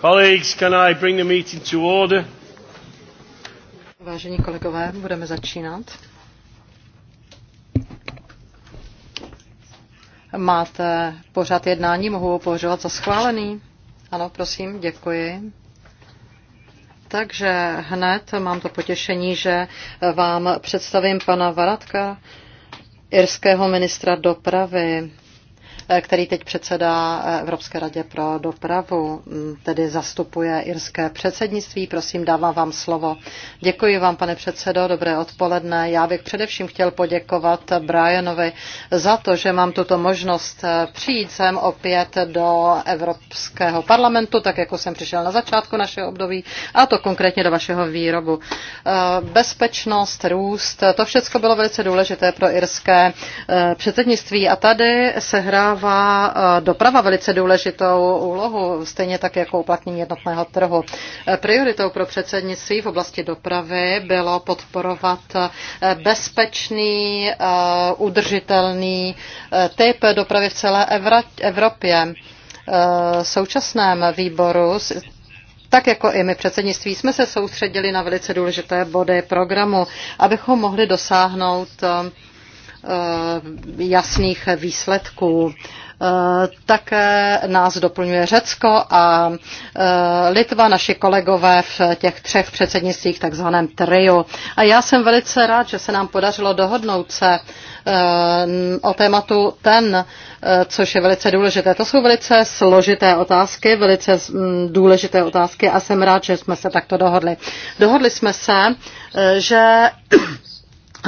Colleagues, can I bring the meeting to order? Vážení kolegové, budeme začínat. Máte pořád jednání, mohu ho považovat za schválený? Ano, prosím, děkuji. Takže hned mám to potěšení, že vám představím pana Varatka, irského ministra dopravy který teď předsedá Evropské radě pro dopravu, mm, tedy zastupuje irské předsednictví. Prosím, dávám vám slovo. Děkuji vám, pane předsedo, dobré odpoledne. Já bych především chtěl poděkovat Brianovi za to, že mám tuto možnost eh, přijít sem opět do Evropského parlamentu, tak jako jsem přišel na začátku našeho období, a to konkrétně do vašeho výrobu. Eh, bezpečnost, růst, to všechno bylo velice důležité pro irské eh, předsednictví a tady se hrá sektororová eh, doprava velice důležitou úlohu, stejně tak jako uplatnění jednotného trhu. Eh, prioritou pro předsednictví v oblasti dopravy bylo podporovat eh, bezpečný, udržitelný typ dopravy v celé Evropě. Současném výboru tak jako i my předsednictví jsme se soustředili na velice důležité body programu, abychom mohli dosáhnout Eh, jasných výsledků. Eh, také nás doplňuje Řecko a eh, Litva, naši kolegové v těch třech předsednictvích, takzvaném triu. A já jsem velice rád, že se nám podařilo dohodnout se o tématu ten, což je velice důležité. To jsou velice složité otázky, velice mm, důležité otázky a jsem rád, že jsme se takto dohodli. Dohodli jsme se, že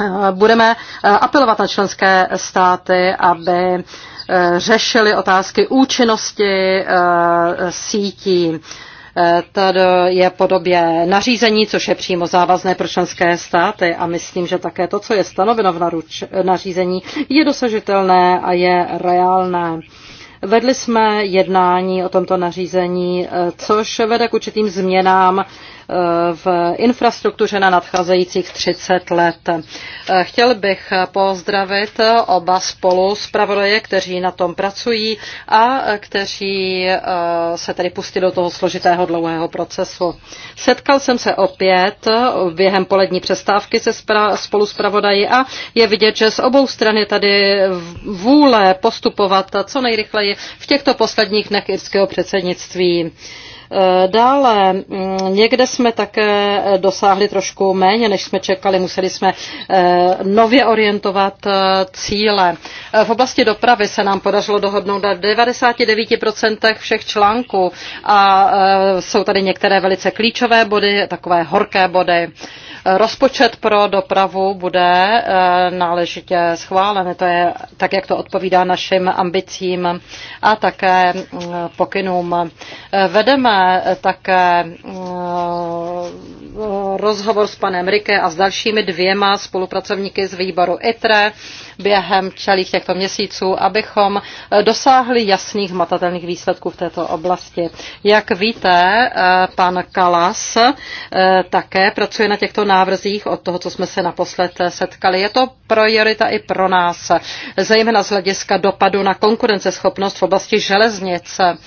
Eh, budeme eh, apelovat na členské státy, aby eh, řešili otázky účinnosti sítí. Tady je podobě nařízení, což je přímo závazné pro členské státy a myslím, že také to, co je stanoveno v naruč, nařízení, je dosažitelné a je reálné. Vedli jsme jednání o tomto nařízení, což vede k určitým změnám v infrastruktuře na nadcházejících 30 let. Chtěl bych pozdravit oba spolu zpravodaje, kteří na tom pracují a kteří eh, se tady pustili do toho složitého dlouhého procesu. Setkal jsem se opět během polední přestávky se spolu zpravodaji a je vidět, že z obou stran je tady vůle postupovat co nejrychleji v těchto posledních dnech irského předsednictví. Eh, dále mm, někde jsme také eh, dosáhli trošku méně, než jsme čekali. Museli jsme eh, nově orientovat cíle. V oblasti dopravy se nám podařilo dohodnout na 99% všech článků a jsou tady některé velice klíčové body, takové horké body. Rozpočet pro dopravu bude náležitě schválen, to je tak, jak to odpovídá našim ambicím a také mm, pokynům. Vedeme také eh, rozhovor s panem Rike a s dalšími dvěma spolupracovníky z výboru ITRE během celých těchto měsíců, abychom eh, dosáhli jasných matatelných výsledků v této oblasti. Jak víte, eh, pan Kalas také pracuje na těchto návrzích od toho, co jsme se naposled setkali. Je to priorita i pro nás, zejména z hlediska dopadu na konkurenceschopnost v oblasti železnice.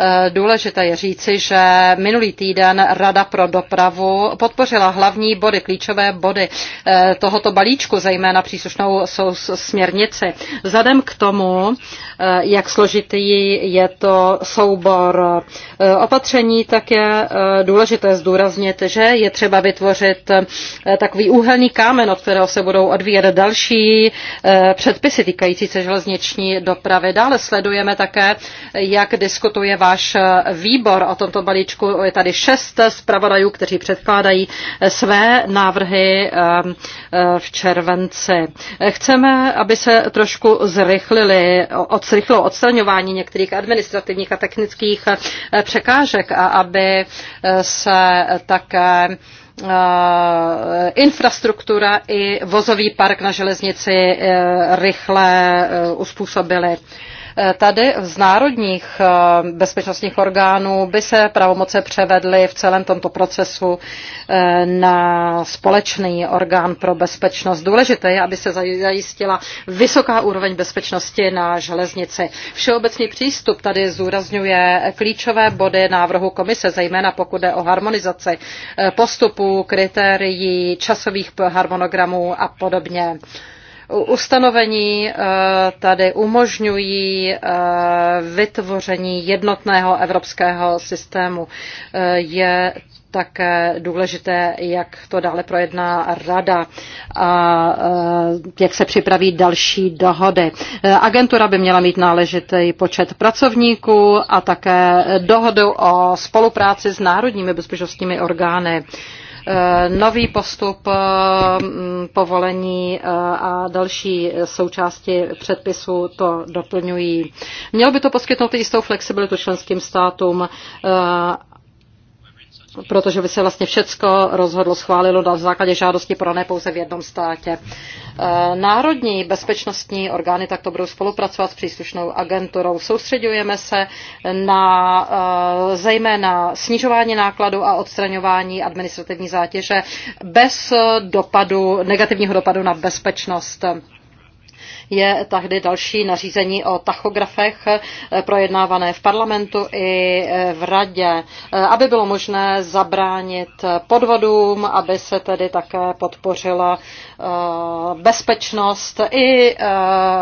Eh, důležité je říci, že minulý týden Rada pro dopravu podpořila hlavní body, klíčové body eh, tohoto balíčku, zejména příslušnou směrnici. Vzhledem k tomu, eh, jak složitý je to soubor opatření, tak je důležité zdůraznit, že je třeba vytvořit takový úhelný kámen, od kterého se budou odvíjet další předpisy týkající se železniční dopravy. Dále sledujeme také, jak diskutuje váš eh, výbor o tomto balíčku. Je tady šest zpravodajů, kteří předkládají eh, své návrhy ehm, eh, v červenci. Chceme, aby se trošku zrychlili, odsrychlo odstraňování některých administrativních a technických překážek a aby se také infrastruktura i vozový park na železnici rychle uspůsobily. Tady z národních eh, bezpečnostních orgánů by se pravomoce převedly v celém tomto procesu eh, na společný orgán pro bezpečnost. Důležité je, aby se zajistila vysoká úroveň bezpečnosti na železnici. Všeobecný přístup tady zúrazňuje klíčové body návrhu komise, zejména pokud jde o harmonizaci eh, postupů, kritérií, časových harmonogramů a podobně. Ustanovení eh, tady umožňují eh, vytvoření jednotného evropského systému. Eh, je také důležité, jak to dále projedná rada a jak se připraví další dohody. Agentura by měla mít náležitý počet pracovníků a také dohodu o spolupráci s národními bezpečnostními orgány. Eh, nový postup eh, povolení eh, a další součásti předpisu to doplňují. Mělo by to poskytnout jistou flexibilitu členským státům protože by se vlastně všecko rozhodlo, schválilo na základě žádosti podané pouze v jednom státě. E, národní bezpečnostní orgány takto budou spolupracovat s příslušnou agenturou. Soustředujeme se na e, zejména snižování nákladu a odstraňování administrativní zátěže bez dopadu, negativního dopadu na bezpečnost je tehdy další nařízení o tachografech eh, projednávané v parlamentu i eh, v radě, eh, aby bylo možné zabránit podvodům, aby se tedy také podpořila bezpečnost i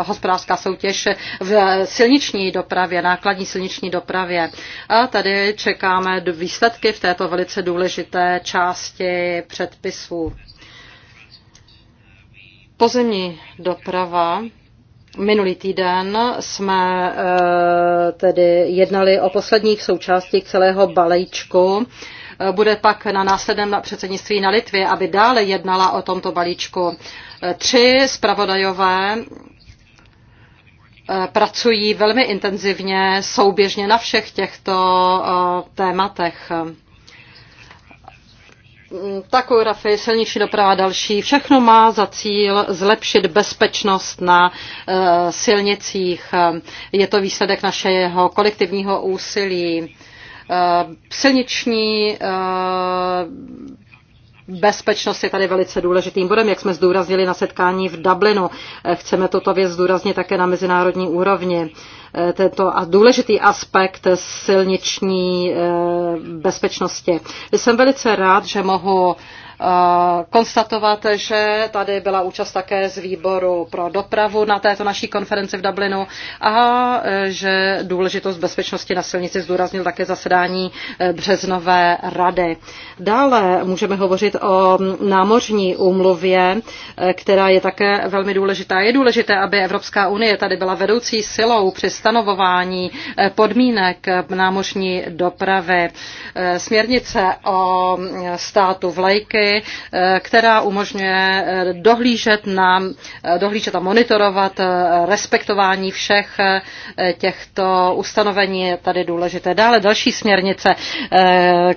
hospodářská soutěž v silniční dopravě, nákladní silniční dopravě. A tady čekáme výsledky v této velice důležité části předpisů. Pozemní doprava. Minulý týden jsme eh, tedy jednali o posledních součástích celého balíčku. Eh, bude pak na následném předsednictví na Litvě, aby dále jednala o tomto balíčku. Eh, tři zpravodajové pracují velmi intenzivně souběžně na všech těchto tématech. Mm, takografy, silnější doprava další, všechno má za cíl zlepšit bezpečnost na eh, silnicích. Eh, je to výsledek našeho kolektivního úsilí. Eh, silniční Bezpečnost je tady velice důležitým bodem, jak jsme zdůraznili na setkání v Dublinu. Chceme toto věc zdůraznit také na mezinárodní úrovni. Eh, tento a důležitý aspekt silniční eh, bezpečnosti. Jsem velice rád, že mohu konstatovat, že tady byla účast také z výboru pro dopravu na této naší konferenci v Dublinu a e, že důležitost bezpečnosti na silnici zdůraznil také zasedání e, březnové rady. Dále můžeme hovořit o námořní úmluvě, e, která je také velmi důležitá. Je důležité, aby Evropská unie tady byla vedoucí silou při stanovování podmínek námořní dopravy. Směrnice o státu vlajky Eh, která umožňuje eh, dohlížet, na, eh, dohlížet a monitorovat respektování všech těchto ustanovení. Je tady důležité. Dále další směrnice,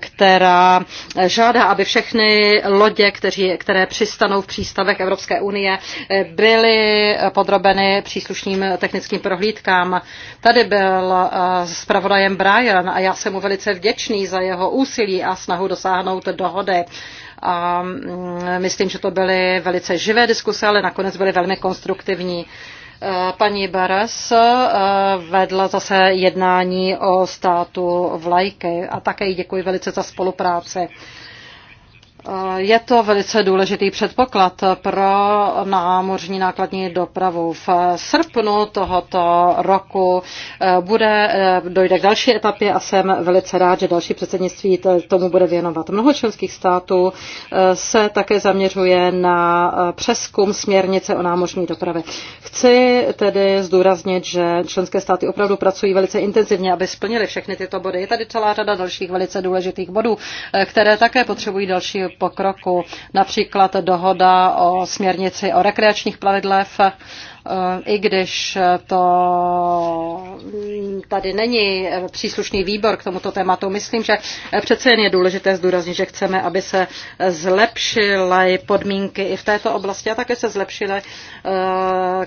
která žádá, aby všechny lodě, kteří, které přistanou v přístavech Evropské unie, byly podrobeny příslušným technickým prohlídkám. Tady byl zpravodajem Brian a já jsem mu velice vděčný za jeho úsilí a snahu dosáhnout dohody a mm, myslím, že to byly velice živé diskuse, ale nakonec byly velmi konstruktivní. E, paní Beres e, vedla zase jednání o státu vlajky a také jí děkuji velice za spolupráci. Eh, je to velice důležitý předpoklad pro námořní nákladní dopravu. V srpnu tohoto roku eh, bude, eh, dojde k další etapě a jsem velice rád, že další předsednictví tomu bude věnovat. Mnoho členských států se také zaměřuje na přeskum směrnice o námořní dopravě. Chci tedy zdůraznit, že členské státy opravdu pracují velice intenzivně, aby splnili všechny tyto body. Je tady celá řada dalších velice důležitých bodů, které také potřebují další pokroku, například dohoda o směrnici o rekreačních plavidlech, eh, i když to mm, tady není eh, příslušný výbor k tomuto tématu, myslím, že eh, přece jen je důležité zdůraznit, že chceme, aby se zlepšily podmínky i v této oblasti a také se zlepšily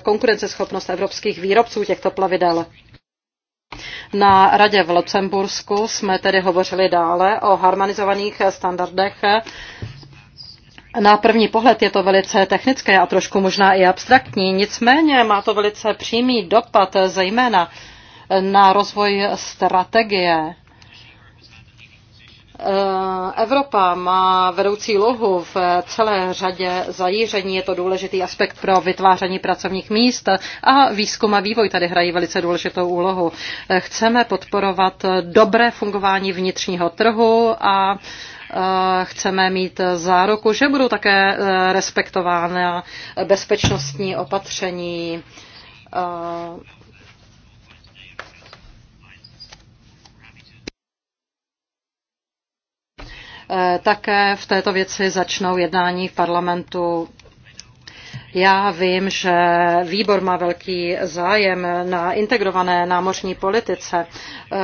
konkurenceschopnost evropských výrobců těchto plavidel. Na radě v Lucembursku jsme tedy hovořili dále o harmonizovaných standardech na první pohled je to velice technické a trošku možná i abstraktní, nicméně má to velice přímý dopad zejména na rozvoj strategie Eh, Evropa má vedoucí lohu v celé řadě zajíření. Je to důležitý aspekt pro vytváření pracovních míst a výzkum a vývoj tady hrají velice důležitou úlohu. Eh, chceme podporovat dobré fungování vnitřního trhu a eh, chceme mít záruku, že budou také respektována bezpečnostní opatření Eh, také v této věci začnou jednání v parlamentu já vím, že výbor má velký zájem na integrované námořní politice. E,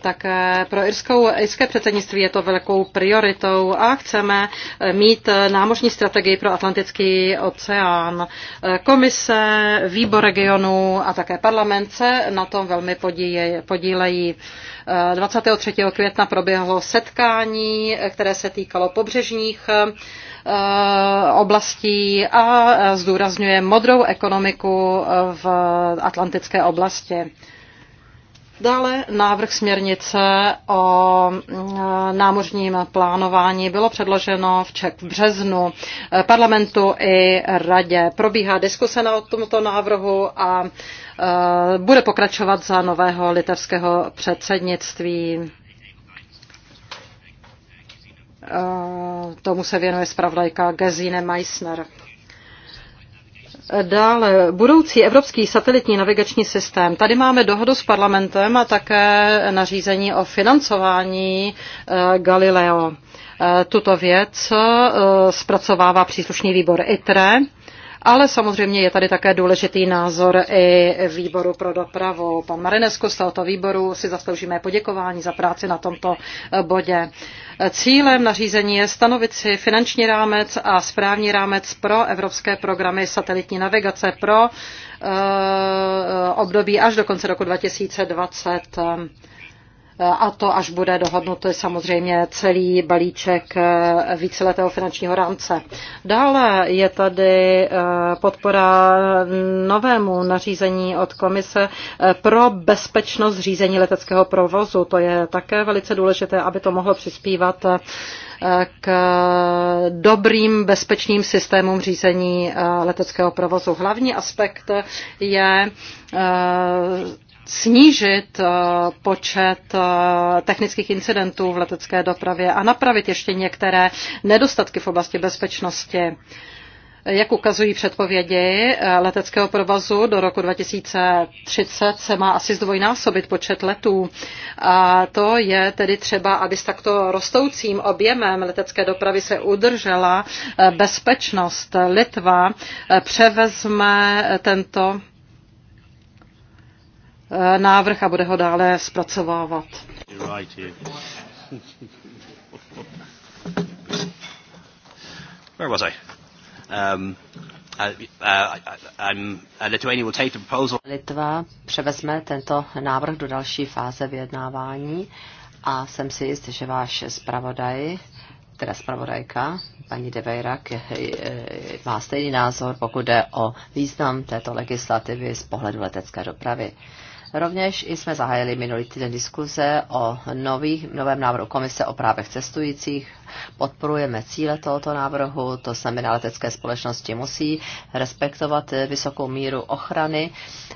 také pro irskou, irské předsednictví je to velkou prioritou a chceme mít námořní strategii pro Atlantický oceán. E, komise, výbor regionu a také parlament se na tom velmi podílejí. 23. E, května proběhlo setkání, které se týkalo pobřežních Eh, oblastí a eh, zdůrazňuje modrou ekonomiku eh, v atlantické oblasti. Dále návrh směrnice o námořním plánování bylo předloženo v Ček v březnu parlamentu i radě. Probíhá diskuse na tomto návrhu a bude pokračovat za nového litevského předsednictví. Eh, tomu se věnuje zpravodajka Gesine Meissner. Dále budoucí evropský satelitní navigační systém. Tady máme dohodu s parlamentem a také nařízení o financování eh, Galileo. Eh, tuto věc zpracovává příslušný výbor ITRE, ale samozřejmě je tady také důležitý názor i výboru pro dopravu. Pan Marinesko z tohoto výboru si zasloužíme poděkování za práci na tomto bodě. Cílem nařízení je stanovit si finanční rámec a správní rámec pro evropské programy satelitní navigace pro eh, období až do konce roku 2020 a to až bude dohodnut samozřejmě celý balíček eh, víceletého finančního rámce. Dále je tady eh, podpora novému nařízení od komise eh, pro bezpečnost řízení leteckého provozu. To je také velice důležité, aby to mohlo přispívat k dobrým bezpečným systémům řízení leteckého provozu. Hlavní aspekt je snížit eh, počet eh, technických incidentů v letecké dopravě a napravit ještě některé nedostatky v oblasti bezpečnosti. Jak ukazují předpovědi eh, leteckého provazu, do roku 2030 se má asi zdvojnásobit počet letů. A to je tedy třeba, aby s takto rostoucím objemem letecké dopravy se udržela bezpečnost. Litva převezme tento Eh, návrh a bude ho dále zpracovávat. Where was I? Um, uh, uh, Litva převezme tento návrh do další fáze vyjednávání a jsem si jist, že váš zpravodaj, teda zpravodajka, paní De Beirak, má stejný názor, pokud jde o význam této legislativy z pohledu letecké dopravy. Rovněž jsme zahájili minulý týden diskuze o nových, novém návrhu komise o právech cestujících. Podporujeme cíle tohoto návrhu, to znamená, letecké společnosti musí respektovat vysokou míru ochrany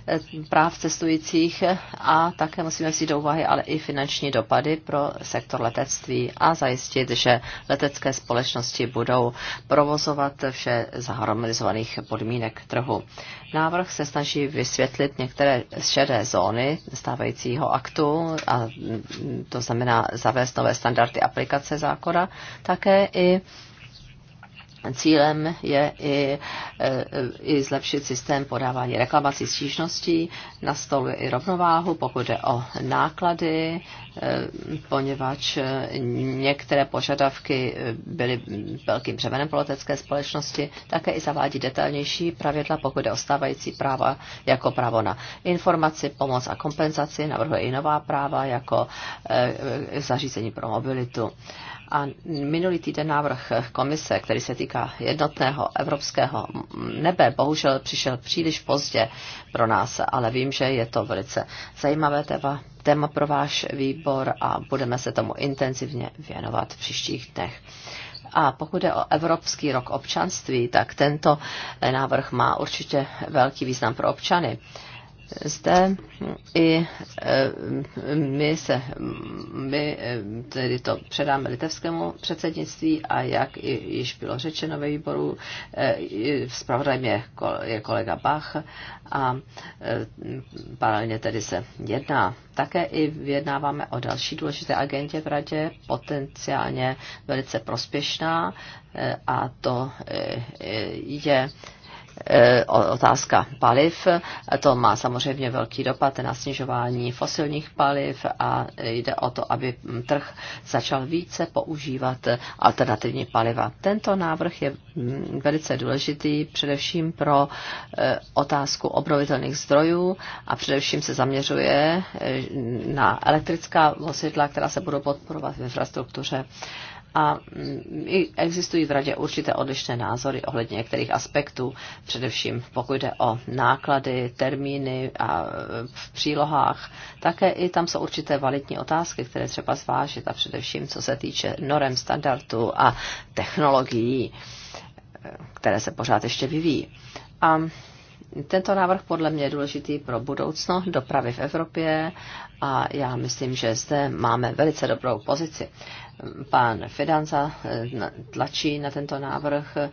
eh, práv cestujících a také musíme vzít do úvahy ale i finanční dopady pro sektor letectví a zajistit, že letecké společnosti budou provozovat vše za harmonizovaných podmínek trhu. Návrh se snaží vysvětlit některé šedé zóny, zóny stávajícího aktu, a to znamená zavést nové standardy aplikace zákona, také i Cílem je i, eh, i zlepšit systém podávání reklamací stížností, nastoluje i rovnováhu, pokud jde o náklady, eh, poněvadž eh, některé požadavky byly velkým břemenem pro letecké společnosti, také i zavádí detailnější pravidla, pokud jde o stávající práva jako právo na informaci, pomoc a kompenzaci, navrhuje i nová práva jako zařízení pro mobilitu. A minulý týden návrh komise, který se týká jednotného evropského nebe, bohužel přišel příliš pozdě pro nás, ale vím, že je to velice zajímavé téma, téma pro váš výbor a budeme se tomu intenzivně věnovat v příštích dnech. A pokud je o Evropský rok občanství, tak tento návrh má určitě velký význam pro občany zde i e, my se, my e, tedy to předáme litevskému předsednictví a jak již bylo řečeno ve výboru, e, zpravodajem je, je kolega Bach a paralelně tedy se jedná. Také i vyjednáváme o další důležité agentě v radě, potenciálně velice prospěšná a to je Eh, otázka paliv. To má samozřejmě velký dopad na snižování fosilních paliv a jde o to, aby trh začal více používat alternativní paliva. Tento návrh je mm, velice důležitý především pro eh, otázku obnovitelných zdrojů a především se zaměřuje eh, na elektrická vozidla, která se budou podporovat v infrastruktuře a mm, existují v radě určité odlišné názory ohledně některých aspektů, především pokud jde o náklady, termíny a e, v přílohách. Také i tam jsou určité validní otázky, které třeba zvážit a především co se týče norem standardů a technologií, e, které se pořád ještě vyvíjí. A tento návrh podle mě je důležitý pro budoucnost dopravy v Evropě a já myslím, že zde máme velice dobrou pozici. Pán Fedanza eh, tlačí na tento návrh eh,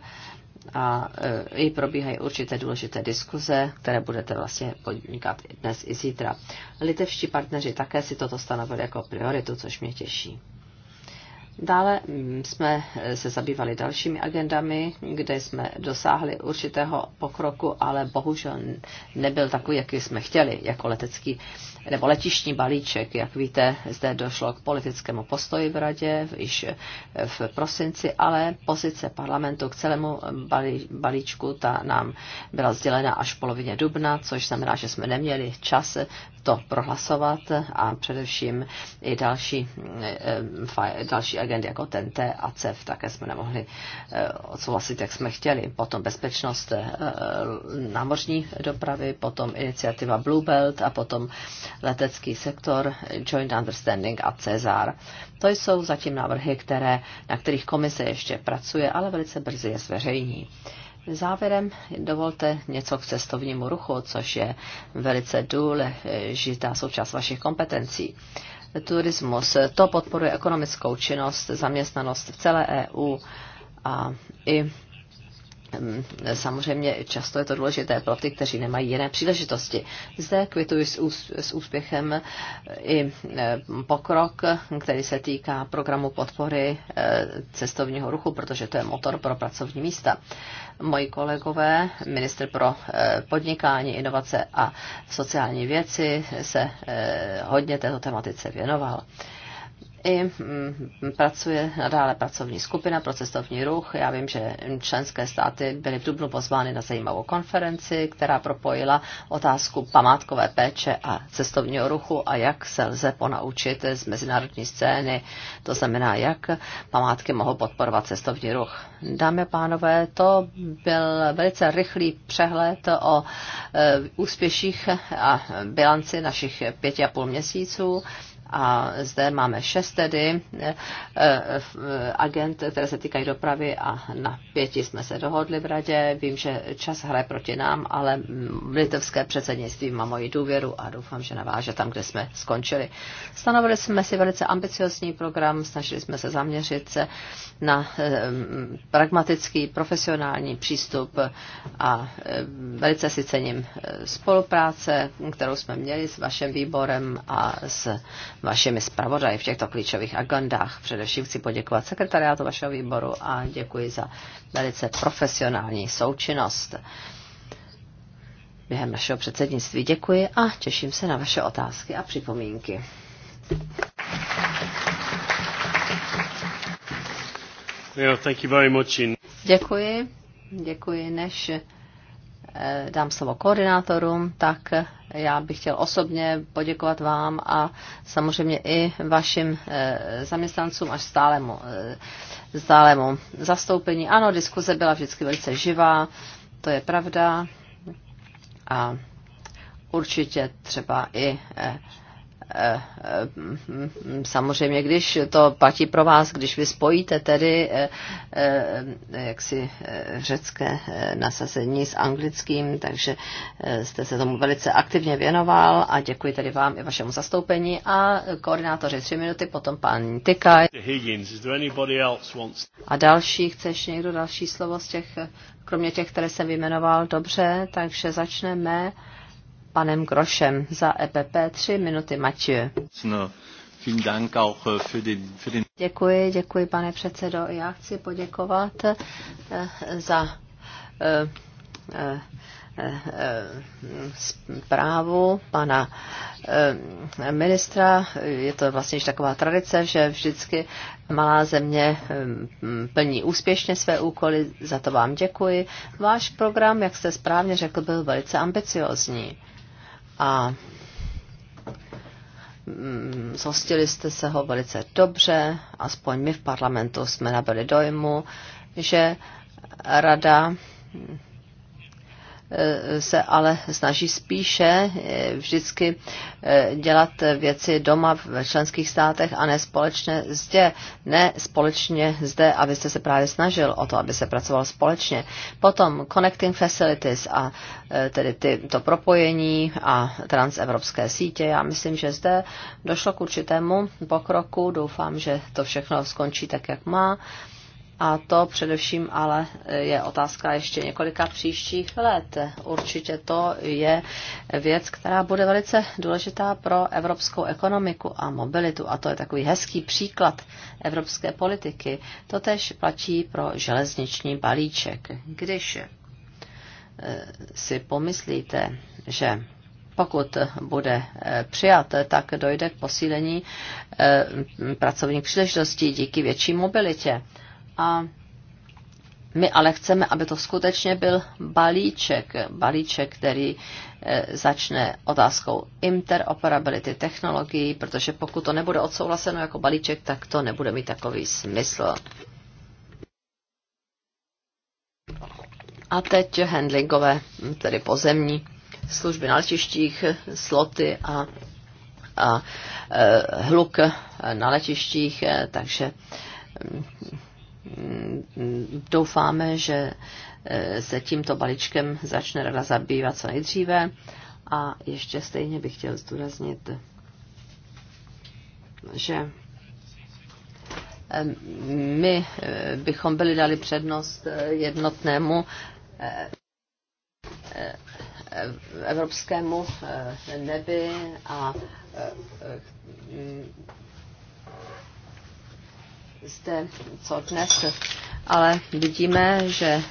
a eh, i probíhají určité důležité diskuze, které budete vlastně podnikat i dnes i zítra. Litevští partneři také si toto stanovili jako prioritu, což mě těší. Dále mm, jsme se zabývali dalšími agendami, kde jsme dosáhli určitého pokroku, ale bohužel nebyl takový, jaký jsme chtěli jako letecký nebo letišní balíček, jak víte, zde došlo k politickému postoji v radě již v prosinci, ale pozice parlamentu k celému balíčku ta nám byla sdělena až v polovině dubna, což znamená, že jsme neměli čas to prohlasovat a především i další, eh, eh, další agendy jako TNT a CEF také jsme nemohli eh, odsouhlasit, jak jsme chtěli. Potom bezpečnost námořní dopravy, potom iniciativa Blue Belt a potom letecký sektor, Joint Understanding a Cezar. To jsou zatím návrhy, které, na kterých komise ještě pracuje, ale velice brzy je zveřejní. Závěrem dovolte něco k cestovnímu ruchu, což je velice důležitá součást vašich kompetencí. Turismus, to podporuje ekonomickou činnost, zaměstnanost v celé EU a i Ehm, samozřejmě často je to důležité pro ty, kteří nemají jiné příležitosti. Zde kvituji s, úspěchem eh, i eh, pokrok, který se týká programu podpory eh, cestovního ruchu, protože to je motor pro pracovní místa. Moji kolegové, ministr pro podnikání, inovace a sociální věci, se hodně této tematice věnoval i mm, pracuje nadále pracovní skupina pro cestovní ruch. Já vím, že členské státy byly v Dubnu pozvány na zajímavou konferenci, která propojila otázku památkové péče a cestovního ruchu a jak se lze ponaučit z mezinárodní scény, to znamená, jak památky mohou podporovat cestovní ruch. Dámy a pánové, to byl velice rychlý přehled o e, úspěších a bilanci našich pěti a půl měsíců. A zde máme šest tedy eh, eh, eh, agent, které se týkají dopravy a na pěti jsme se dohodli v radě. Vím, že čas hraje proti nám, ale mm, litevské předsednictví má moji důvěru a doufám, že naváže tam, kde jsme skončili. Stanovili jsme si velice ambiciozní program, snažili jsme se zaměřit se na mm, pragmatický, profesionální přístup a velice si cením spolupráce, kterou jsme měli s vaším výborem a s vašimi zpravodaji v těchto klíčových agendách. Především chci poděkovat sekretariátu vašeho výboru a děkuji za velice profesionální součinnost během našeho předsednictví. Děkuji a těším se na vaše otázky a připomínky. Děkuji. Děkuji. Než Eh, dám slovo koordinátorům, tak já bych chtěl osobně poděkovat vám a samozřejmě i vašim eh, zaměstnancům až stálemu, stálemu eh, zastoupení. Ano, diskuze byla vždycky velice živá, to je pravda a určitě třeba i samozřejmě, když to platí pro vás, když vy spojíte tedy eh, eh, jaksi eh, řecké nasazení s anglickým, takže jste se tomu velice aktivně věnoval a děkuji tedy vám i vašemu zastoupení a koordinátoři tři minuty, potom pan Tykaj. A další, chceš někdo další slovo z těch, kromě těch, které jsem vyjmenoval, dobře, takže začneme panem Grošem za EPP 3 minuty Matěj. No. Äh, děkuji, děkuji pane předsedo. Já chci poděkovat eh, za eh, eh, zprávu pana ministra. Je to vlastně již taková tradice, že vždycky malá země plní úspěšně své úkoly, za to vám děkuji. Váš program, jak jste správně řekl, byl velice ambiciozní a mm, zhostili jste se ho velice dobře, aspoň my v parlamentu jsme nabili dojmu, že rada se ale snaží spíše eh, vždycky eh, dělat věci doma v členských státech a ne společně zde, ne společně zde, abyste se právě snažil o to, aby se pracoval společně. Potom connecting facilities a eh, tedy ty, to propojení a transevropské sítě. Já myslím, že zde došlo k určitému pokroku. Doufám, že to všechno skončí tak, jak má. A to především ale e, je otázka ještě několika příštích let. Určitě to je věc, která bude velice důležitá pro evropskou ekonomiku a mobilitu. A to je takový hezký příklad evropské politiky. To tež platí pro železniční balíček. Když e, si pomyslíte, že pokud bude e, přijat, tak dojde k posílení pracovních příležitostí díky větší mobilitě. A my ale chceme, aby to skutečně byl balíček, balíček, který eh, začne otázkou interoperability technologií, protože pokud to nebude odsouhlaseno jako balíček, tak to nebude mít takový smysl. A teď handlingové, tedy pozemní služby na letištích, sloty a, a a eh, hluk na letištích, eh, takže mm, doufáme, že eh, se tímto balíčkem začne rada zabývat co nejdříve. A ještě stejně bych chtěl zdůraznit, že eh, my eh, bychom byli dali přednost jednotnému evropskému nebi a zde co dnes, ale vidíme, že e,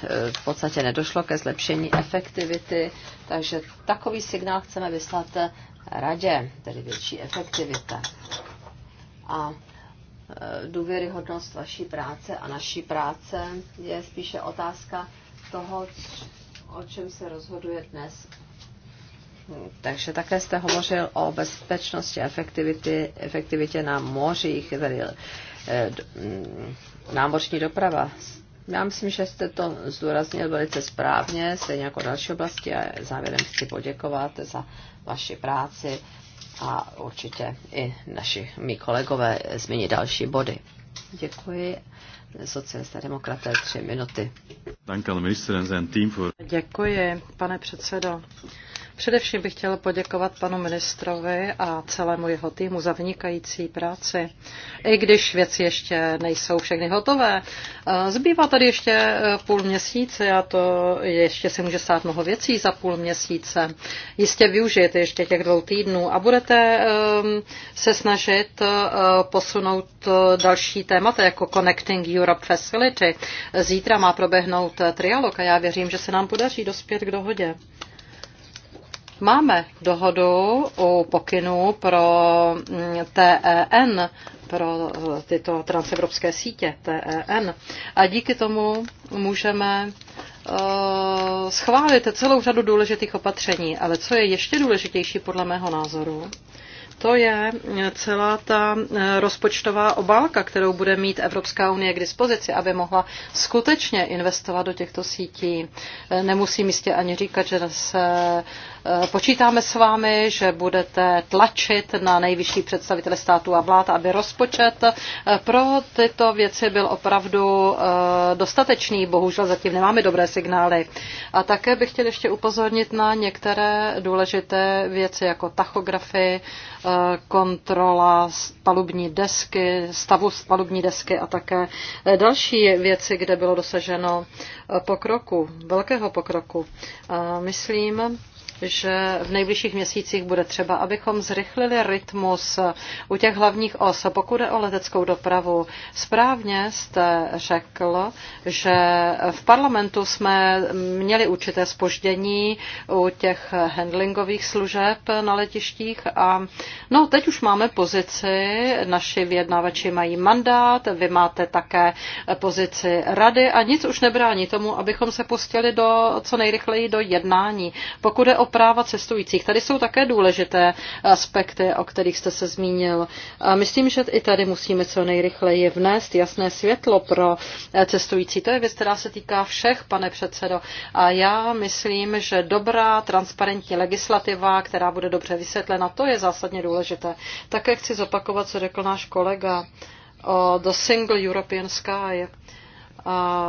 v podstatě nedošlo ke zlepšení efektivity, takže takový signál chceme vyslat radě, tedy větší efektivita. A e, důvěryhodnost vaší práce a naší práce je spíše otázka toho, o čem se rozhoduje dnes. Takže také jste hovořil o bezpečnosti, efektivity, efektivitě na mořích, tedy Eh, mm, námořní doprava. Já myslím, že jste to zdůraznil velice správně, stejně jako další oblasti a závěrem chci poděkovat za vaši práci a určitě i naši mý kolegové eh, změní další body. Děkuji. Socialista demokraté tři minuty. Děkuji, pane předsedo. Především bych chtěla poděkovat panu ministrovi a celému jeho týmu za vynikající práci. I když věci ještě nejsou všechny hotové, eh, zbývá tady ještě eh, půl měsíce a to ještě se může stát mnoho věcí za půl měsíce. Jistě využijete ještě těch dvou týdnů a budete ehm, se snažit eh, posunout další témata jako Connecting Europe Facility. Zítra má proběhnout trialog a já věřím, že se nám podaří dospět k dohodě. Máme dohodu u pokynů pro mm, TEN, pro eh, tyto transevropské sítě TEN. A díky tomu můžeme eh, schválit celou řadu důležitých opatření. Ale co je ještě důležitější podle mého názoru, to je eh, celá ta rozpočtová obálka, kterou bude mít Evropská unie k dispozici, aby mohla skutečně investovat do těchto sítí. Nemusím jistě ani říkat, že se Eh, počítáme s vámi, že budete tlačit na nejvyšší představitele státu a vlád, aby rozpočet eh, pro tyto věci byl opravdu eh, dostatečný. Bohužel zatím nemáme dobré signály. A také bych chtěl ještě upozornit na některé důležité věci, jako tachografy, kontrola palubní desky, stavu palubní desky a také další věci, kde bylo dosaženo pokroku, velkého pokroku. Myslím, že v nejbližších měsících bude třeba, abychom zrychlili rytmus u těch hlavních os. Pokud je o leteckou dopravu, správně jste řekl, že v parlamentu jsme měli určité spoždění u těch handlingových služeb na letištích a no, teď už máme pozici, naši vyjednávači mají mandát, vy máte také pozici rady a nic už nebrání tomu, abychom se pustili do co nejrychleji do jednání. Pokud je o práva cestujících. Tady jsou také důležité aspekty, o kterých jste se zmínil. A myslím, že i tady musíme co nejrychleji vnést jasné světlo pro eh, cestující. To je věc, která se týká všech, pane předsedo. A já myslím, že dobrá, transparentní legislativa, která bude dobře vysvětlena, to je zásadně důležité. Také chci zopakovat, co řekl náš kolega o The Single European Sky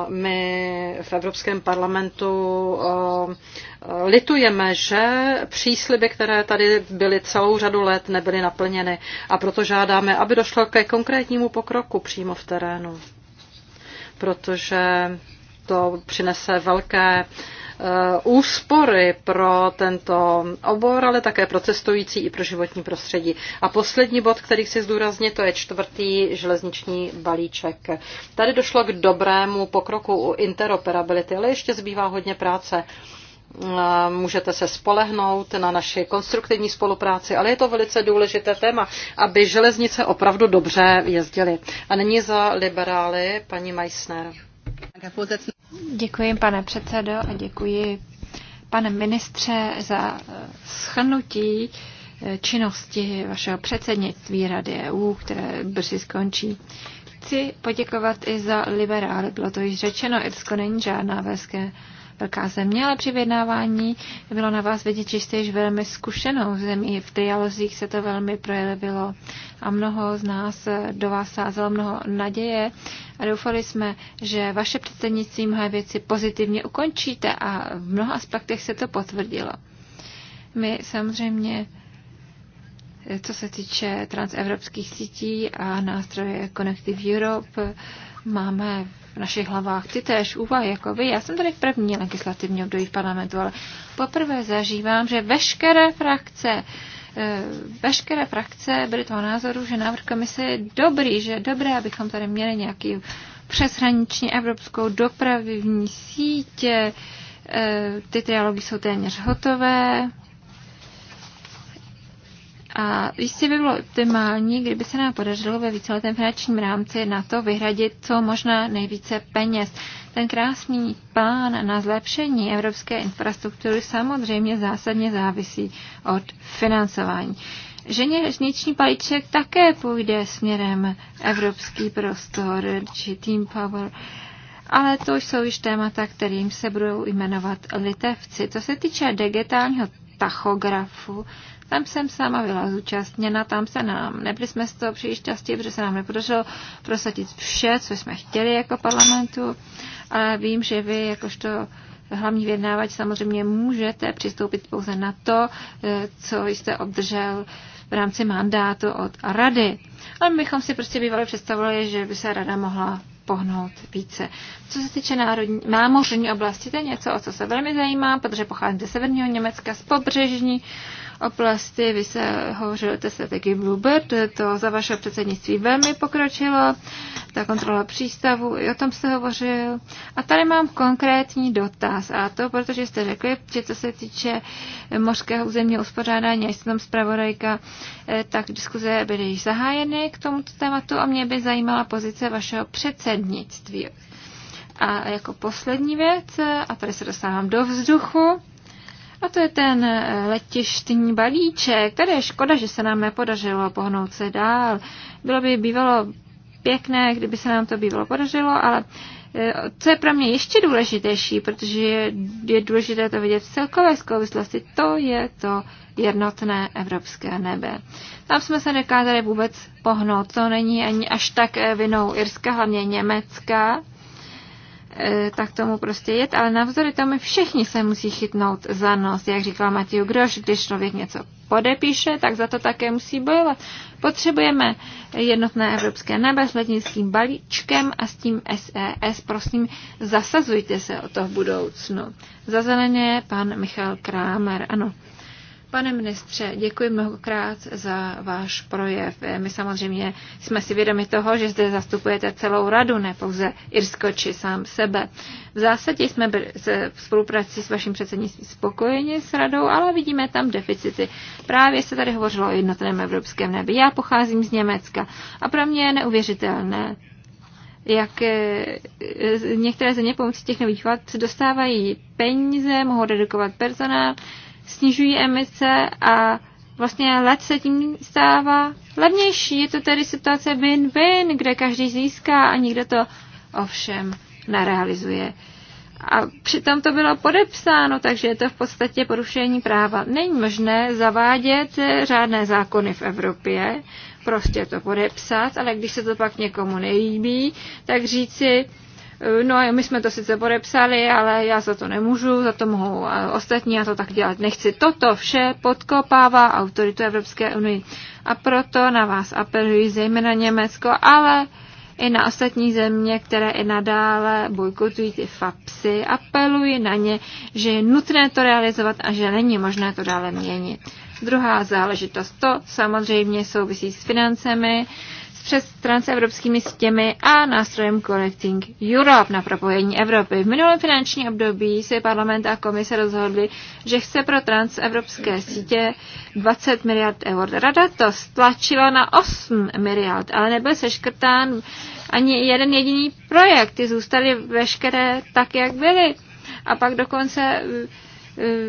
my v Evropském parlamentu eh, litujeme, že přísliby, které tady byly celou řadu let, nebyly naplněny. A proto žádáme, aby došlo ke konkrétnímu pokroku přímo v terénu. Protože to přinese velké uh, Eh, úspory pro tento obor, ale také pro cestující i pro životní prostředí. A poslední bod, který chci zdůraznit, to je čtvrtý železniční balíček. Tady došlo k dobrému pokroku u interoperability, ale ještě zbývá hodně práce eh, můžete se spolehnout na naši konstruktivní spolupráci, ale je to velice důležité téma, aby železnice opravdu dobře jezdily. A není za liberály paní Meissner. Děkuji, pane předsedo, a děkuji, pane ministře, za eh, schrnutí eh, činnosti vašeho předsednictví Rady EU, které brzy skončí. Chci poděkovat i za liberál. Bylo to již řečeno, Irsko není žádná velké velká země, ale při vyjednávání bylo na vás vidět, že jste již velmi zkušenou zemí. V trialozích se to velmi projevilo a mnoho z nás eh, do vás sázelo mnoho naděje a doufali jsme, že vaše předsednictví mnohé věci pozitivně ukončíte a v mnoha aspektech se to potvrdilo. My samozřejmě eh, co se týče transevropských sítí a nástroje Connective Europe, máme v našich hlavách ty též úvahy jako vy. Já jsem tady v první legislativní období v parlamentu, ale poprvé zažívám, že veškeré frakce eh, veškeré frakce byly toho názoru, že návrh komise je dobrý, že je dobré, abychom tady měli nějaký přeshraniční evropskou dopravivní sítě, eh, ty trialogy jsou téměř hotové, a jistě by bylo optimální, kdyby se nám podařilo ve víceletém finančním rámci na to vyhradit co možná nejvíce peněz. Ten krásný plán na zlepšení evropské infrastruktury samozřejmě zásadně závisí od financování. Železniční palíček také půjde směrem evropský prostor či Team Power. Ale to jsou již témata, kterým se budou jmenovat litevci. Co se týče digitálního tachografu, tam jsem sama byla zúčastněna, tam se nám, nebyli jsme z toho příliš častí, protože se nám nepodařilo prosadit vše, co jsme chtěli jako parlamentu, ale vím, že vy jakožto hlavní vyjednávač samozřejmě můžete přistoupit pouze na to, eh, co jste obdržel v rámci mandátu od rady. Ale my bychom si prostě bývali představovali, že by se rada mohla pohnout více. Co se týče národní, námořní oblasti, to je něco, o co se velmi zajímá, protože pocházím ze severního Německa, z pobřežní oblasti. Vy se hovořili se taky Bluebird, to za vaše předsednictví velmi pokročilo, ta kontrola přístavu, i o tom se hovořil. A tady mám konkrétní dotaz, a to protože jste řekli, že co se týče mořského územního uspořádání, až jsem zpravodajka, eh, tak diskuze byly již zahájeny k tomuto tématu a mě by zajímala pozice vašeho předsednictví předsednictví. A jako poslední věc, a tady se dostávám do vzduchu, a to je ten eh, letištní balíček. Tady je škoda, že se nám nepodařilo pohnout se dál. Bylo by bývalo pěkné, kdyby se nám to bývalo podařilo, ale Eh, co je pro mě ještě důležitější, protože je, je důležité to vidět v celkové souvislosti, to je to jednotné evropské nebe. Tam jsme se nekázali vůbec pohnout, to není ani až tak eh, vinou Irska, hlavně Německa, eh, tak tomu prostě jet, ale navzory tomu všichni se musí chytnout za nos, jak říkal Matěj Groš, když člověk něco podepíše, tak za to také musí bojovat. Potřebujeme jednotné evropské nebe s letnickým balíčkem a s tím SES. E prosím, zasazujte se o to v budoucnu. Za zeleně pan Michal Krámer. Ano, Pane ministře, děkuji mnohokrát za váš projev. My samozřejmě jsme si vědomi toho, že zde zastupujete celou radu, ne pouze Irsko či sám sebe. V zásadě jsme byli se v spolupráci s vaším předsednictvím spokojeni s radou, ale vidíme tam deficity. Právě se tady hovořilo o jednotném evropském nebi. Já pocházím z Německa a pro mě je neuvěřitelné, jak eh, některé země pomocí těch nových dostávají peníze, mohou redukovat personál, snižují emise a vlastně let se tím stává levnější. Je to tedy situace win-win, kde každý získá a nikdo to ovšem nerealizuje. A přitom to bylo podepsáno, takže je to v podstatě porušení práva. Není možné zavádět řádné zákony v Evropě, prostě to podepsat, ale když se to pak někomu nejíbí, tak říci, Eh, no a my jsme to sice podepsali, ale já za to nemůžu, za to mohou eh, ostatní, já to tak dělat nechci. Toto vše podkopává autoritu Evropské unii. A proto na vás apeluji zejména Německo, ale i na ostatní země, které i nadále bojkotují ty FAPSy, apeluji na ně, že je nutné to realizovat a že není možné to dále měnit. Druhá záležitost, to samozřejmě souvisí s financemi přes transevropskými stěmi a nástrojem Connecting Europe na propojení Evropy. V minulém finančním období se parlament a komise rozhodli, že chce pro transevropské sítě 20 miliard eur. Rada to stlačila na 8 miliard, ale nebyl seškrtán ani jeden jediný projekt. Ty zůstaly veškeré tak, jak byly. A pak dokonce e, e,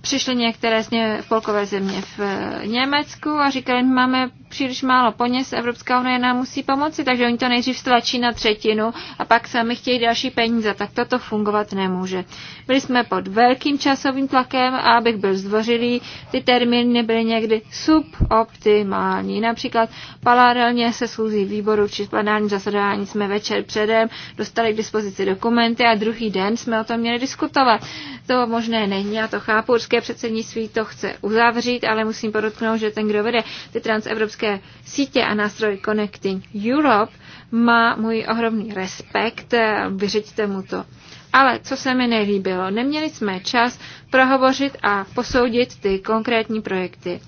přišly některé z v polkové země v e, Německu a říkali, máme příliš málo peněz, Evropská unie nám musí pomoci, takže oni to nejdřív stlačí na třetinu a pak sami chtějí další peníze, tak toto fungovat nemůže. Byli jsme pod velkým časovým tlakem a abych byl zdvořilý, ty termíny byly někdy suboptimální. Například paralelně se schůzí výboru či plenární zasedání jsme večer předem dostali k dispozici dokumenty a druhý den jsme o tom měli diskutovat. To možné není, já to chápu, urské předsednictví to chce uzavřít, ale musím podotknout, že ten, kdo vede ty transevropské evropské sítě a nástroj Connecting Europe má můj ohromný respekt, eh, vyřiďte mu to. Ale co se mi nelíbilo, neměli jsme čas prohovořit a posoudit ty konkrétní projekty.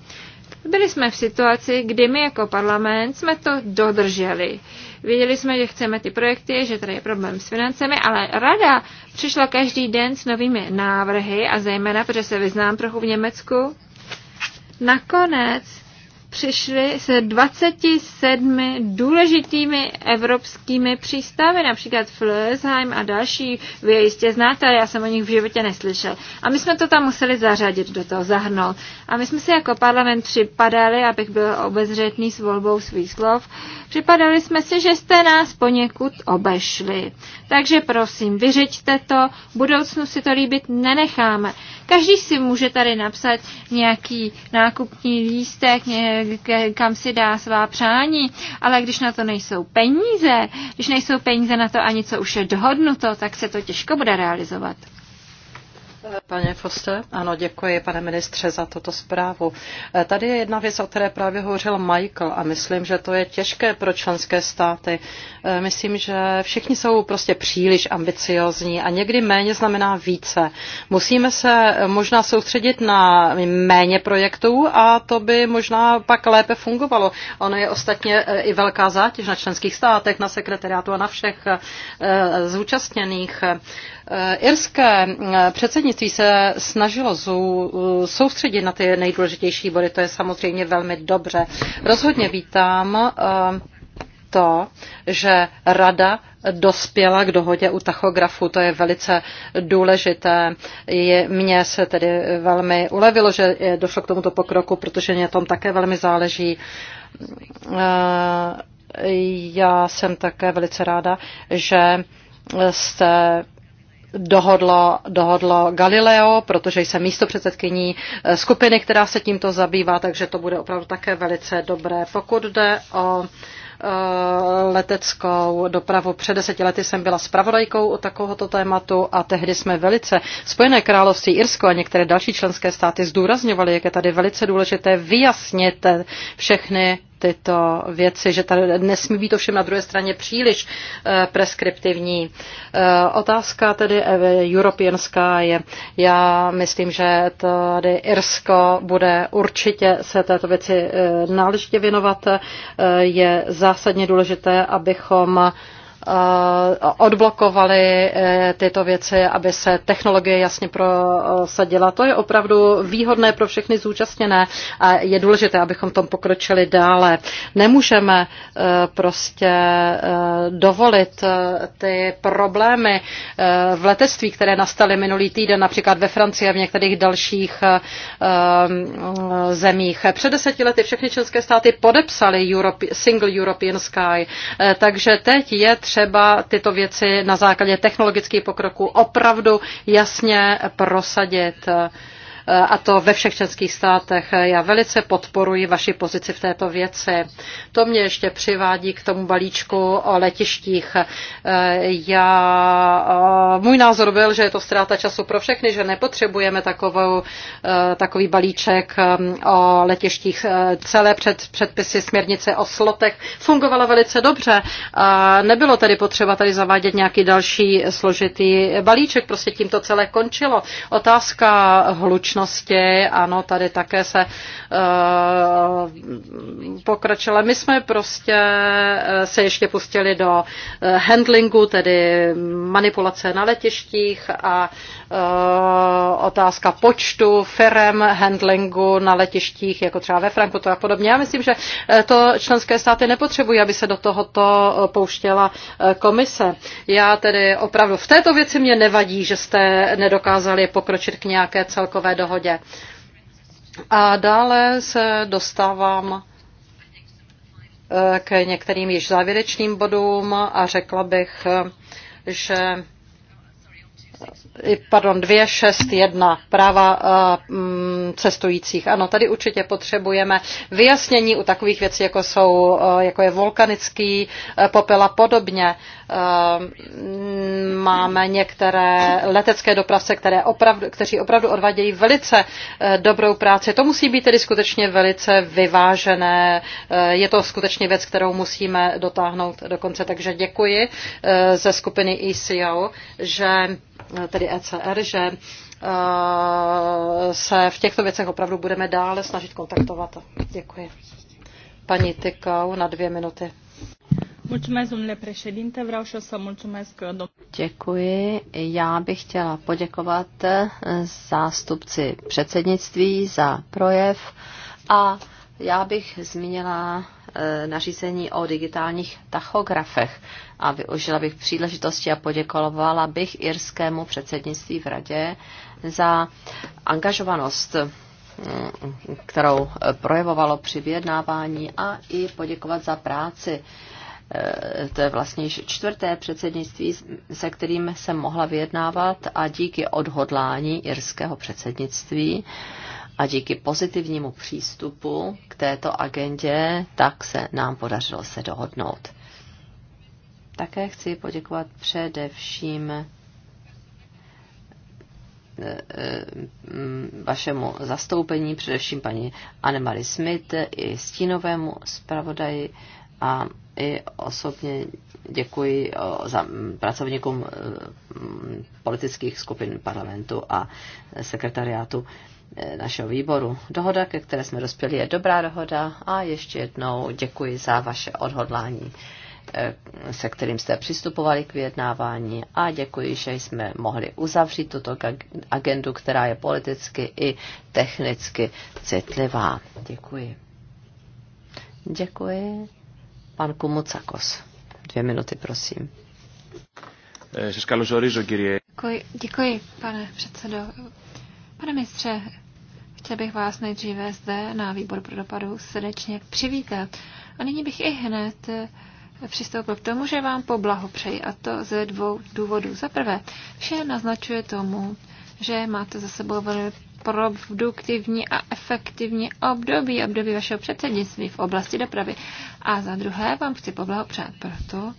Byli jsme v situaci, kdy my jako parlament jsme to dodrželi. Věděli jsme, že chceme ty projekty, že tady je problém s financemi, ale rada přišla každý den s novými návrhy a zejména, protože se vyznám trochu v Německu, nakonec přišli se 27 důležitými evropskými přístavy, například Flösheim a další, vy je jistě znáte, ale já jsem o nich v životě neslyšel. A my jsme to tam museli zařadit do toho, zahrnout. A my jsme si jako parlament připadali, abych byl obezřetný s volbou svých slov, Připadali jsme si, že jste nás poněkud obešli. Takže prosím, vyřeďte to, v budoucnu si to líbit nenecháme. Každý si může tady napsat nějaký nákupní lístek, kam si dá svá přání, ale když na to nejsou peníze, když nejsou peníze na to ani co už je dohodnuto, tak se to těžko bude realizovat. Pane Foste, ano, děkuji, pane ministře, za toto zprávu. E, tady je jedna věc, o které právě hovořil Michael a myslím, že to je těžké pro členské státy. E, myslím, že všichni jsou prostě příliš ambiciozní a někdy méně znamená více. Musíme se možná soustředit na méně projektů a to by možná pak lépe fungovalo. Ono je ostatně e, i velká zátěž na členských státech, na sekretariátu a na všech zúčastněných. Eh, irské eh, předsednictví se snažilo eh, soustředit na ty nejdůležitější body, to je samozřejmě velmi dobře. Rozhodně vítám to, že rada dospěla k dohodě u tachografu. To je velice důležité. Je, mně se tedy velmi ulevilo, že došlo k tomuto pokroku, protože mě tom také velmi záleží. Já jsem také velice ráda, že jste dohodlo, dohodlo Galileo, protože jsem místo předsedkyní eh, skupiny, která se tímto zabývá, takže to bude opravdu také velice dobré. Pokud jde o eh, leteckou dopravu. Před deseti lety jsem byla zpravodajkou o takovéhoto tématu a tehdy jsme velice Spojené království, Irsko a některé další členské státy zdůrazňovaly, jak je tady velice důležité vyjasnit eh, všechny tyto věci, že tady nesmí být ovšem na druhé straně příliš eh, preskriptivní. Eh, otázka tedy eh, europeanská je, já myslím, že tady Irsko bude určitě se této věci náležitě věnovat. Je zásadně důležité, abychom Eh, odblokovali eh, tyto věci, aby se technologie jasně prosadila. To je opravdu výhodné pro všechny zúčastněné a je důležité, abychom tom pokročili dále. Nemůžeme eh, prostě dovolit ty problémy v letectví, které nastaly minulý týden, například ve Francii a v některých dalších zemích. Před deseti lety všechny členské státy podepsaly Europe, Single European Sky, takže teď je třeba třeba tyto věci na základě technologických pokroků opravdu jasně prosadit a to ve všech členských státech. Já velice podporuji vaši pozici v této věci. To mě ještě přivádí k tomu balíčku o letištích. E, já, e, můj názor byl, že je to ztráta času pro všechny, že nepotřebujeme takovou, e, takový balíček o letištích. Celé před, předpisy směrnice o slotech fungovala velice dobře. A nebylo tady potřeba tady zavádět nějaký další složitý balíček, prostě tím to celé končilo. Otázka hlučnosti společnosti. Ano, tady také se uh, My jsme prostě eh, se ještě pustili do eh, handlingu, tedy manipulace na letištích a uh, otázka počtu firm handlingu na letištích, jako třeba ve Frankfurtu a podobně. Já myslím, že to členské státy nepotřebují, aby se do tohoto pouštěla komise. Já tedy opravdu v této věci mě nevadí, že jste nedokázali pokročit k nějaké celkové dohodě dohodě. A dále se dostávám eh, k některým již závěrečným bodům a řekla bych, eh, že pardon, 261 práva eh, mm, cestujících. Ano, tady určitě potřebujeme vyjasnění u takových věcí, jako, jsou, eh, jako je vulkanický eh, popel a podobně. Máme některé letecké dopravce, které opravdu, kteří opravdu odvádějí velice dobrou práci. To musí být tedy skutečně velice vyvážené. Je to skutečně věc, kterou musíme dotáhnout do konce. Takže děkuji ze skupiny ECO, že tedy ECR, že eh, se v těchto věcech opravdu budeme dále snažit kontaktovat. Děkuji. Paní Tykau na dvě minuty. Děkuji. Já bych chtěla poděkovat eh, zástupci předsednictví za projev a já bych zmínila eh, nařízení o digitálních tachografech a využila bych příležitosti a poděkovala bych irskému předsednictví v radě za angažovanost kterou projevovalo při vyjednávání a i poděkovat za práci. To je vlastně již čtvrté předsednictví, se kterým jsem mohla vyjednávat a díky odhodlání irského předsednictví a díky pozitivnímu přístupu k této agendě, tak se nám podařilo se dohodnout. Také chci poděkovat především eh, eh, vašemu zastoupení, především paní Annemarie Smith i stínovému zpravodaji a i osobně děkuji za pracovníkům eh, politických skupin parlamentu a sekretariátu našeho výboru. Dohoda, ke které jsme dospěli, je dobrá dohoda a ještě jednou děkuji za vaše odhodlání Eh, se kterým jste přistupovali k vyjednávání a děkuji, že jsme mohli uzavřít tuto agendu, která je politicky i technicky citlivá. Děkuji. Děkuji. Pan Kumucakos. Dvě minuty, prosím. Eh, děkuji, děkuji, pane předsedo. Pane ministře, chtěl bych vás nejdříve zde na výbor pro dopadu srdečně přivítat. A nyní bych i hned přistoupil k tomu, že vám poblahopřeji a to ze dvou důvodů. Za prvé, vše naznačuje tomu, že máte za sebou velmi produktivní a efektivní období, období vašeho předsednictví v oblasti dopravy. A za druhé vám chci poblahopřát proto,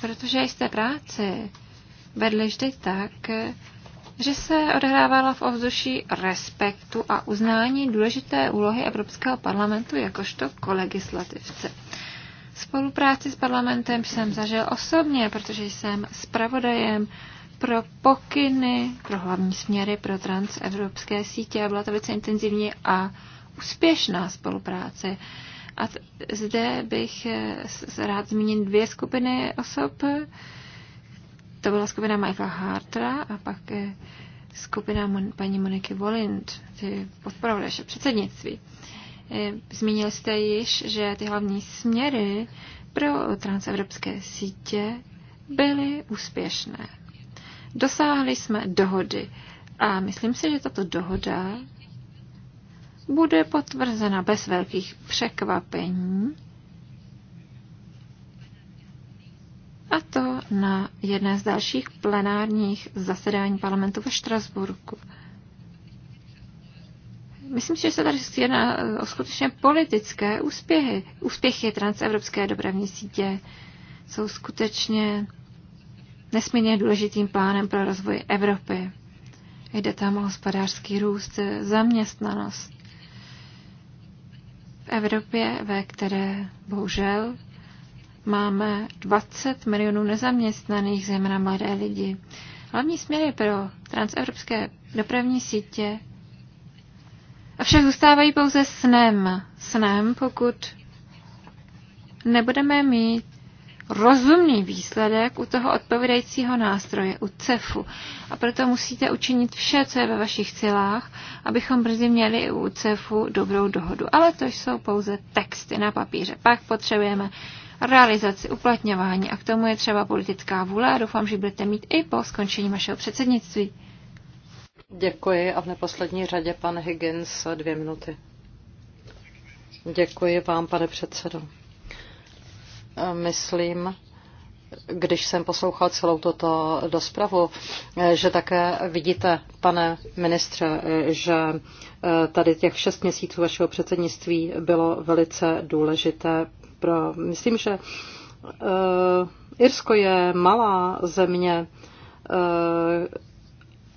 protože jste práci vedli vždy tak, že se odehrávala v ovzduší respektu a uznání důležité úlohy Evropského parlamentu jakožto kolegislativce. Spolupráci s parlamentem jsem zažil osobně, protože jsem zpravodajem pro pokyny, pro hlavní směry pro transevropské sítě a byla to velice intenzivní a úspěšná spolupráce. A zde bych eh, rád zmínil dvě skupiny osob. To byla skupina Michaela Hartra a pak eh, skupina mon- paní Moniky Volint, ty podporovali naše předsednictví. Eh, zmínil jste již, že ty hlavní směry pro transevropské sítě byly úspěšné. Dosáhli jsme dohody a myslím si, že tato dohoda bude potvrzena bez velkých překvapení. A to na jedné z dalších plenárních zasedání parlamentu ve Štrasburku. Myslím, že se tady jedná eh, o skutečně politické úspěchy. Úspěchy transevropské dopravní sítě jsou skutečně nesmírně důležitým plánem pro rozvoj Evropy. Jde tam o hospodářský růst, zaměstnanost. V Evropě, ve které bohužel máme 20 milionů nezaměstnaných, zejména mladé lidi. Hlavní směry pro transevropské dopravní sítě Avšak zůstávají pouze snem. Snem, pokud nebudeme mít rozumný výsledek u toho odpovídajícího nástroje, u CEFu. A proto musíte učinit vše, co je ve vašich silách, abychom brzy měli i u CEFu dobrou dohodu. Ale to jsou pouze texty na papíře. Pak potřebujeme realizaci, uplatňování a k tomu je třeba politická vůle a doufám, že budete mít i po skončení vašeho předsednictví. Děkuji a v neposlední řadě pan Higgins dvě minuty. Děkuji vám, pane předsedo. Myslím, když jsem poslouchal celou toto dospravu, že také vidíte, pane ministře, že tady těch šest měsíců vašeho předsednictví bylo velice důležité. Pro, myslím, že eh, Irsko je malá země, eh,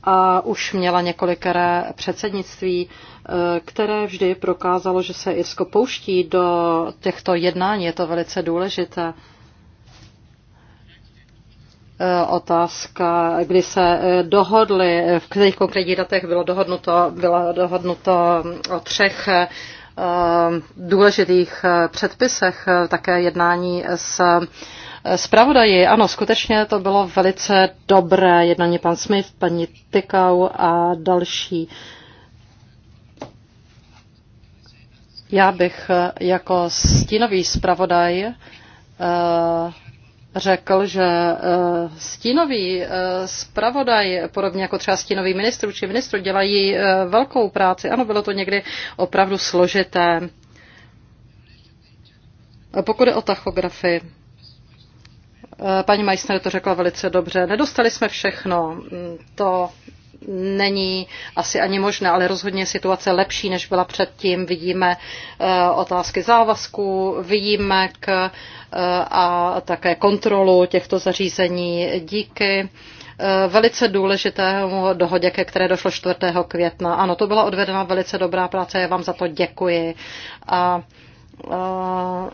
a už měla několikeré předsednictví, eh, které vždy prokázalo, že se Irsko pouští do těchto jednání. Je to velice důležité. Eh, otázka, kdy se eh, dohodli, v kterých konkrétních datech bylo dohodnuto, bylo dohodnuto mm, o třech důležitých předpisech, také jednání s Spravodaji, ano, skutečně to bylo velice dobré jednání pan Smith, paní Tykau a další. Já bych jako stínový zpravodaj eh, řekl, že eh, stínový eh, zpravodaj, podobně jako třeba stínový ministr či ministr, dělají velkou práci. Ano, bylo to někdy opravdu složité. Pokud je o tachografii. Eh, paní Meissner to řekla velice dobře. Nedostali jsme všechno. Mm, to není asi ani možné, ale rozhodně situace lepší, než byla předtím. Vidíme eh, otázky závazků, výjimek eh, a také kontrolu těchto zařízení díky velice důležitému dohodě, ke které došlo 4. května. Ano, to byla odvedena velice dobrá práce, já vám za to děkuji. A, a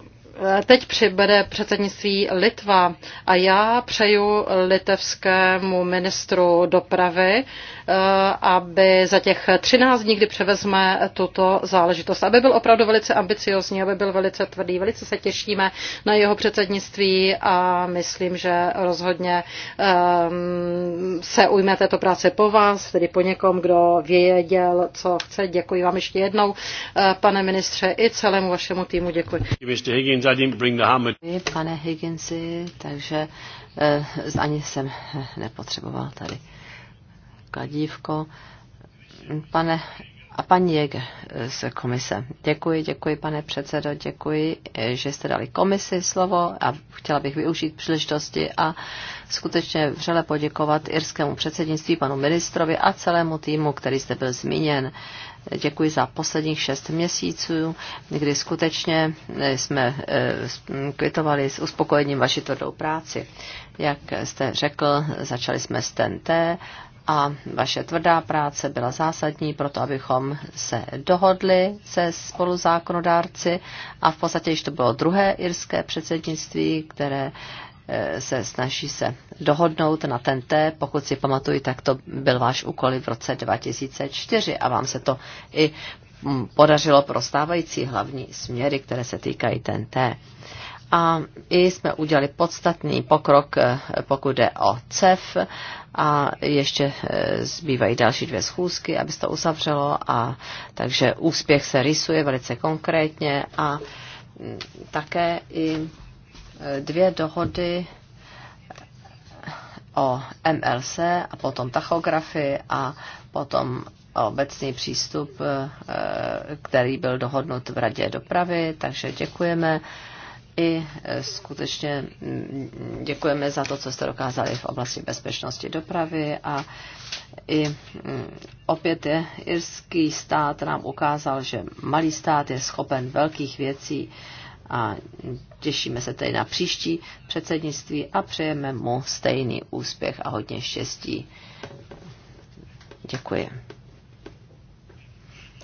Teď přibere předsednictví Litva a já přeju litevskému ministru dopravy, eh, aby za těch 13 dní, kdy převezme tuto záležitost, aby byl opravdu velice ambiciozní, aby byl velice tvrdý. Velice se těšíme na jeho předsednictví a myslím, že rozhodně ehm, se ujme této práce po vás, tedy po někom, kdo věděl, co chce. Děkuji vám ještě jednou, eh, pane ministře, i celému vašemu týmu. Děkuji. Higgins, I didn't bring the hammer. Pane Higginsi, takže eh, ani jsem eh, nepotřeboval tady kladívko. Pane a paní Jäger eh, z komise. Děkuji, děkuji, pane předsedo, děkuji, eh, že jste dali komisi slovo a chtěla bych využít příležitosti a skutečně vřele poděkovat irskému předsednictví, panu ministrovi a celému týmu, který jste byl zmíněn. Děkuji za posledních šest měsíců, kdy skutečně eh, jsme eh, kvitovali s uspokojením vaši tvrdou práci. Jak jste řekl, začali jsme s TNT a vaše tvrdá práce byla zásadní pro to, abychom se dohodli se spoluzákonodárci a v podstatě již to bylo druhé irské předsednictví, které se snaží se dohodnout na ten té, pokud si pamatuju, tak to byl váš úkol v roce 2004 a vám se to i mm, podařilo prostávající hlavní směry, které se týkají TNT. A i jsme udělali podstatný pokrok, eh, pokud jde o CEF a ještě eh, zbývají další dvě schůzky, aby se to uzavřelo a takže úspěch se rysuje velice konkrétně a mm, také i dvě dohody o MLC a potom tachografy a potom obecný přístup, eh, který byl dohodnut v Radě dopravy, takže děkujeme i eh, skutečně mm, děkujeme za to, co jste dokázali v oblasti bezpečnosti dopravy a i mm, opět je irský stát nám ukázal, že malý stát je schopen velkých věcí a Těšíme se tedy na příští předsednictví a přejeme mu stejný úspěch a hodně štěstí. Děkuji.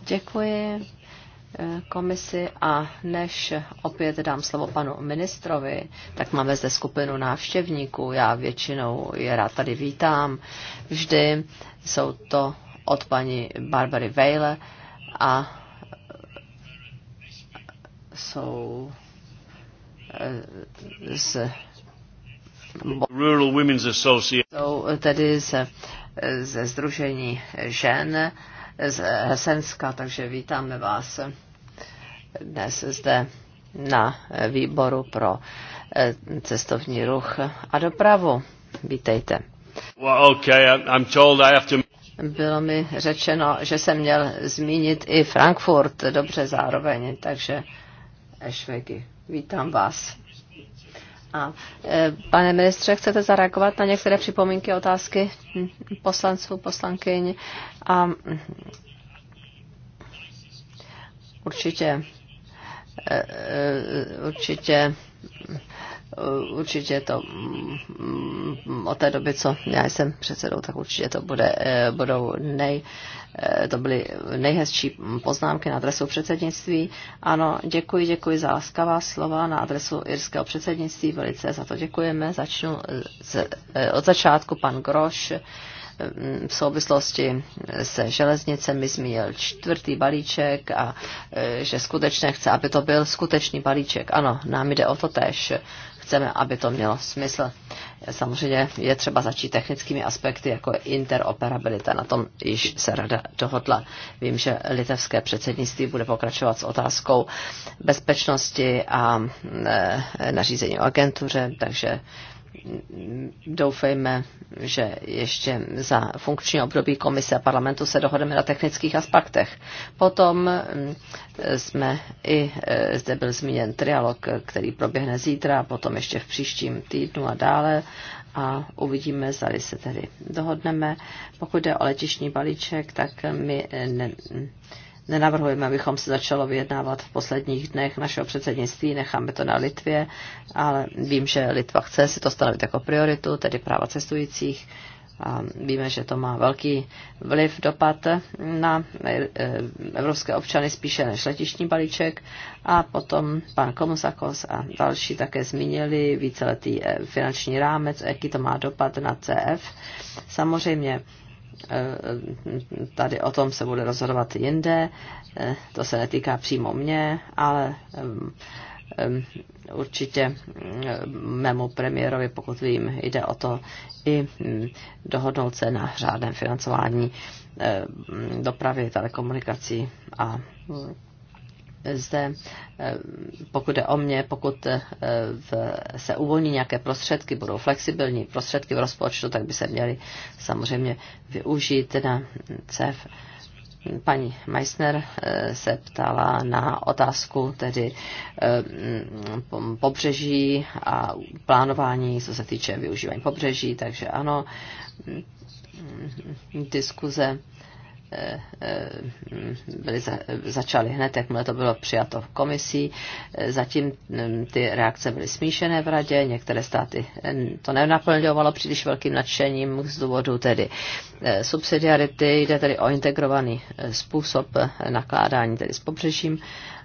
Děkuji eh, komisi a než opět dám slovo panu ministrovi, tak máme zde skupinu návštěvníků. Já většinou je rád tady vítám. Vždy jsou to od paní Barbary Vejle a jsou s eh, Rural Women's Association. tedy ze, ze Združení žen z Hesenska, takže vítáme vás dnes zde na výboru pro eh, cestovní ruch a dopravu. Vítejte. Well, okay, I'm told I have to... Bylo mi řečeno, že jsem měl zmínit i Frankfurt, dobře zároveň, takže Ešvegi. Vítám vás. A, e, pane ministře, chcete zareagovat na některé připomínky, otázky poslanců, poslankyň? A určitě, e, e, určitě určitě to mm, od té doby, co já jsem předsedou, tak určitě to bude, eh, budou nej, eh, to byly nejhezčí poznámky na adresu předsednictví. Ano, děkuji, děkuji za laskavá slova na adresu irského předsednictví, velice za to děkujeme. Začnu z, eh, od začátku pan Groš v souvislosti se železnicemi zmínil čtvrtý balíček a že skutečně chce, aby to byl skutečný balíček. Ano, nám jde o to tež chceme, aby to mělo smysl. Samozřejmě je třeba začít technickými aspekty, jako interoperabilita. Na tom již se rada dohodla. Vím, že litevské předsednictví bude pokračovat s otázkou bezpečnosti a e, nařízení o agentuře, takže doufejme, že ještě za funkční období komise a parlamentu se dohodeme na technických aspektech. Potom mm, jsme i, e, zde byl zmíněn trialog, který proběhne zítra, potom ještě v příštím týdnu a dále a uvidíme, zda se tedy dohodneme. Pokud jde o letišní balíček, tak my e, ne, Nenavrhujeme, abychom se začalo vyjednávat v posledních dnech našeho předsednictví, necháme to na Litvě, ale vím, že Litva chce si to stanovit jako prioritu, tedy práva cestujících. A víme, že to má velký vliv, dopad na eh, eh, evropské občany spíše než letišní balíček. A potom pan Komusakos a další také zmínili víceletý eh, finanční rámec, jaký to má dopad na CF. Samozřejmě Eh, tady o tom se bude rozhodovat jinde, eh, to se netýká přímo mě, ale určitě eh, mému premiérovi, pokud vím, jde o to i hm, dohodnout se na řádném financování dopravy, telekomunikací a hm, zde, eh, pokud jde o mě, pokud eh, se uvolní nějaké prostředky, budou flexibilní prostředky v rozpočtu, tak by se měly samozřejmě využít na CEF. Paní Meissner eh, se ptala na otázku tedy pobřeží a plánování, co se týče využívání pobřeží, takže ano, mm, diskuze byly za, začaly hned, jakmile to bylo přijato v komisí. Zatím mm, ty reakce byly smíšené v radě, některé státy mm, to nenaplňovalo příliš velkým nadšením z důvodu tedy eh, subsidiarity, jde tedy o integrovaný eh, způsob eh, nakládání tedy s pobřežím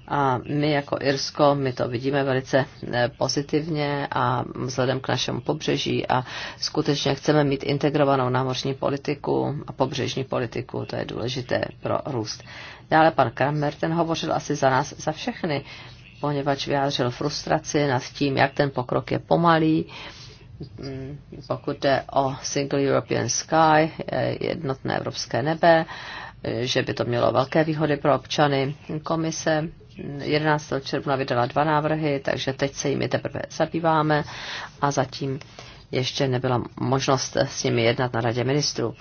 a my jako Irsko, my to vidíme velice eh, pozitivně a vzhledem k našemu pobřeží a skutečně chceme mít integrovanou námořní politiku a pobřežní politiku, to je důležité pro růst. Dále pan Kramer, ten hovořil asi za nás, za všechny, poněvadž vyjádřil frustraci nad tím, jak ten pokrok je pomalý, mm, pokud jde o Single European Sky, eh, jednotné evropské nebe, eh, že by to mělo velké výhody pro občany. Komise 11. června vydala dva návrhy, takže teď se jimi teprve zabýváme a zatím ještě nebyla možnost s nimi jednat na radě ministrů.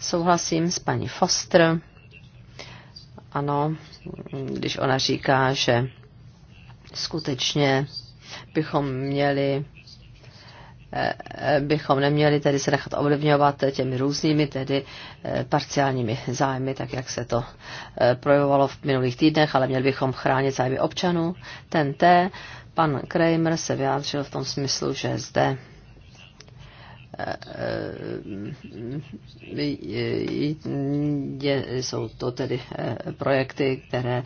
Souhlasím s paní Foster, ano, když ona říká, že skutečně bychom měli bychom neměli tedy se nechat ovlivňovat těmi různými tedy eh, parciálními zájmy, tak jak se to eh, projevovalo v minulých týdnech, ale měli bychom chránit zájmy občanů. Ten T, pan Kramer se vyjádřil v tom smyslu, že zde E, e, e, jsou to tedy projekty, které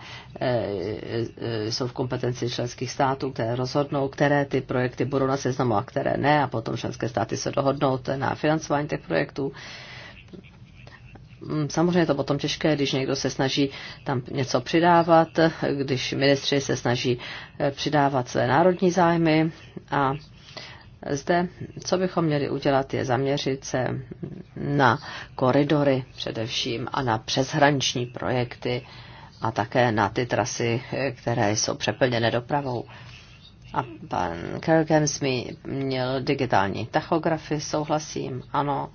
jsou v kompetenci členských států, které rozhodnou, které ty projekty budou na seznamu a které ne, a potom členské státy se dohodnou na financování těch projektů mm, samozřejmě je to potom těžké, když někdo se snaží tam něco přidávat, když ministři se snaží přidávat své národní zájmy a zde, co bychom měli udělat, je zaměřit se na koridory především a na přeshraniční projekty a také na ty trasy, které jsou přeplněné dopravou. A pan Kergens mi měl digitální tachografy, souhlasím, ano.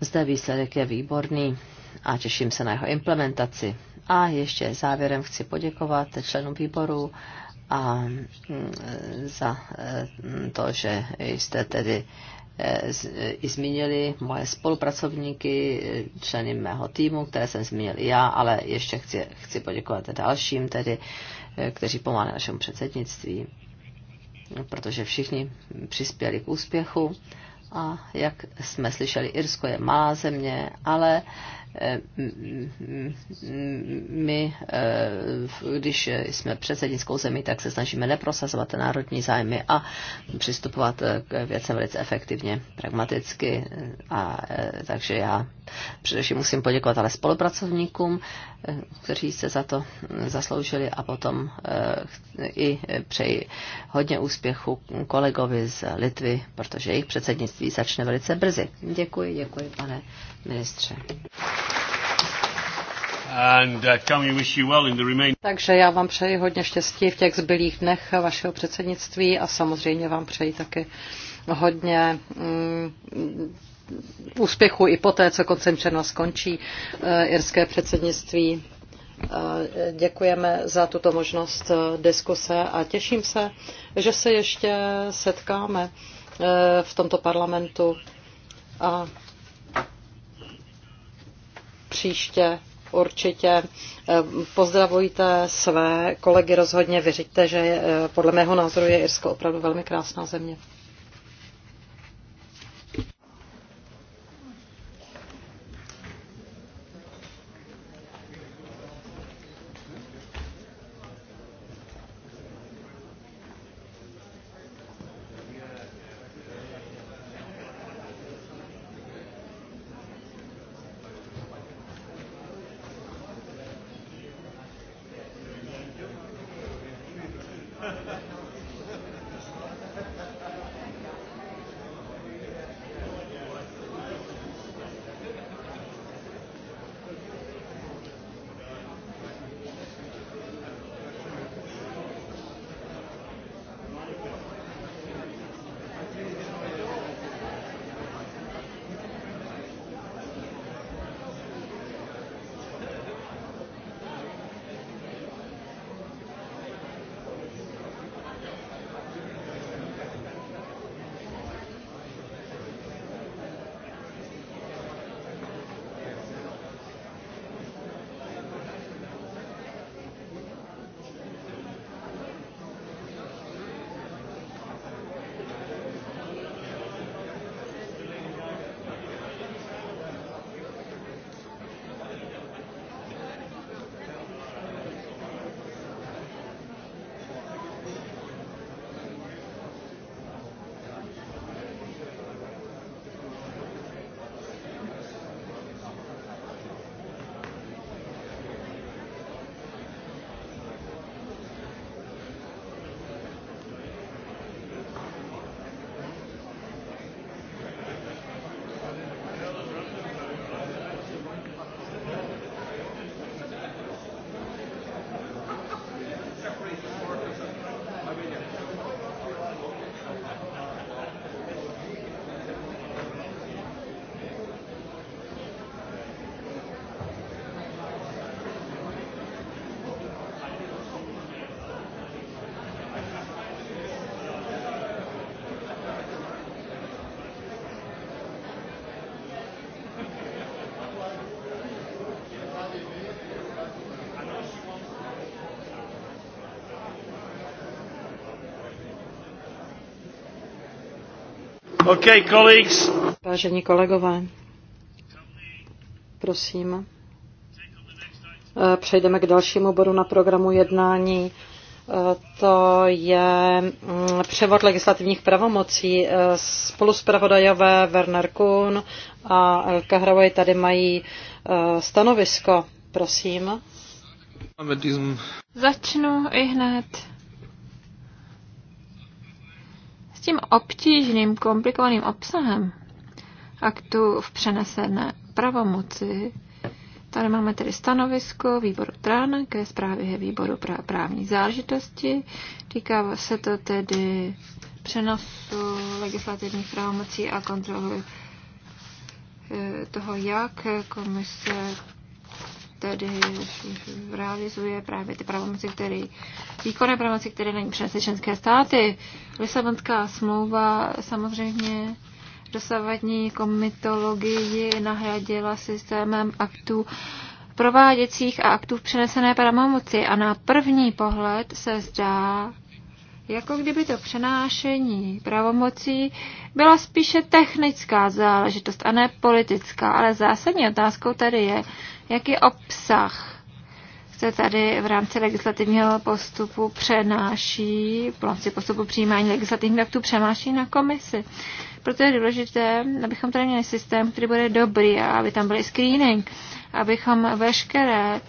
Zde výsledek je výborný a těším se na jeho implementaci. A ještě závěrem chci poděkovat členům výboru a mm, za e, mm, to, že jste tedy e, e, i zmínili moje spolupracovníky, členy mého týmu, které jsem zmínil i já, ale ještě chci, chci poděkovat dalším, tedy, kteří pomáhali našemu předsednictví, protože všichni přispěli k úspěchu. A jak jsme slyšeli, Irsko je malá země, ale eh, my, eh, když jsme předsednickou zemi, tak se snažíme neprosazovat národní zájmy a přistupovat eh, k věcem velice efektivně, pragmaticky. A, eh, takže já především musím poděkovat ale spolupracovníkům, kteří se za to zasloužili a potom i přeji hodně úspěchu kolegovi z Litvy, protože jejich předsednictví začne velice brzy. Děkuji, děkuji, pane ministře. Uh, Takže já vám přeji hodně štěstí v těch zbylých dnech vašeho předsednictví a samozřejmě vám přeji taky hodně mm, úspěchu i poté, co koncem června skončí uh, irské předsednictví. Eh, děkujeme za tuto možnost eh, diskuse a těším se, že se ještě setkáme v tomto parlamentu a příště určitě eh, pozdravujte své kolegy, rozhodně vyřiďte, že eh, podle mého názoru je Irsko opravdu velmi krásná země. Okay, colleagues. Vážení kolegové, prosím. Eh, přejdeme k dalšímu bodu na programu jednání. Eh, to je mm, převod legislativních pravomocí. Eh, Spoluspravodajové Werner Kuhn a Elke Hravoj tady mají stanovisko. Prosím. Začnu i hned s tím obtížným, komplikovaným obsahem aktu v přenesené pravomoci. Tady máme tedy stanovisko výboru TRAN ke zprávě výboru pra- právní záležitosti. Týká se to tedy přenosu legislativních pravomocí a kontroly eh, toho, jak komise tedy realizuje právě ty pravomoci, které výkonné pravomoci, které na ní přinesly členské státy. Lisabonská smlouva samozřejmě dosavadní komitologii nahradila systémem aktů prováděcích a aktů v přenesené pravomoci a na první pohled se zdá, jako kdyby to přenášení pravomocí byla spíše technická záležitost a ne politická, ale zásadní otázkou tady je, jak je obsah? se tady v rámci legislativního postupu přenáší, v rámci postupu přijímání legislativních aktů přenáší na komisi. Proto je důležité, abychom tady měli systém, který bude dobrý a aby tam byl screening, abychom veškeré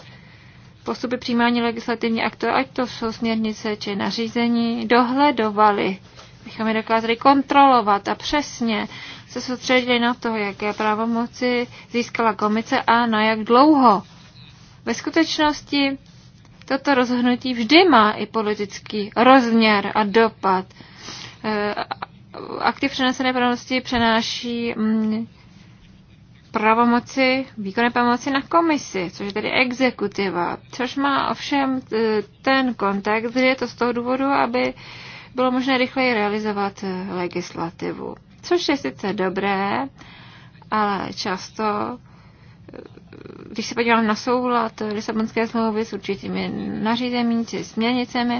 postupy přijímání legislativní aktů, ať to jsou směrnice či nařízení, dohledovali, abychom je dokázali kontrolovat a přesně se soustředili na to, jaké pravomoci získala komice a na jak dlouho. Ve skutečnosti toto rozhodnutí vždy má i politický rozměr a dopad. E, Aktiv přenesené pravomoci přenáší mm, pravomoci, výkonné pravomoci na komisi, což je tedy exekutiva, což má ovšem e, ten kontext, že je to z toho důvodu, aby bylo možné rychleji realizovat e, legislativu což je sice dobré, ale často když se podíváme na soulad Lisabonské smlouvy s určitými nařízení či směrnicemi,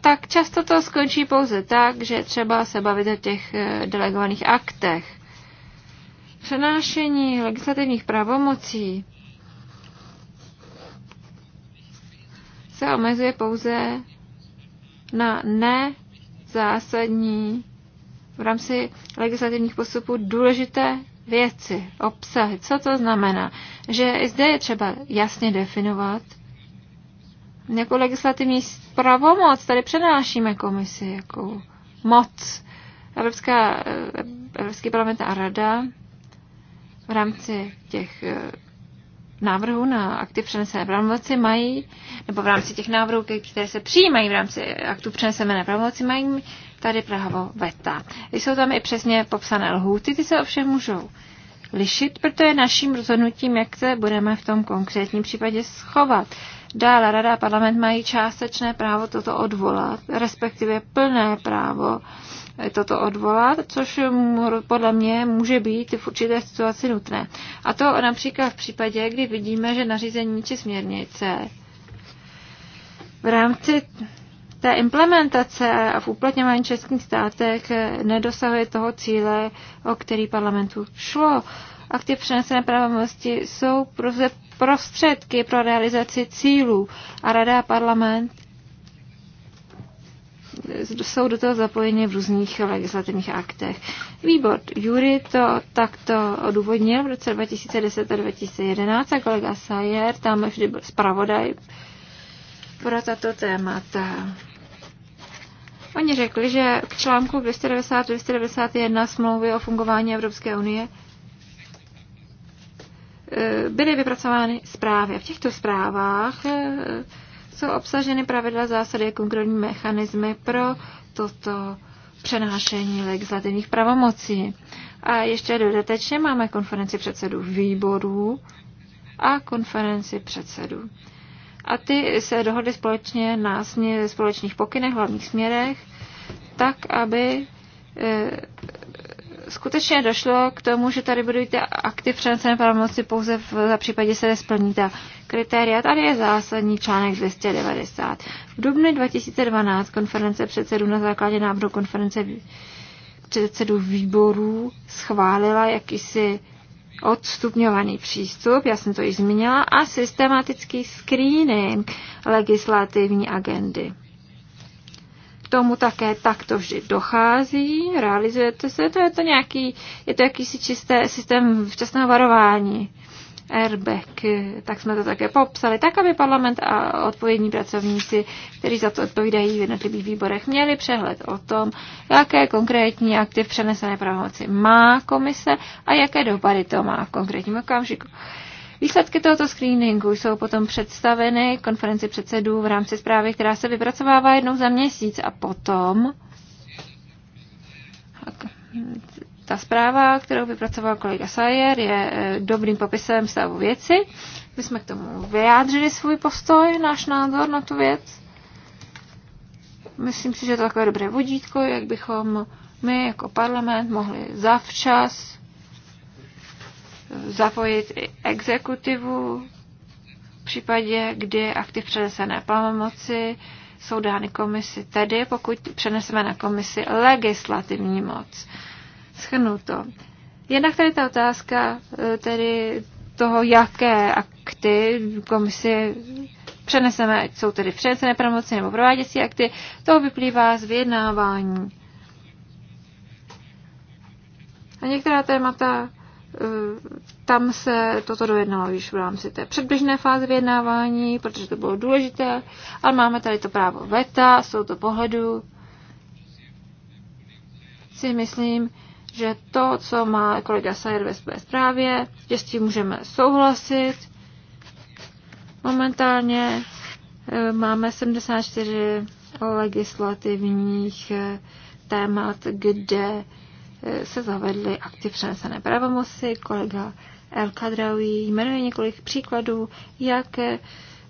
tak často to skončí pouze tak, že třeba se bavit o těch eh, delegovaných aktech. Přenášení legislativních pravomocí se omezuje pouze na nezásadní v rámci legislativních postupů důležité věci, obsahy. Co to znamená? Že i zde je třeba jasně definovat, jako legislativní pravomoc tady přenášíme komisi, jako moc. Evropská, Evropský parlament a rada v rámci těch eh, návrhů na akty přenesené pravomoci mají, nebo v rámci těch návrhů, které se přijímají v rámci aktu přenesené pravomoci, mají tady právo veta. Jsou tam i přesně popsané lhůty, ty se ovšem můžou lišit, proto je naším rozhodnutím, jak se budeme v tom konkrétním případě schovat. Dále Rada a parlament mají částečné právo toto odvolat, respektive plné právo toto odvolat, což podle mě může být v určité situaci nutné. A to například v případě, kdy vidíme, že nařízení či směrnice v rámci té implementace a v uplatňování českých státech nedosahuje toho cíle, o který parlamentu šlo. ty přenesené pravomosti jsou prostředky pro realizaci cílů a Rada a parlament jsou do toho zapojeni v různých legislativních aktech. Výbor Jury to takto odůvodnil v roce 2010 a 2011 a kolega Sayer tam vždy byl zpravodaj pro tato témata. Oni řekli, že k článku 290-291 smlouvy o fungování Evropské unie e, byly vypracovány zprávy. V těchto zprávách e, jsou obsaženy pravidla zásady a konkrétní mechanismy pro toto přenášení legislativních pravomocí. A ještě dodatečně máme konferenci předsedů výborů a konferenci předsedů a ty se dohodly společně na směr, společných pokynech, hlavních směrech, tak, aby e, skutečně došlo k tomu, že tady budou ty aktiv přenesené pravomoci pouze v, za případě se nesplní ta kritéria. Tady je zásadní článek 290. V dubnu 2012 konference předsedů na základě návrhu konference předsedů výborů schválila jakýsi odstupňovaný přístup, já jsem to již zmínila, a systematický screening legislativní agendy. K tomu také takto vždy dochází, realizujete se, to je to nějaký, je to jakýsi čisté systém včasného varování airbag, tak jsme to také popsali, tak aby parlament a odpovědní pracovníci, kteří za to odpovídají v jednotlivých výborech, měli přehled o tom, jaké konkrétní aktiv přenesené pravomoci má komise a jaké dopady to má v konkrétním okamžiku. Výsledky tohoto screeningu jsou potom představeny konferenci předsedů v rámci zprávy, která se vypracovává jednou za měsíc a potom ta zpráva, kterou vypracoval kolega Sayer, je eh, dobrým popisem stavu věci. My jsme k tomu vyjádřili svůj postoj, náš názor na tu věc. Myslím si, že to je takové dobré vodítko, jak bychom my jako parlament mohli zavčas eh, zapojit i exekutivu v případě, kdy aktiv přenesené pravomoci jsou dány komisi. Tedy pokud přeneseme na komisi legislativní moc schrnuto. Jednak tady ta otázka eh, tedy toho, jaké akty komisi přeneseme, ať jsou tedy přenesené pravomoci nebo prováděcí akty, to vyplývá z vyjednávání. A některá témata, eh, tam se toto dojednalo již v rámci té předběžné fáze vyjednávání, protože to bylo důležité, ale máme tady to právo veta, jsou to pohledu, si myslím, že to, co má kolega Sajer ve své zprávě, že s tím můžeme souhlasit. Momentálně eh, máme 74 legislativních eh, témat, kde eh, se zavedly akty přenesené pravomoci. Kolega El Kadraoui jmenuje několik příkladů, jak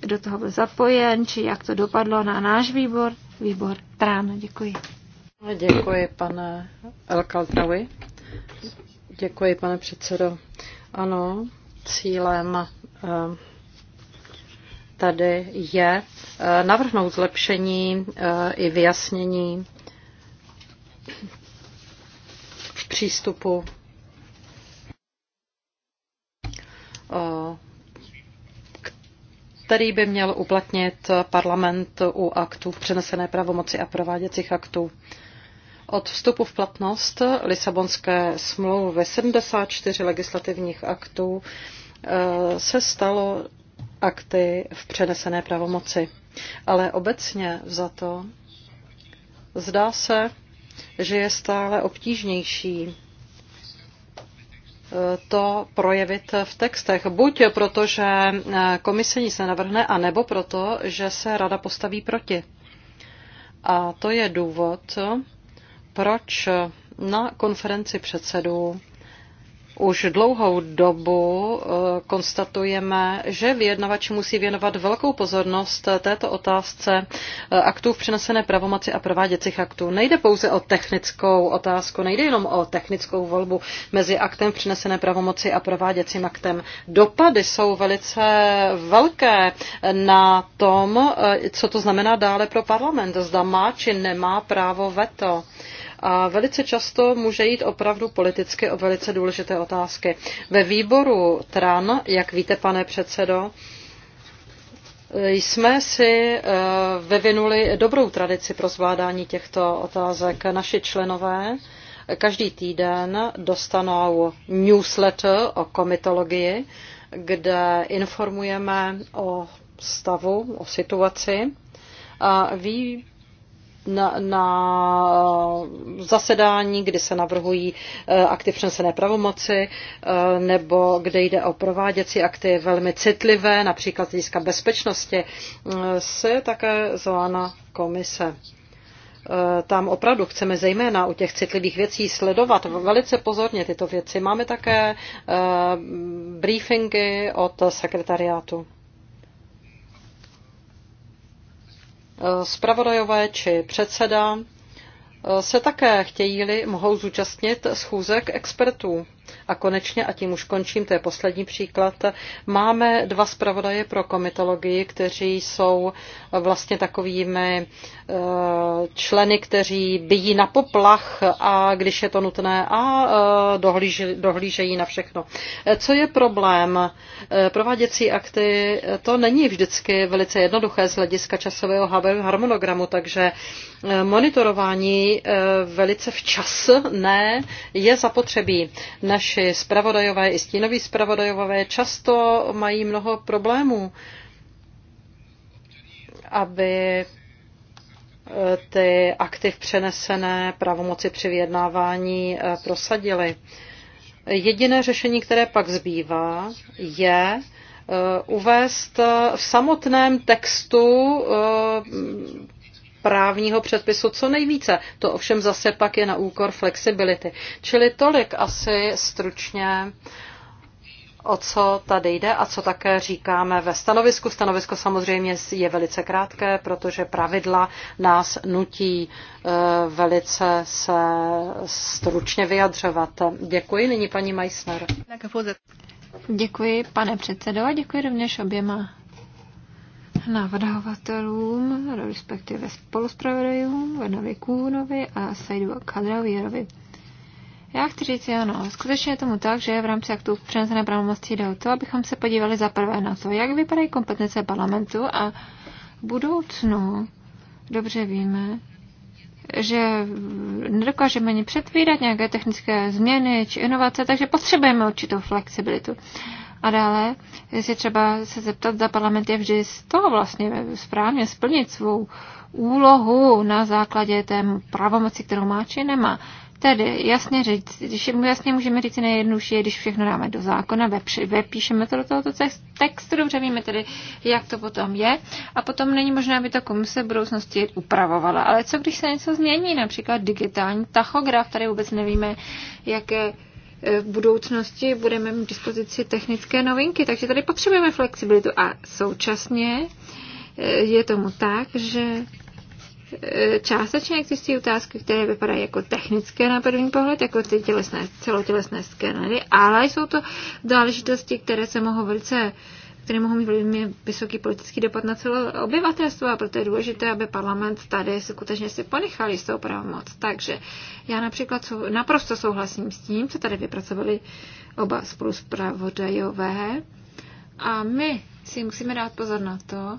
do toho byl zapojen, či jak to dopadlo na náš výbor, výbor TRAN. Děkuji. No, děkuji, pane Elkaltravi. Děkuji, pane předsedo. Ano, cílem eh, tady je eh, navrhnout zlepšení eh, i vyjasnění v přístupu který by měl uplatnit parlament u aktů v přenesené pravomoci a prováděcích aktů. Od vstupu v platnost Lisabonské smlouvy 74 legislativních aktů eh, se stalo akty v přenesené pravomoci. Ale obecně to zdá se, že je stále obtížnější eh, to projevit v textech. Buď protože eh, komise nic nenavrhne, anebo proto, že se rada postaví proti. A to je důvod, proč na konferenci předsedů už dlouhou dobu eh, konstatujeme, že vyjednavači musí věnovat velkou pozornost této otázce eh, aktů v přenesené pravomoci a prováděcích aktů. Nejde pouze o technickou otázku, nejde jenom o technickou volbu mezi aktem v přenesené pravomoci a prováděcím aktem. Dopady jsou velice velké na tom, eh, co to znamená dále pro parlament. Zda má či nemá právo veto. A velice často může jít opravdu politicky o velice důležité otázky. Ve výboru TRAN, jak víte, pane předsedo, jsme si eh, vyvinuli dobrou tradici pro zvládání těchto otázek. Naši členové každý týden dostanou newsletter o komitologii, kde informujeme o stavu, o situaci. A ví, na, na eh, zasedání, kdy se navrhují eh, akty přenesené pravomoci, eh, nebo kde jde o prováděcí akty velmi citlivé, například hlediska bezpečnosti, se také zvána komise tam opravdu chceme zejména u těch citlivých věcí sledovat velice pozorně tyto věci. Máme také briefingy od sekretariátu. zpravodajové či předseda eh, se také chtějí-li mohou zúčastnit schůzek expertů. A konečně, a tím už končím, to je poslední příklad, máme dva zpravodaje pro komitologii, kteří jsou vlastně takovými eh, členy, kteří bijí na poplach a když je to nutné a eh, dohlíže, dohlížejí na všechno. Eh, co je problém? Prováděcí akty, to není vždycky velice jednoduché z hlediska časového harmonogramu, takže monitorování velice včas ne, je zapotřebí. Ne naši spravodajové i stínoví spravodajové často mají mnoho problémů, aby eh, ty aktiv přenesené pravomoci při vyjednávání eh, prosadili. Jediné řešení, které pak zbývá, je eh, uvést v samotném textu právního předpisu co nejvíce. To ovšem zase pak je na úkor flexibility. Čili tolik asi stručně o co tady jde a co také říkáme ve stanovisku. Stanovisko samozřejmě je velice krátké, protože pravidla nás nutí eh, velice se stručně vyjadřovat. Děkuji. Nyní paní Meissner. Děkuji, pane předsedo, a děkuji rovněž oběma navrhovatelům, respektive spoluspravodajům, Venovi Kůnovi a Saidu Kadravírovi. Já chci říct, ano, skutečně je tomu tak, že v rámci aktu přenesené pravomocí jde o to, abychom se podívali za prvé na to, jak vypadají kompetence parlamentu a v budoucnu dobře víme, že nedokážeme ani předvídat nějaké technické změny či inovace, takže potřebujeme určitou flexibilitu. A dále je třeba se zeptat, za parlament je vždy z toho vlastně správně splnit svou úlohu na základě té pravomoci, kterou má či nemá. Tedy jasně říct, když jasně můžeme říct nejjednodušší, je, když všechno dáme do zákona, vepíšeme to do tohoto textu, dobře víme tedy, jak to potom je. A potom není možné, aby ta komise v budoucnosti upravovala. Ale co když se něco změní, například digitální tachograf, tady vůbec nevíme, jaké E, v budoucnosti budeme mít dispozici technické novinky, takže tady potřebujeme flexibilitu. A současně e, je tomu tak, že e, částečně existují otázky, které vypadají jako technické na první pohled, jako ty tělesné, celotělesné skenery, ale jsou to záležitosti, které se mohou velice které mohou mít velmi vysoký politický dopad na celé obyvatelstvo a proto je důležité, aby parlament tady skutečně si ponechal jistou pravomoc. Takže já například sou, naprosto souhlasím s tím, co tady vypracovali oba spolu zpravodajové a my si musíme dát pozor na to,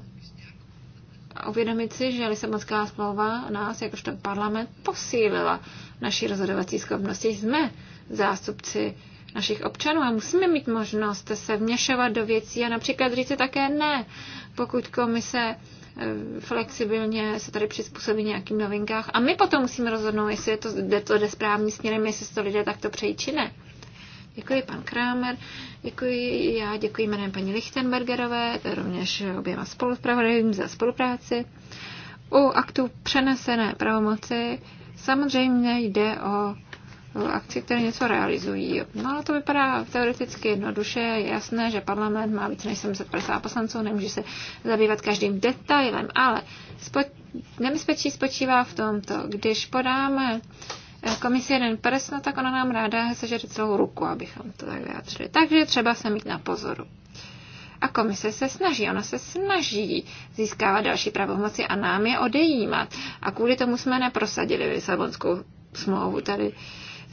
a uvědomit si, že Lisabonská smlouva nás, jakožto parlament, posílila naší rozhodovací schopnosti. Jsme zástupci našich občanů a musíme mít možnost se vměšovat do věcí a například říct také ne, pokud komise eh, flexibilně se tady přizpůsobí nějakým novinkách a my potom musíme rozhodnout, jestli je to, jde to jde správným směrem, jestli to lidé takto přejí či ne. Děkuji, pan Kramer. Děkuji, já děkuji jménem paní Lichtenbergerové, rovněž oběma spolupravodajům za spolupráci. U aktu přenesené pravomoci samozřejmě jde o Eh, akci, které něco realizují. No ale to vypadá teoreticky jednoduše. Je jasné, že parlament má více než 750 poslanců, nemůže se zabývat každým detailem, ale spo- nebezpečí spočívá v tomto. Když podáme eh, komisi jeden prst, no tak ona nám ráda sežere celou ruku, abychom to tak vyjádřili. Takže třeba se mít na pozoru. A komise se snaží, ona se snaží získávat další pravomoci a nám je odejímat. A kvůli tomu jsme neprosadili Lisabonskou smlouvu tady. Uh,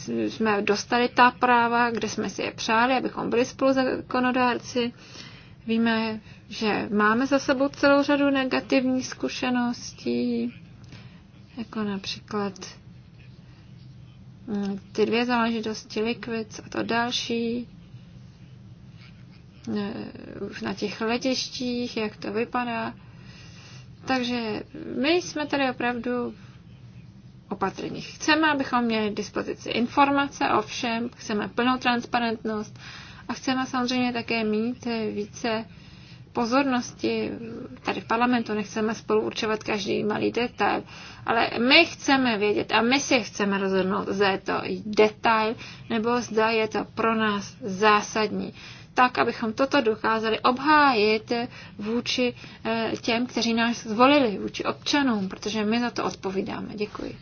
jsme dostali ta práva, kde jsme si je přáli, abychom byli spolu spoluzákonodárci. Víme, že máme za sebou celou řadu negativních zkušeností, jako například mm, ty dvě záležitosti Liquids a to další eh, už na těch letištích, jak to vypadá. Takže my jsme tady opravdu opatrně. Chceme, abychom měli k dispozici informace o všem, chceme plnou transparentnost a chceme samozřejmě také mít více pozornosti tady v parlamentu, nechceme spolu určovat každý malý detail, ale my chceme vědět a my si chceme rozhodnout, zda je to detail nebo zda je to pro nás zásadní. Tak, abychom toto dokázali obhájit vůči eh, těm, kteří nás zvolili, vůči občanům, protože my za to odpovídáme. Děkuji.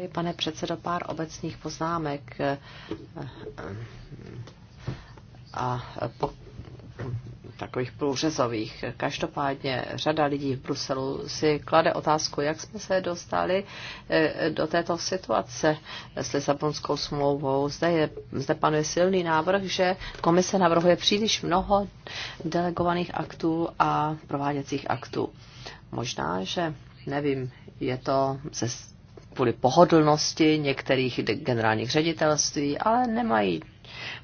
Děkuji, pane předsedo, pár obecných poznámek. A po, takových průřezových. Každopádně řada lidí v Bruselu si klade otázku, jak jsme se dostali eh, do této situace s Lisabonskou smlouvou. Zde, je, zde panuje silný návrh, že komise navrhuje příliš mnoho delegovaných aktů a prováděcích aktů. Možná, že nevím, je to ze kvůli pohodlnosti některých generálních ředitelství, ale nemají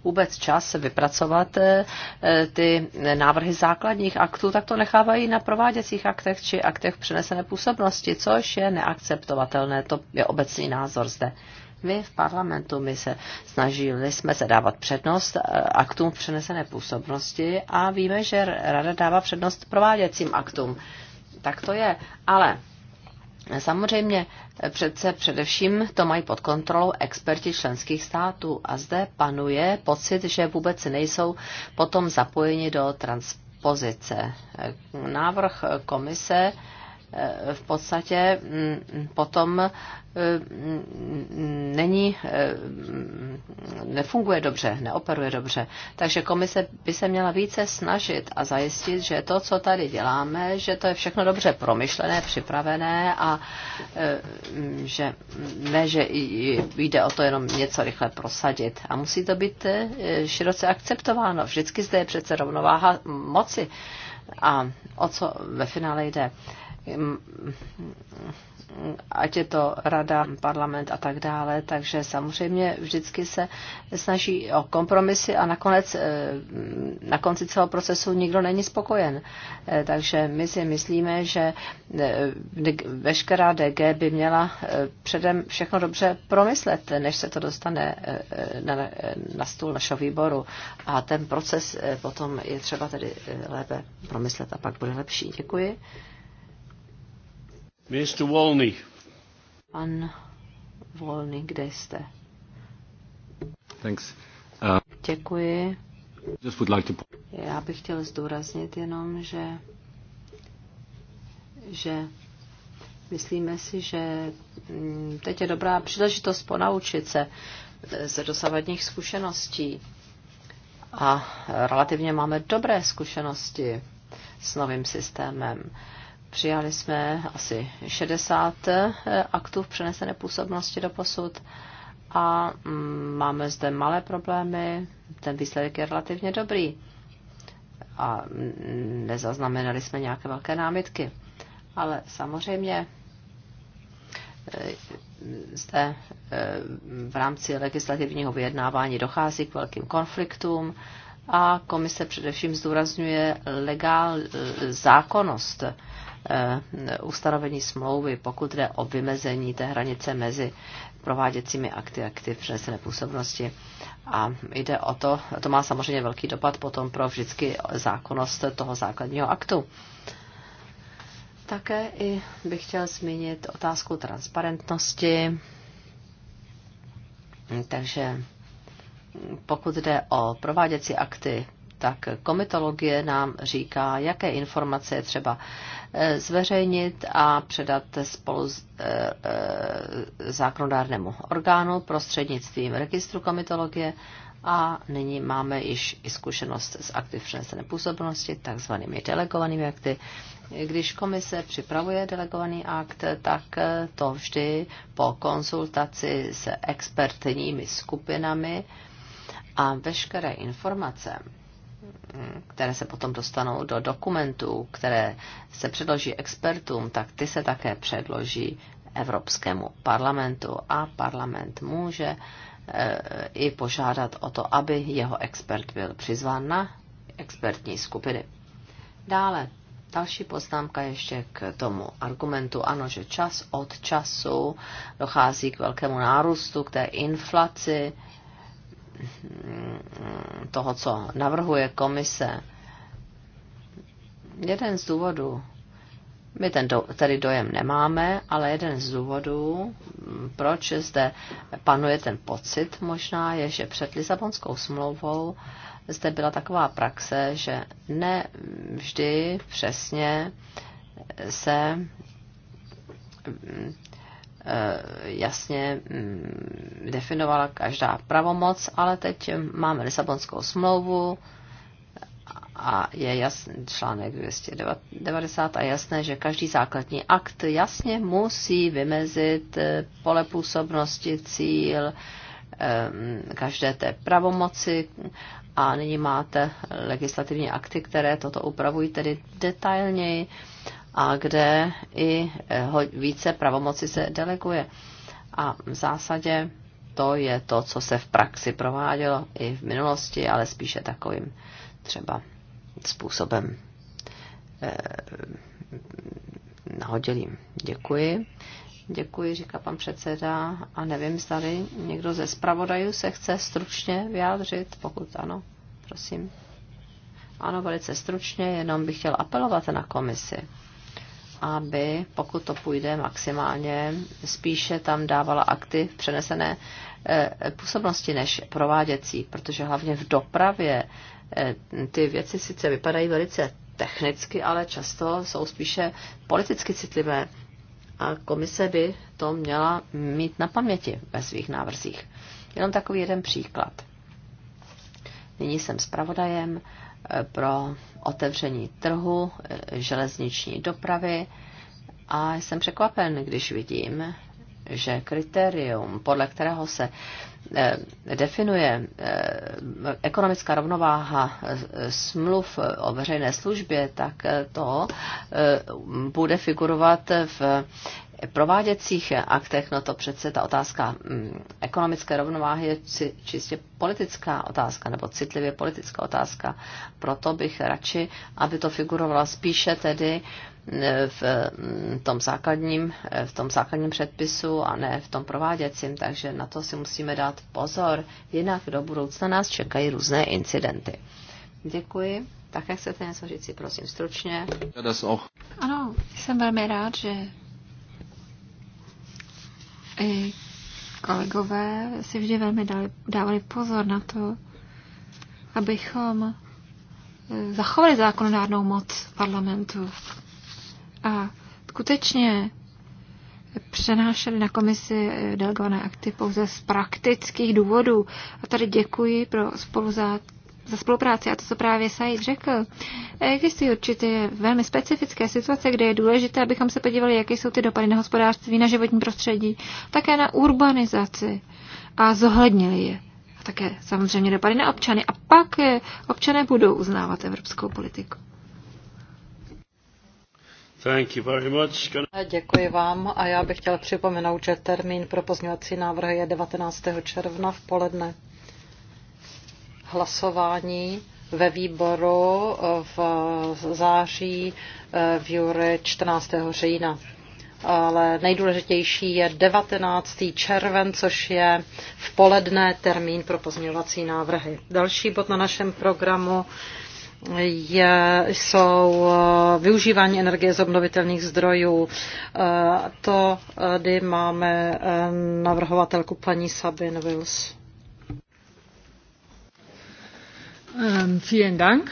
vůbec čas vypracovat eh, eh, ty návrhy základních aktů, tak to nechávají na prováděcích aktech či aktech přenesené působnosti, což je neakceptovatelné. To je obecný názor zde. My v parlamentu my se snažili jsme se dávat přednost eh, aktům přenesené působnosti a víme, že rada dává přednost prováděcím aktům. Tak to je. Ale Samozřejmě přece především to mají pod kontrolou experti členských států a zde panuje pocit, že vůbec nejsou potom zapojeni do transpozice. Návrh komise Eh, v podstatě mm, mm, potom eh, mm, není, eh, nefunguje dobře, neoperuje dobře. Takže komise by se měla více snažit a zajistit, že to, co tady děláme, že to je všechno dobře promyšlené, připravené a že ne, že jde o to jenom něco rychle prosadit. A musí to být široce akceptováno. Vždycky zde je přece rovnováha moci. A o co ve finále jde? ať je to rada, parlament a tak dále. Takže samozřejmě vždycky se snaží o kompromisy a nakonec eh, na konci celého procesu nikdo není spokojen. Eh, takže my si myslíme, že eh, veškerá DG by měla předem všechno dobře promyslet, než se to dostane na, na stůl našeho výboru. A ten proces potom je třeba tedy lépe promyslet a pak bude lepší. Děkuji. Mr. Volný. Pan Volný, kde jste? Thanks. Uh, Děkuji. Just would like to... Já bych chtěl zdůraznit jenom, že, že myslíme si, že mm, teď je dobrá příležitost ponaučit se eh, ze dosavadních zkušeností. A relativně máme dobré zkušenosti s novým systémem. Uh, Přijali jsme asi 60 eh, aktů v přenesené působnosti do posud a mm, máme zde malé problémy. Ten výsledek je relativně dobrý a mm, nezaznamenali jsme nějaké velké námitky. Ale samozřejmě eh, zde eh, v rámci legislativního vyjednávání dochází k velkým konfliktům a komise především zdůrazňuje legál, zákonnost Eh, ustanovení smlouvy, pokud jde o vymezení té hranice mezi prováděcími akty akty přenesené působnosti. A jde o to, to má samozřejmě velký dopad potom pro vždycky zákonnost toho základního aktu. Také i bych chtěl zmínit otázku transparentnosti. Takže pokud jde o prováděcí akty tak komitologie nám říká, jaké informace je třeba eh, zveřejnit a předat spolu s eh, eh, zákonodárnému orgánu prostřednictvím registru komitologie a nyní máme již i zkušenost s aktiv přenesené působnosti, takzvanými delegovanými akty. Když komise připravuje delegovaný akt, tak to vždy po konzultaci s expertními skupinami a veškeré informace, které se potom dostanou do dokumentů, které se předloží expertům, tak ty se také předloží Evropskému parlamentu a parlament může e, i požádat o to, aby jeho expert byl přizván na expertní skupiny. Dále, další poznámka ještě k tomu argumentu, ano, že čas od času dochází k velkému nárůstu, k té inflaci, toho, co navrhuje komise, jeden z důvodů, my ten do, tady dojem nemáme, ale jeden z důvodů, proč zde panuje ten pocit možná, je, že před Lisabonskou smlouvou zde byla taková praxe, že ne vždy přesně se Eh, jasně mm, definovala každá pravomoc, ale teď máme Lisabonskou smlouvu a je jasný článek 290 a jasné, že každý základní akt jasně musí vymezit eh, pole působnosti, cíl eh, každé té pravomoci a nyní máte legislativní akty, které toto upravují tedy detailněji a kde i eh, více pravomoci se deleguje. A v zásadě to je to, co se v praxi provádělo i v minulosti, ale spíše takovým třeba způsobem eh, nahodilým. Děkuji. Děkuji, říká pan předseda. A nevím, zda někdo ze zpravodajů se chce stručně vyjádřit. Pokud ano, prosím. Ano, velice stručně, jenom bych chtěl apelovat na komisi aby, pokud to půjde maximálně, spíše tam dávala akty v přenesené eh, působnosti než prováděcí, protože hlavně v dopravě eh, ty věci sice vypadají velice technicky, ale často jsou spíše politicky citlivé a komise by to měla mít na paměti ve svých návrzích. Jenom takový jeden příklad. Nyní jsem zpravodajem pro otevření trhu eh, železniční dopravy a jsem překvapen, když vidím, že kritérium, podle kterého se eh, definuje eh, ekonomická rovnováha smluv o veřejné službě, tak to bude figurovat v prováděcích aktech, no to přece ta otázka mm, ekonomické rovnováhy je čistě politická otázka nebo citlivě politická otázka. Proto bych radši, aby to figurovalo spíše tedy mm, v mm, tom základním, eh, v tom základním předpisu a ne v tom prováděcím, takže na to si musíme dát pozor, jinak do budoucna nás čekají různé incidenty. Děkuji. Také chcete něco říct si, prosím, stručně? Ano, jsem velmi rád, že i kolegové si vždy velmi dali, dávali pozor na to, abychom eh, zachovali zákonodárnou moc parlamentu a skutečně přenášeli na komisi eh, delegované akty pouze z praktických důvodů. A tady děkuji pro spoluzát za spolupráci a to, co právě Said řekl. Existují určitě velmi specifické situace, kde je důležité, abychom se podívali, jaké jsou ty dopady na hospodářství, na životní prostředí, také na urbanizaci a zohlednili je. A také samozřejmě dopady na občany. A pak eh, občané budou uznávat evropskou politiku. Thank you very much. Děkuji vám a já bych chtěl připomenout, že termín pro pozměňovací návrhy je 19. června v poledne hlasování ve výboru eh, v září eh, v Jury 14. října. Ale nejdůležitější je 19. červen, což je v poledne termín pro pozměňovací návrhy. Další bod na našem programu je, jsou eh, využívání energie z obnovitelných zdrojů. To, tady máme navrhovatelku paní Sabin Wills. Um, vielen Dank.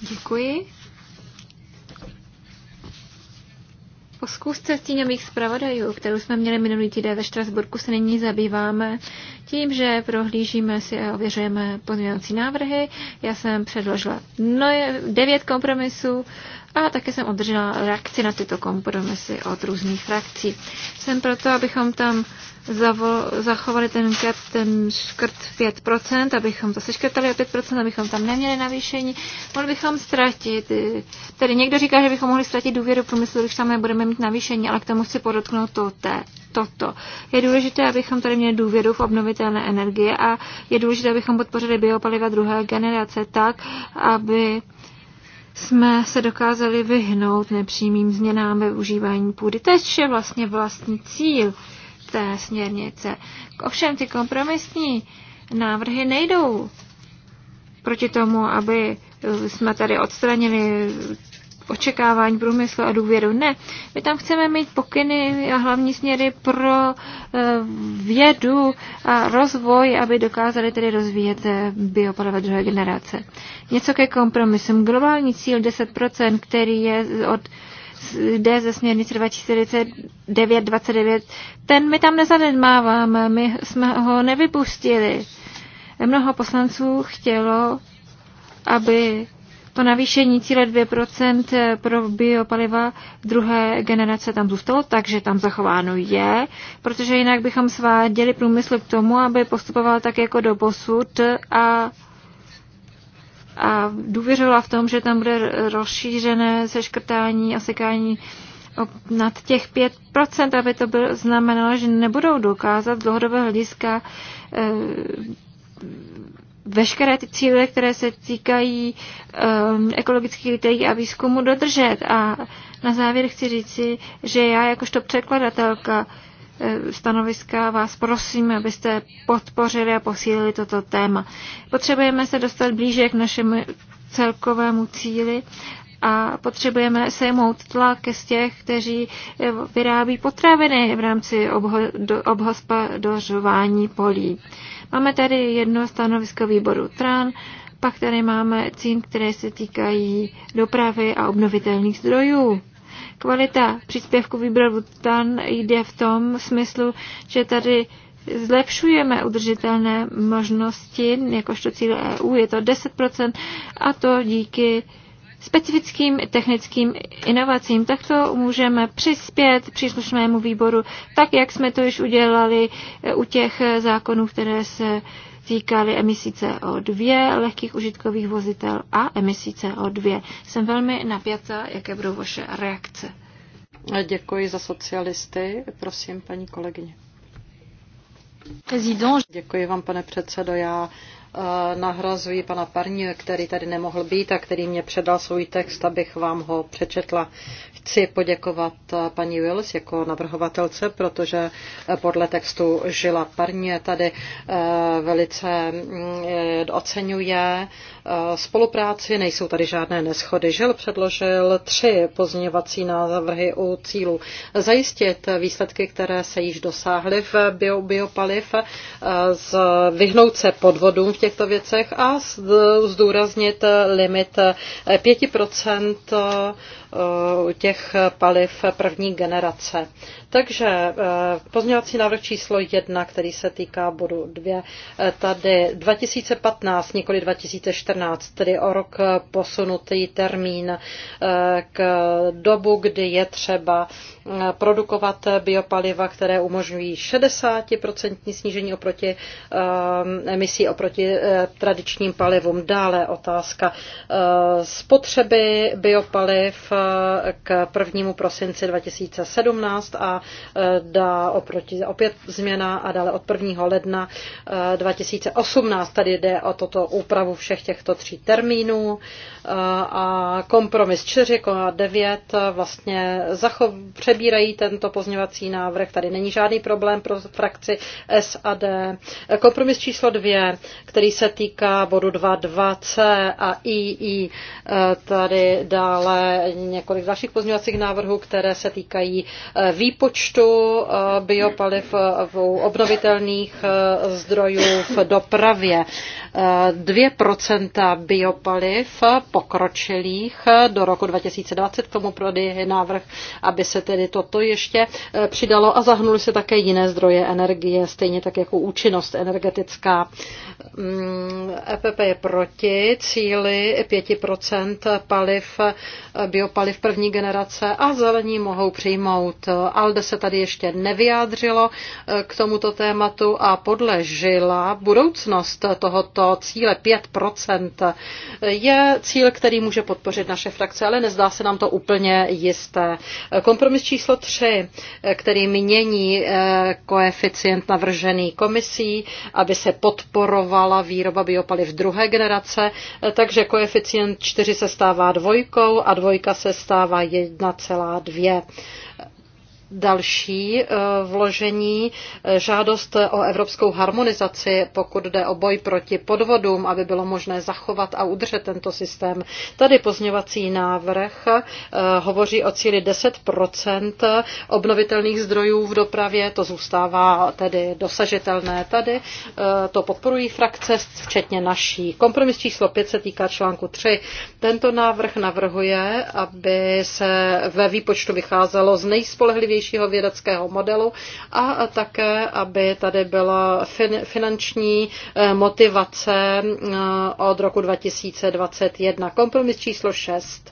Děkuji. Po zkusce stínových zpravodajů, kterou jsme měli minulý týden ve Štrasburku, se nyní zabýváme tím, že prohlížíme si a ověřujeme pozměňovací návrhy. Já jsem předložila devět kompromisů a také jsem obdržela reakci na tyto kompromisy od různých frakcí. Jsem proto, abychom tam zachovali ten, kat, ten škrt 5%, abychom to seškrtali o 5%, abychom tam neměli navýšení, mohli bychom ztratit. Eh, tedy někdo říká, že bychom mohli ztratit důvěru průmyslu, když tam nebudeme mít navýšení, ale k tomu chci podotknout to té toto. Je důležité, abychom tady měli důvěru v obnovitelné energie a je důležité, abychom podpořili biopaliva druhé generace tak, aby jsme se dokázali vyhnout nepřímým změnám ve užívání půdy. To je vše vlastně vlastní cíl té směrnice. Ovšem ty kompromisní návrhy nejdou proti tomu, aby eh, jsme tady odstranili očekávání průmyslu a důvěru. Ne, my tam chceme mít pokyny a hlavní směry pro eh, vědu a rozvoj, aby dokázali tedy rozvíjet eh, biopaliva druhé generace. Něco ke kompromisům. Globální cíl 10%, který je od jde ze směrnice 2049-29, ten my tam nezanedmáváme, my jsme ho nevypustili. Mnoho poslanců chtělo, aby to navýšení cíle 2% pro biopaliva druhé generace tam zůstalo, takže tam zachováno je, protože jinak bychom sváděli průmysl k tomu, aby postupoval tak jako do posud a a důvěřovala v tom, že tam bude rozšířené seškrtání a sekání nad těch 5%, aby to byl, znamenalo, že nebudou dokázat z dlouhodobého hlediska e, veškeré ty cíle, které se týkají e, ekologických kritérií a výzkumu dodržet. A na závěr chci říci, že já jakožto překladatelka Eh, stanoviska vás prosím, abyste podpořili a posílili toto téma. Potřebujeme se dostat blíže k našemu celkovému cíli a potřebujeme sejmout tlak z těch, kteří eh, vyrábí potraviny v rámci obhospodařování polí. Máme tady jedno stanovisko výboru TRAN, pak tady máme cín, které se týkají dopravy a obnovitelných zdrojů. Kvalita příspěvku výběru TAN jde v tom smyslu, že tady zlepšujeme udržitelné možnosti, jakožto cíl EU, je to 10%, a to díky specifickým technickým inovacím. Takto můžeme přispět příslušnému výboru, tak jak jsme to již udělali u těch zákonů, které se týkaly emisí CO2, lehkých užitkových vozitel a emisí CO2. Jsem velmi napjatá, jaké budou vaše reakce. Děkuji za socialisty. Prosím, paní kolegyně. Děkuji vám, pane předsedo. Já eh, nahrazuji pana Parní, který tady nemohl být a který mě předal svůj text, abych vám ho přečetla. Chci poděkovat eh, paní Wills jako navrhovatelce, protože eh, podle textu Žila Parně tady eh, velice mm, oceňuje spolupráci. Nejsou tady žádné neschody. Žil předložil tři pozměňovací návrhy u cílu zajistit výsledky, které se již dosáhly v bio, biopaliv, z, vyhnout se podvodům v těchto věcech a zdůraznit limit 5 těch paliv první generace. Takže eh, pozměňovací návrh číslo 1, který se týká bodu 2, eh, tady 2015, nikoli 2014, tedy o rok posunutý termín eh, k dobu, kdy je třeba produkovat biopaliva, které umožňují 60% snížení oproti emisí oproti tradičním palivům. Dále otázka spotřeby biopaliv k 1. prosinci 2017 a e, dá oproti opět změna a dále od 1. ledna 2018. E, Tady jde o toto úpravu všech těchto tří termínů a kompromis 4 a 9 vlastně zachov, přebírají tento pozměvací návrh. Tady není žádný problém pro frakci SAD. Kompromis číslo 2, který se týká bodu 2.2c a II. Tady dále několik dalších pozměvacích návrhů, které se týkají eh, výpočtu eh, biopaliv obnovitelných eh, zdrojů v dopravě. 2% biopaliv pokročilých do roku 2020. K tomu je návrh, aby se tedy toto ještě eh, přidalo a zahnuly se také jiné zdroje energie, stejně tak jako účinnost energetická. Mm, EPP je proti cíli 5% paliv, eh, biopaliv první generace a zelení mohou přijmout. ALDE se tady ještě nevyjádřilo eh, k tomuto tématu a podle žila budoucnost tohoto tohoto cíle 5% je cíl, který může podpořit naše frakce, ale nezdá se nám to úplně jisté. Kompromis číslo 3, který mění eh, koeficient navržený komisí, aby se podporovala výroba biopaliv druhé generace, eh, takže koeficient 4 se stává dvojkou a dvojka se stává 1,2 další eh, vložení eh, žádost o evropskou harmonizaci, pokud jde o boj proti podvodům, aby bylo možné zachovat a udržet tento systém. Tady pozněvací návrh eh, hovoří o cíli 10 obnovitelných zdrojů v dopravě, to zůstává tedy dosažitelné tady. To podporují frakce, včetně naší. Kompromis číslo 5 se týká článku 3. Tento návrh navrhuje, aby se ve výpočtu vycházelo z nejspolehlivější nejrůznějšího vědeckého modelu a také, aby tady byla finanční eh, motivace eh, od roku 2021. Kompromis číslo 6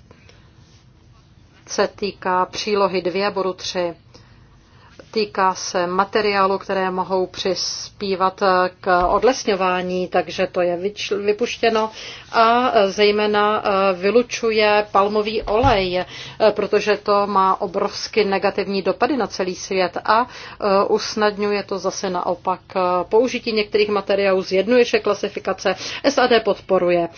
se týká přílohy 2 bodu 3 týká se materiálu, které mohou přispívat k odlesňování, takže to je vypuštěno a zejména e, vylučuje palmový olej, e, protože to má obrovsky negativní dopady na celý svět a e, usnadňuje to zase naopak použití některých materiálů, zjednuješ klasifikace. SAD podporuje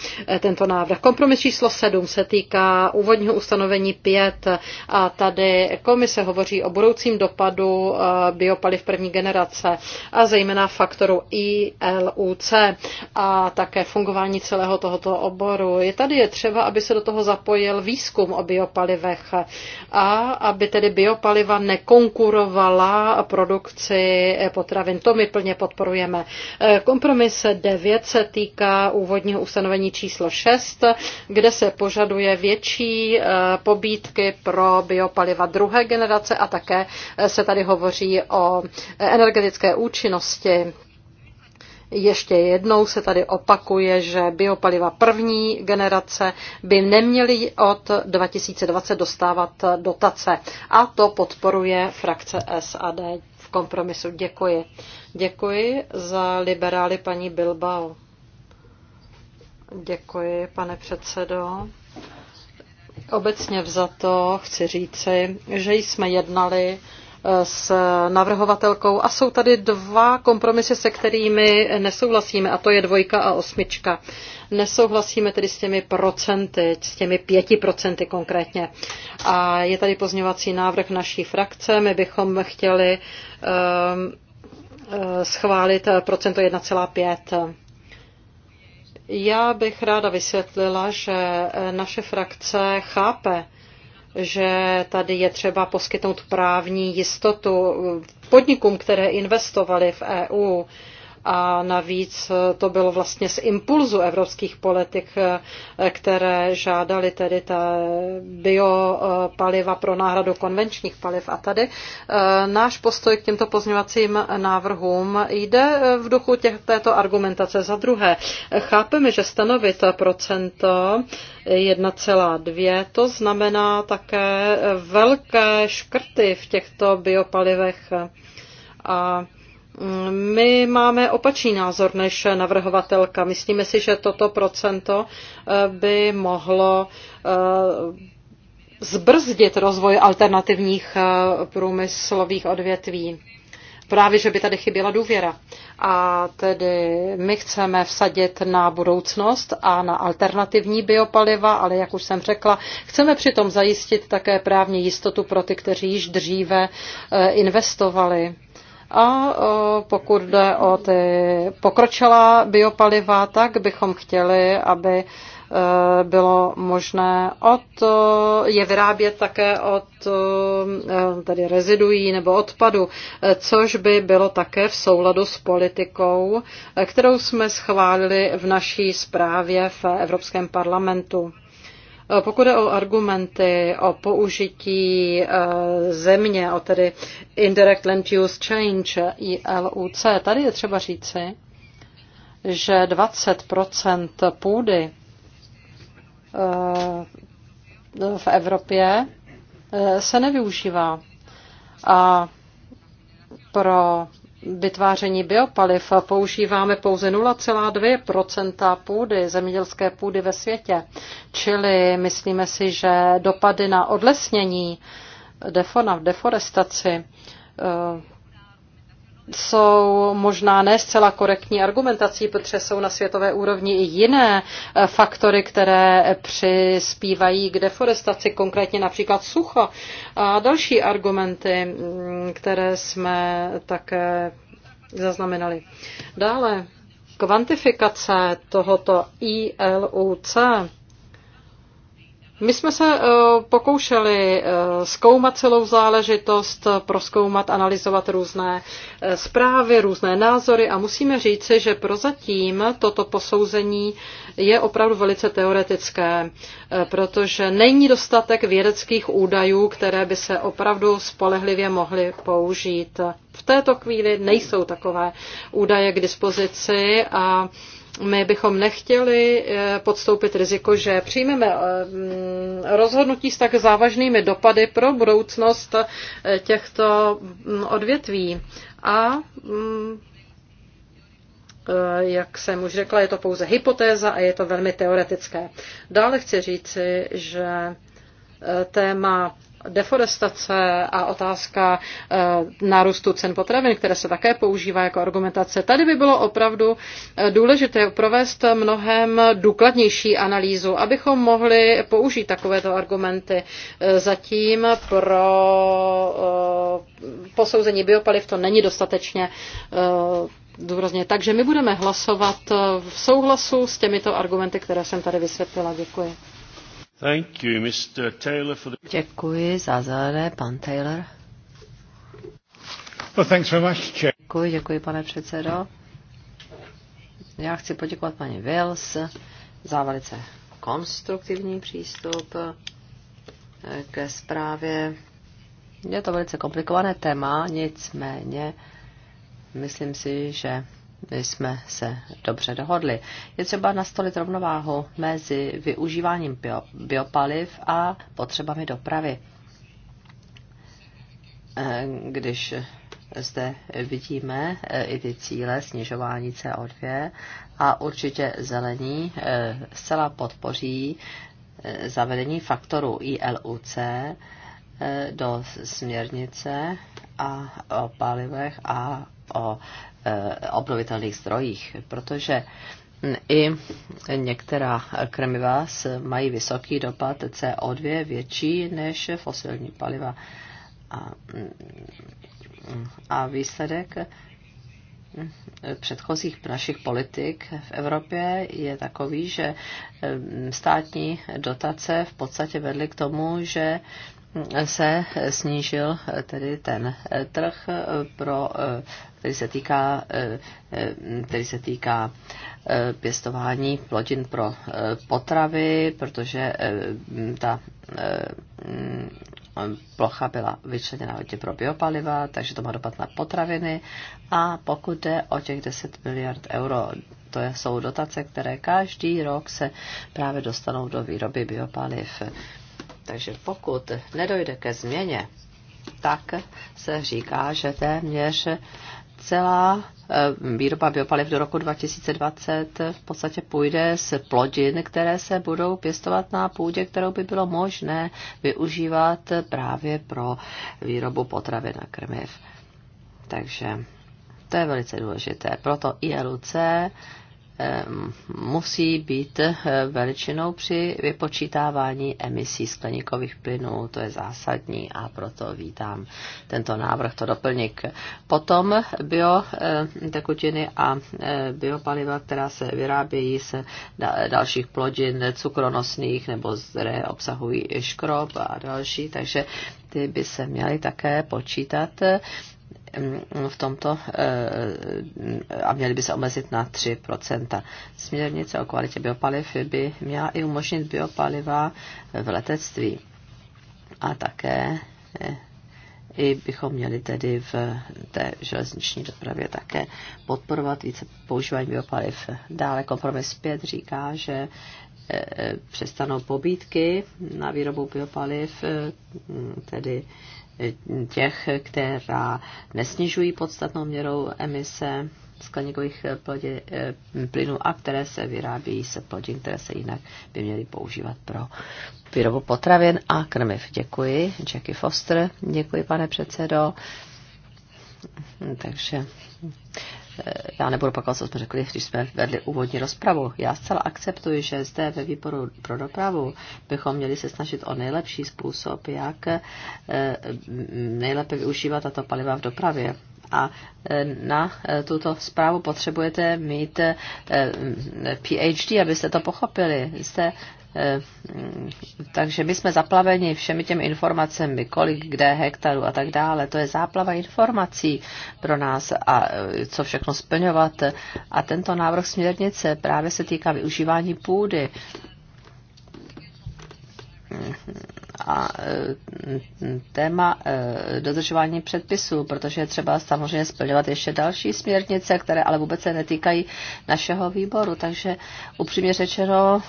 tento návrh. Kompromis číslo 7 se týká úvodního ustanovení 5 a tady komise hovoří o budoucím dopadu biopaliv první generace a zejména faktoru ILUC a také fungování celého tohoto oboru. Je tady je třeba, aby se do toho zapojil výzkum o biopalivech a aby tedy biopaliva nekonkurovala produkci potravin. To my plně podporujeme. Kompromis 9 se týká úvodního ustanovení číslo 6, kde se požaduje větší eh, pobídky pro biopaliva druhé generace a také se tady hovoří o energetické účinnosti. Ještě jednou se tady opakuje, že biopaliva první generace by neměly od 2020 dostávat dotace. A to podporuje frakce SAD v kompromisu. Děkuji. Děkuji za liberály paní Bilbao. Děkuji, pane předsedo. Obecně vzato chci říci, že jsme jednali s navrhovatelkou a jsou tady dva kompromisy, se kterými nesouhlasíme a to je dvojka a osmička. Nesouhlasíme tedy s těmi procenty, s těmi pěti procenty konkrétně. A je tady pozměňovací návrh naší frakce. My bychom chtěli um, schválit procento 1,5. Já bych ráda vysvětlila, že naše frakce chápe, že tady je třeba poskytnout právní jistotu podnikům, které investovaly v EU a navíc e, to bylo vlastně z impulzu evropských politik, e, které žádali tedy ta biopaliva pro náhradu konvenčních paliv. A tady e, náš postoj k těmto pozměňovacím návrhům jde v duchu těch, této argumentace. Za druhé, chápeme, že stanovit procento 1,2, to znamená také velké škrty v těchto biopalivech a my máme opačný názor než navrhovatelka. Myslíme si, že toto procento eh, by mohlo eh, zbrzdit rozvoj alternativních eh, průmyslových odvětví. Právě, že by tady chyběla důvěra. A tedy my chceme vsadit na budoucnost a na alternativní biopaliva, ale jak už jsem řekla, chceme přitom zajistit také právně jistotu pro ty, kteří již dříve investovali a e, pokud jde o ty pokročilá biopaliva, tak bychom chtěli, aby e, bylo možné od, e, je vyrábět také od tady reziduí nebo odpadu, což by bylo také v souladu s politikou, kterou jsme schválili v naší zprávě v Evropském parlamentu. Eh, pokud je o argumenty o použití eh, země, o tedy Indirect Land Use Change, ILUC, tady je třeba říci, že 20 půdy eh, v Evropě se nevyužívá. A pro vytváření biopaliv používáme pouze 0,2 půdy, zemědělské půdy ve světě. Čili myslíme si, že dopady na odlesnění, defona, deforestaci, eh, jsou možná ne zcela korektní argumentací, protože jsou na světové úrovni i jiné eh, faktory, které přispívají k deforestaci, konkrétně například sucho a další argumenty, mm, které jsme také zaznamenali. Dále, kvantifikace tohoto ILUC my jsme se eh, pokoušeli eh, zkoumat celou záležitost, proskoumat, analyzovat různé eh, zprávy, různé názory a musíme říci, že prozatím toto posouzení je opravdu velice teoretické, protože není dostatek vědeckých údajů, které by se opravdu spolehlivě mohly použít. V této chvíli nejsou takové údaje k dispozici a my bychom nechtěli eh, podstoupit riziko, že přijmeme eh, mm, rozhodnutí s tak závažnými dopady pro budoucnost eh, těchto mm, odvětví. A mm, jak jsem už řekla, je to pouze hypotéza a je to velmi teoretické. Dále chci říci, že téma deforestace a otázka eh, nárůstu cen potravin, které se také používá jako argumentace. Tady by bylo opravdu eh, důležité provést mnohem důkladnější analýzu, abychom mohli použít takovéto argumenty. Eh, zatím pro posouzení biopaliv to není dostatečně důrazně. Takže my budeme hlasovat v souhlasu s těmito argumenty, které jsem tady vysvětlila. Děkuji. Thank you, Mr. Taylor, for the... Děkuji za zelené, pan Taylor. Well, thanks very much, Chair. Děkuji, děkuji, pane předsedo. Já chci poděkovat paní Wills za velice konstruktivní přístup eh, ke zprávě. Je to velice komplikované téma, nicméně myslím si, že jsme se dobře dohodli. Je třeba nastolit rovnováhu mezi využíváním bio, biopaliv a potřebami dopravy. Eh, když zde vidíme eh, i ty cíle snižování CO2 a určitě zelení eh, zcela podpoří zavedení faktoru ILUC do směrnice a o palivech a o e, obnovitelných zdrojích, protože i některá krmiva mají vysoký dopad CO2 větší než fosilní paliva. A, a výsledek předchozích našich politik v Evropě je takový, že e, státní dotace v podstatě vedly k tomu, že se snížil tedy ten eh, trh, eh, pro, eh, který se týká, který se týká pěstování plodin pro potravy, protože ta mm, plocha byla vyčleněna hodně pro biopaliva, takže to má dopad na potraviny. A pokud jde o těch 10 miliard euro, to jsou dotace, které každý rok se právě dostanou do výroby biopaliv. Takže pokud nedojde ke změně, tak se říká, že téměř celá eh, výroba biopaliv do roku 2020 v podstatě půjde z plodin, které se budou pěstovat na půdě, kterou by bylo možné využívat právě pro výrobu potravin a krmiv. Takže to je velice důležité. Proto ILUC musí být eh, veličinou při vypočítávání emisí skleníkových plynů. To je zásadní a proto vítám tento návrh, to doplněk. Potom biotekutiny eh, a eh, biopaliva, která se vyrábějí z dalších plodin cukronosných nebo které obsahují škrob a další, takže ty by se měly také počítat Mm, v tomto eh, a měly by se omezit na 3 Směrnice o kvalitě biopaliv by měla i umožnit biopaliva v letectví. A také eh, i bychom měli tedy v té železniční dopravě také podporovat více používání biopaliv. Dále kompromis 5 říká, že eh, přestanou pobídky na výrobu biopaliv, tedy těch, která nesnižují podstatnou měrou emise skleníkových eh, plynů a které se vyrábí se plodin, které se jinak by měly používat pro výrobu potravin a krmiv. Děkuji. Jackie Foster. Děkuji, pane předsedo. Takže já nebudu pak co jsme řekli, když jsme vedli úvodní rozpravu. Já zcela akceptuji, že zde ve výboru pro dopravu bychom měli se snažit o nejlepší způsob, jak eh, nejlépe využívat tato paliva v dopravě. A eh, na eh, tuto zprávu potřebujete mít PhD, abyste to pochopili. Zde Eh, takže my jsme zaplaveni všemi těmi informacemi, kolik kde hektarů a tak dále. To je záplava informací pro nás a eh, co všechno splňovat. A tento návrh směrnice právě se týká využívání půdy. A eh, téma dodržování předpisů, protože je třeba samozřejmě splňovat ještě další směrnice, které ale vůbec se netýkají našeho výboru. Takže upřímně řečeno,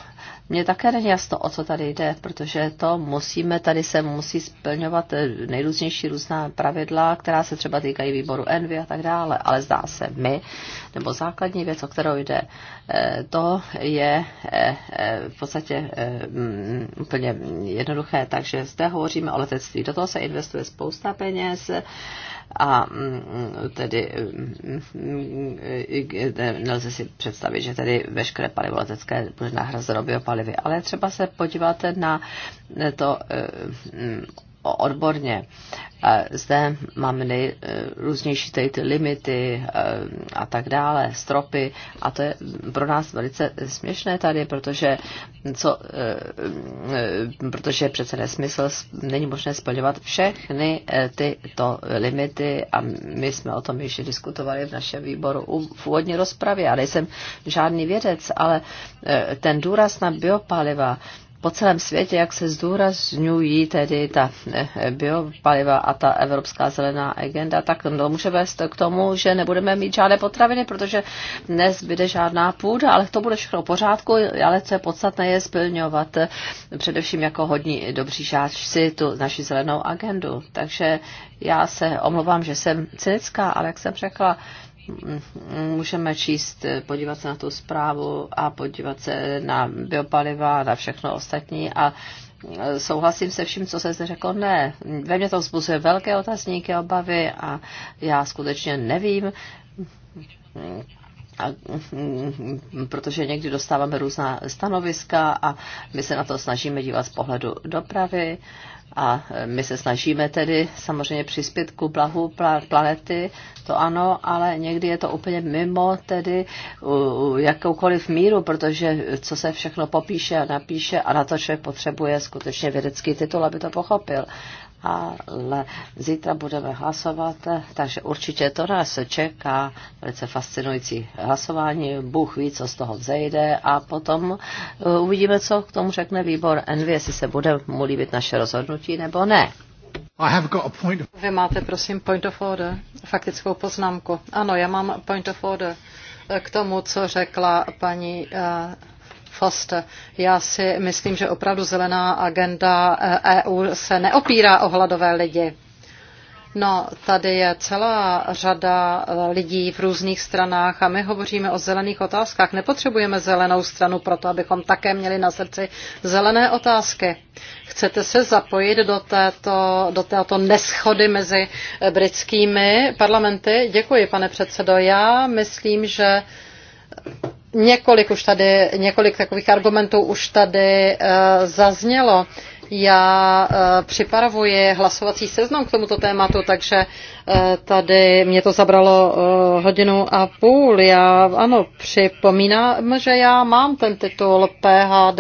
mně také není jasno, o co tady jde, protože to musíme, tady se musí splňovat eh, nejrůznější různá pravidla, která se třeba týkají výboru Envy a tak dále, ale zdá se mi, nebo základní věc, o kterou jde, eh, to je eh, v podstatě mm, úplně jednoduché, takže zde hovoříme o letectví, do toho se investuje spousta peněz, a mm, tedy mm, mm, nelze si představit, že tedy veškeré palivo letecké bude nahrazeno biopalivy, ale třeba se podívat na to eh, odborně. Zde máme nejrůznější tady ty limity eh, a tak dále, stropy a to je pro nás velice směšné tady, protože, co, eh, eh, protože přece nesmysl, není možné splňovat všechny tyto limity a my jsme o tom již diskutovali v našem výboru v úvodní rozpravě. Já nejsem žádný vědec, ale ten důraz na biopaliva, po celém světě, jak se zdůrazňují tedy ta eh, biopaliva a ta evropská zelená agenda, tak to může vést k tomu, že nebudeme mít žádné potraviny, protože nezbyde žádná půda, ale to bude všechno v pořádku, ale co je podstatné je splňovat eh, především jako hodní dobří žáčci tu naši zelenou agendu. Takže já se omlouvám, že jsem cynická, ale jak jsem řekla, můžeme číst, podívat se na tu zprávu a podívat se na biopaliva, na všechno ostatní a souhlasím se vším, co se zde řekl, ne. Ve mně to vzbuzuje velké otazníky, obavy a já skutečně nevím, a, protože někdy dostáváme různá stanoviska a my se na to snažíme dívat z pohledu dopravy. A e, my se snažíme tedy samozřejmě přispět ku blahu planety, to ano, ale někdy je to úplně mimo tedy jakoukoliv míru, protože co se všechno popíše a napíše a na to člověk potřebuje skutečně vědecký titul, aby to pochopil ale zítra budeme hlasovat, takže určitě to nás čeká velice fascinující hlasování. Bůh ví, co z toho vzejde a potom eh, uvidíme, co k tomu řekne výbor Envy, jestli se bude mu líbit naše rozhodnutí nebo ne. I have got a point of... Vy máte, prosím, point of order, faktickou poznámku. Ano, já mám point of order eh, k tomu, co řekla paní eh, Foster, já si myslím, že opravdu zelená agenda EU eh, e se neopírá o hladové lidi. No, tady je celá řada eh, lidí v různých stranách a my hovoříme o zelených otázkách. Nepotřebujeme zelenou stranu proto, abychom také měli na srdci zelené otázky. Chcete se zapojit do této, do této neschody mezi eh, britskými parlamenty? Děkuji, pane předsedo. Já myslím, že Několik už tady, několik takových argumentů už tady eh, zaznělo. Já eh, připravuji hlasovací seznam k tomuto tématu, takže eh, tady mě to zabralo eh, hodinu a půl. Já ano, připomínám, že já mám ten titul PHD,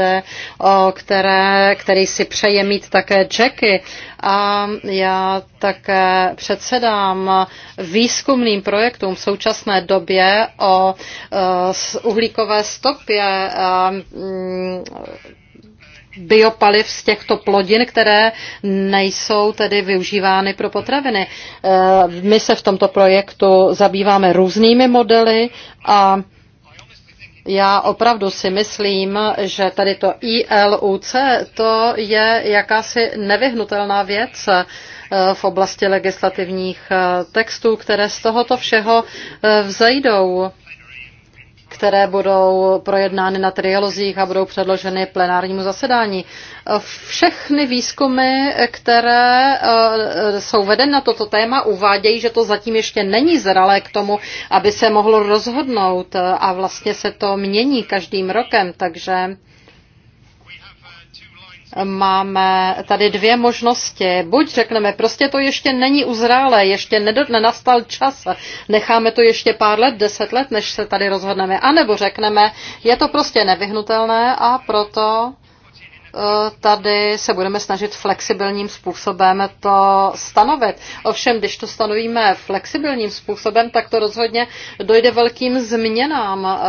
které, který si přeje mít také Jacky a já také předsedám výzkumným projektům v současné době o uhlíkové stopě mm, biopaliv z těchto plodin, které nejsou tedy využívány pro potraviny. Eh, my se v tomto projektu zabýváme různými modely a já opravdu si myslím, že tady to ILUC to je jakási nevyhnutelná věc eh, v oblasti legislativních eh, textů, které z tohoto všeho vzejdou které budou projednány na trialozích a budou předloženy plenárnímu zasedání. Všechny výzkumy, které eh, jsou vedeny na toto téma, uvádějí, že to zatím ještě není zralé k tomu, aby se mohlo rozhodnout a vlastně se to mění každým rokem, takže máme tady dvě možnosti. Buď řekneme, prostě to ještě není uzrálé, ještě nenastal čas, necháme to ještě pár let, deset let, než se tady rozhodneme. A nebo řekneme, je to prostě nevyhnutelné a proto tady se budeme snažit flexibilním způsobem to stanovit. Ovšem, když to stanovíme flexibilním způsobem, tak to rozhodně dojde velkým změnám eh,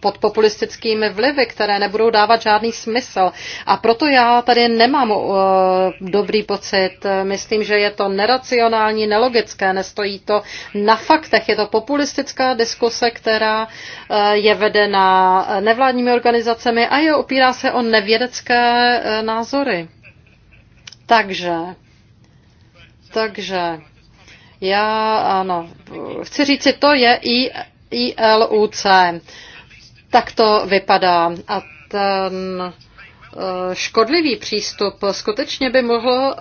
pod populistickými vlivy, které nebudou dávat žádný smysl. A proto já tady nemám eh, dobrý pocit. Myslím, že je to neracionální, nelogické, nestojí to na faktech. Je to populistická diskuse, která eh, je vedena nevládními organizacemi a je opírá se o nevědecké E, názory. Takže, takže já ano, chci říct to je I, ILUC. Tak to vypadá. A ten Eh, škodlivý přístup skutečně by mohl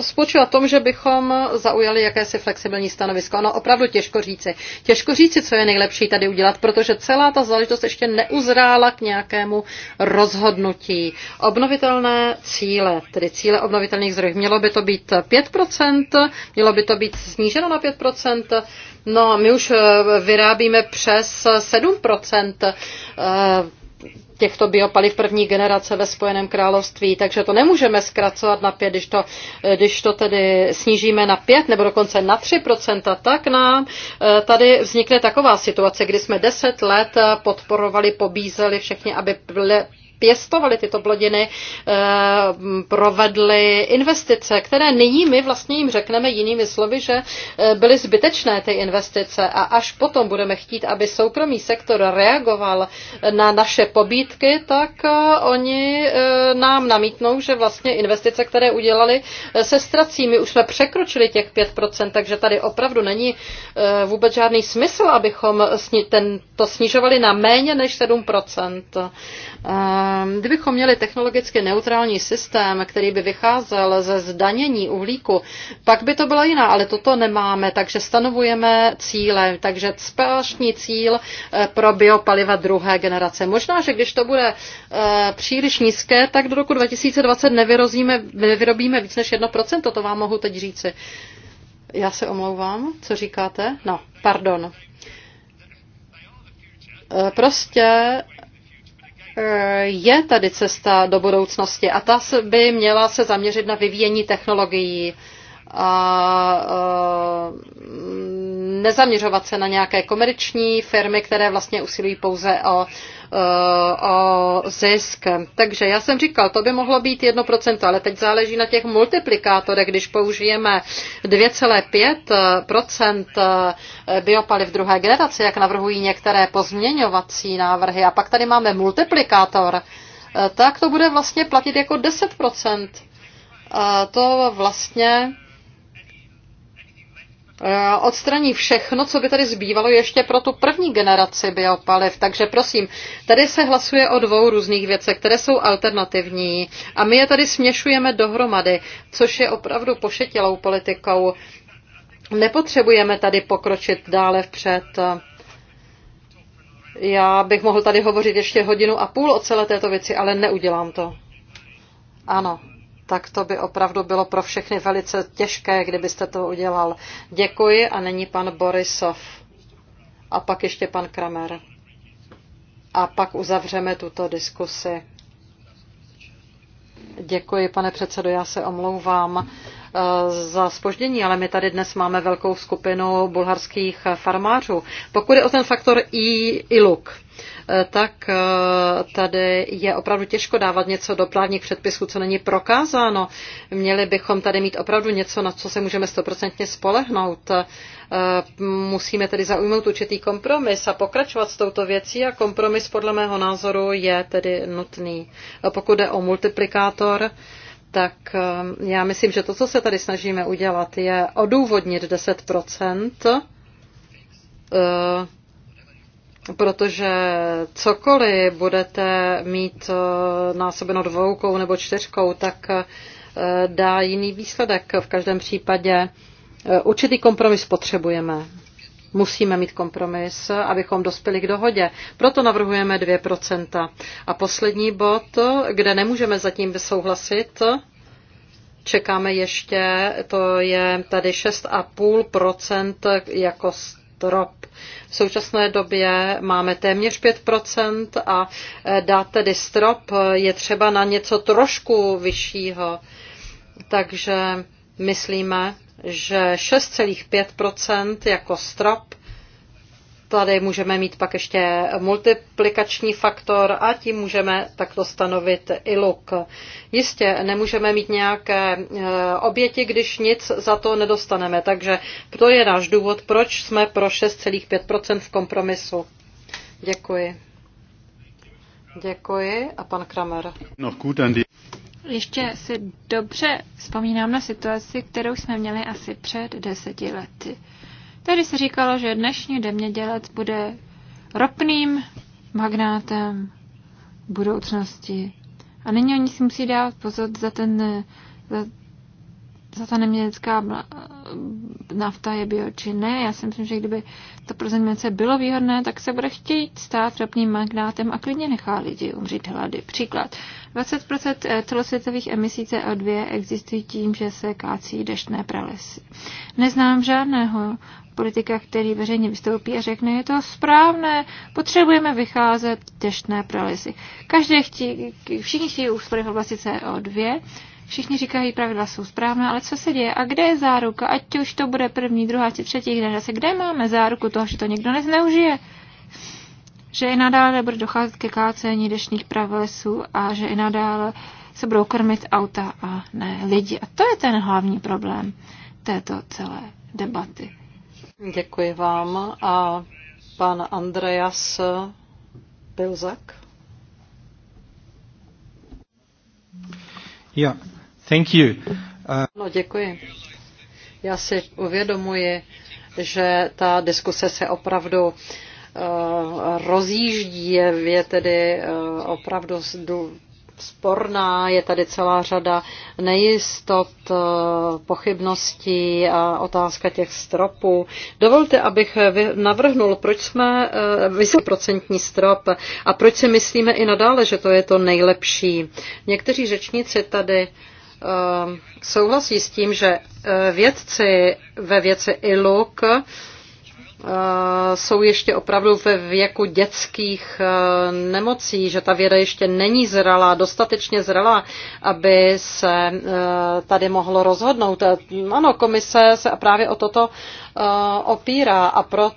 eh, spočívat v tom, že bychom zaujali jakési flexibilní stanovisko. Ano, opravdu těžko říci. Těžko říci, co je nejlepší tady udělat, protože celá ta záležitost ještě neuzrála k nějakému rozhodnutí. Obnovitelné cíle, tedy cíle obnovitelných zdrojů, mělo by to být 5%, mělo by to být sníženo na 5%, no my už eh, vyrábíme přes 7%, těchto biopaliv první generace ve Spojeném království, takže to nemůžeme zkracovat na pět, když to, když to tedy snížíme na pět, nebo dokonce na tři procenta, tak nám eh, tady vznikne taková situace, kdy jsme deset let podporovali, pobízeli všechny, aby pěstovali tyto plodiny, eh, provedli investice, které nyní my vlastně jim řekneme jinými slovy, že eh, byly zbytečné ty investice a až potom budeme chtít, aby soukromý sektor reagoval eh, na naše pobídky, tak oni nám namítnou, že vlastně investice, které udělali, se ztrací. My už jsme překročili těch 5%, takže tady opravdu není vůbec žádný smysl, abychom ten, to snižovali na méně než 7%. Ehm, kdybychom měli technologicky neutrální systém, který by vycházel ze zdanění uhlíku, pak by to byla jiná, ale toto nemáme, takže stanovujeme cíle, takže spášní cíl eh, pro biopaliva druhé generace. Možná, že když to bude eh, příliš nízké, tak do roku 2020 nevyrobíme, nevyrobíme víc než 1%, to vám mohu teď říci. Já se omlouvám, co říkáte? No, pardon. Eh, prostě Eh, je tady cesta do budoucnosti a ta by měla se zaměřit na vyvíjení technologií a eh, nezaměřovat se na nějaké komerční firmy, které vlastně usilují pouze o Eh, o zisk. Takže já jsem říkal, to by mohlo být 1%, ale teď záleží na těch multiplikátorech. Když použijeme 2,5% eh, biopaliv druhé generace, jak navrhují některé pozměňovací návrhy, a pak tady máme multiplikátor, eh, tak to bude vlastně platit jako 10%. A to vlastně Eh, odstraní všechno, co by tady zbývalo ještě pro tu první generaci biopaliv. Takže prosím, tady se hlasuje o dvou různých věcech, které jsou alternativní a my je tady směšujeme dohromady, což je opravdu pošetilou politikou. Nepotřebujeme tady pokročit dále vpřed. Já bych mohl tady hovořit ještě hodinu a půl o celé této věci, ale neudělám to. Ano, tak to by opravdu bylo pro všechny velice těžké, kdybyste to udělal. Děkuji a není pan Borisov. A pak ještě pan Kramer. A pak uzavřeme tuto diskusi. Děkuji, pane předsedo, já se omlouvám za spoždění, ale my tady dnes máme velkou skupinu bulharských farmářů. Pokud je o ten faktor I, ILUK, eh, tak eh, tady je opravdu těžko dávat něco do právních předpisů, co není prokázáno. Měli bychom tady mít opravdu něco, na co se můžeme stoprocentně spolehnout. Eh, musíme tedy zaujmout určitý kompromis a pokračovat s touto věcí a kompromis podle mého názoru je tedy nutný. Pokud jde o multiplikátor, tak ehm, já myslím, že to, co se tady snažíme udělat, je odůvodnit 10 eh, protože cokoliv budete mít eh, násobeno dvoukou nebo čtyřkou, tak eh, dá jiný výsledek. V každém případě určitý kompromis potřebujeme. Musíme mít kompromis, abychom dospěli k dohodě. Proto navrhujeme 2%. A poslední bod, kde nemůžeme zatím souhlasit, čekáme ještě, to je tady 6,5% jako strop. V současné době máme téměř 5% a eh, dát tedy strop eh, je třeba na něco trošku vyššího. Takže myslíme, že 6,5 jako strop, tady můžeme mít pak ještě multiplikační faktor a tím můžeme takto stanovit i luk. Jistě nemůžeme mít nějaké eh, oběti, když nic za to nedostaneme, takže to je náš důvod, proč jsme pro 6,5 v kompromisu. Děkuji. Děkuji a pan Kramer. No, ještě si dobře vzpomínám na situaci, kterou jsme měli asi před deseti lety. Tady se říkalo, že dnešní demědělec bude ropným magnátem budoucnosti. A nyní oni si musí dát pozor za ten za za ta německá nafta je bio či ne. Já si myslím, že kdyby to pro zeměce bylo výhodné, tak se bude chtít stát ropným magnátem a klidně nechá lidi umřít hlady. Příklad. 20% eh, celosvětových emisí CO2 existují tím, že se kácí deštné pralesy. Neznám žádného politika, který veřejně vystoupí a řekne, je to správné, potřebujeme vycházet deštné pralesy. Každé chtí, všichni chtějí úspory v oblasti CO2, Všichni říkají, pravidla jsou správná, ale co se děje? A kde je záruka? Ať už to bude první, druhá či třetí generace, kde máme záruku toho, že to někdo nezneužije? Že i nadále bude docházet ke kácení dešních pravolesů a že i nadále se budou krmit auta a ne lidi. A to je ten hlavní problém této celé debaty. Děkuji vám. A pan Andreas Pilzak. Ja, Thank you. Uh... No, děkuji. Já si uvědomuji, že ta diskuse se opravdu uh, rozjíždí, je tedy uh, opravdu sporná, je tady celá řada nejistot, uh, pochybností a otázka těch stropů. Dovolte, abych eh, navrhnul, proč jsme eh, vysokoprocentní strop a proč si myslíme i nadále, že to je to nejlepší. Někteří řečníci tady Eh, souhlasí s tím, že eh, vědci ve věci ILUK eh, jsou ještě opravdu ve věku dětských nemocí, že ta věda ještě není zralá, dostatečně zralá, aby se tady mohlo rozhodnout. Ano, komise se právě o toto opírá a proto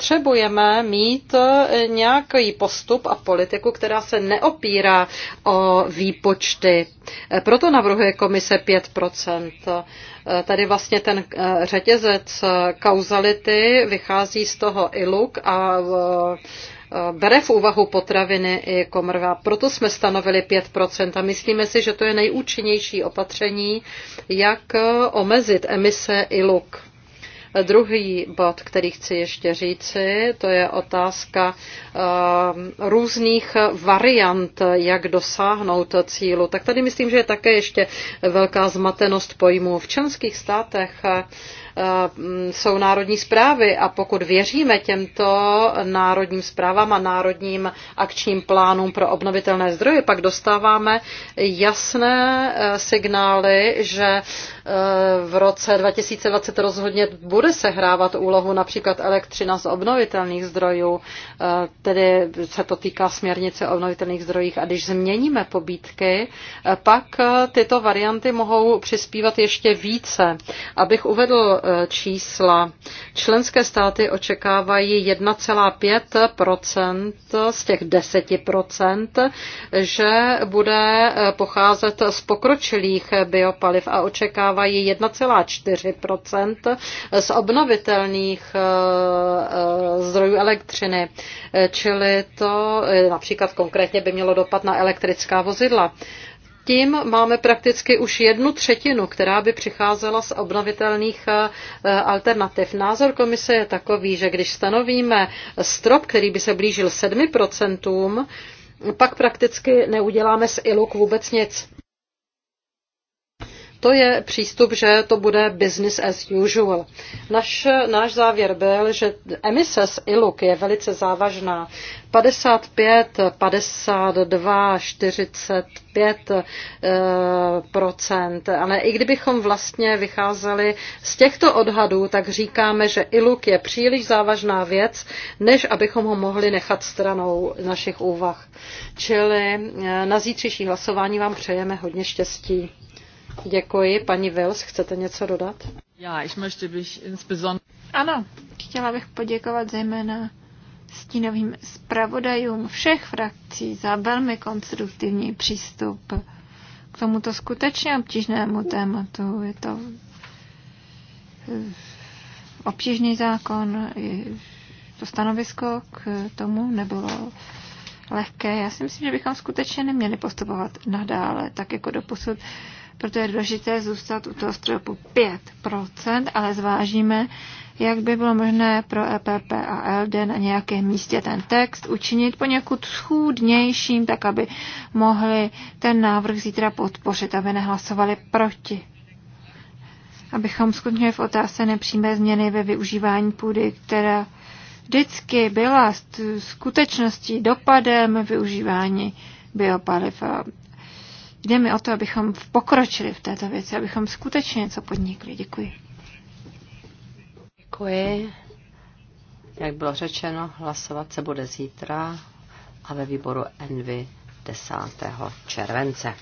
potřebujeme mít eh, nějaký postup a politiku, která se neopírá o výpočty. Eh, proto navrhuje komise 5%. Eh, tady vlastně ten řetězec kauzality vychází z toho iluk a bere v úvahu potraviny i komrva. Proto jsme stanovili 5% a myslíme si, že to je nejúčinnější opatření, jak omezit emise iluk. Druhý bod, který chci ještě říci, to je otázka eh, různých variant, jak dosáhnout cílu. Tak tady myslím, že je také ještě velká zmatenost pojmů. V členských státech eh, mm, jsou národní zprávy a pokud věříme těmto národním zprávám a národním akčním plánům pro obnovitelné zdroje, pak dostáváme jasné eh, signály, že v roce 2020 rozhodně bude bude sehrávat úlohu například elektřina z obnovitelných zdrojů, eh, tedy se to týká směrnice o obnovitelných zdrojích. A když změníme pobídky, eh, pak eh, tyto varianty mohou přispívat ještě více. Abych uvedl čísla, členské státy očekávají 1,5 z těch 10 že bude pocházet z pokročilých biopaliv a očekávají 1,4 z obnovitelných eh, eh, zdrojů elektřiny, eh, čili to například konkrétně by mělo dopad na elektrická vozidla. Tím máme prakticky už jednu třetinu, která by přicházela z obnovitelných alternativ. Názor komise je takový, že když stanovíme strop, který by se blížil 7%, pak prakticky neuděláme s ILUK vůbec nic. To je přístup, že to bude business as usual. Naš, náš závěr byl, že emise z ILUK je velice závažná. 55, 52, 45 e, procent. Ale i kdybychom vlastně vycházeli z těchto odhadů, tak říkáme, že ILUK je příliš závažná věc, než abychom ho mohli nechat stranou našich úvah. Čili e, na zítřejší hlasování vám přejeme hodně štěstí. Děkuji. Paní Vils, chcete něco dodat? Já, ich möchte bych insbesondere... Ano, chtěla bych poděkovat zejména stínovým zpravodajům všech frakcí za velmi konstruktivní přístup k tomuto skutečně obtížnému tématu. Je to eh, obtížný zákon, to stanovisko k tomu nebylo lehké. Já si myslím, že bychom skutečně neměli postupovat nadále, tak jako doposud. posud proto je důležité zůstat u toho stropu 5%, ale zvážíme, jak by bylo možné pro EPP a LD na nějakém místě ten text učinit poněkud schůdnějším, tak aby mohli ten návrh zítra podpořit, aby nehlasovali proti. Abychom skutečně v otázce nepřímé změny ve využívání půdy, která vždycky byla skutečností dopadem využívání biopaliv. A Jde mi o to, abychom pokročili v této věci, abychom skutečně něco podnikli. Děkuji. Děkuji. Jak bylo řečeno, hlasovat se bude zítra a ve výboru Envy 10. července.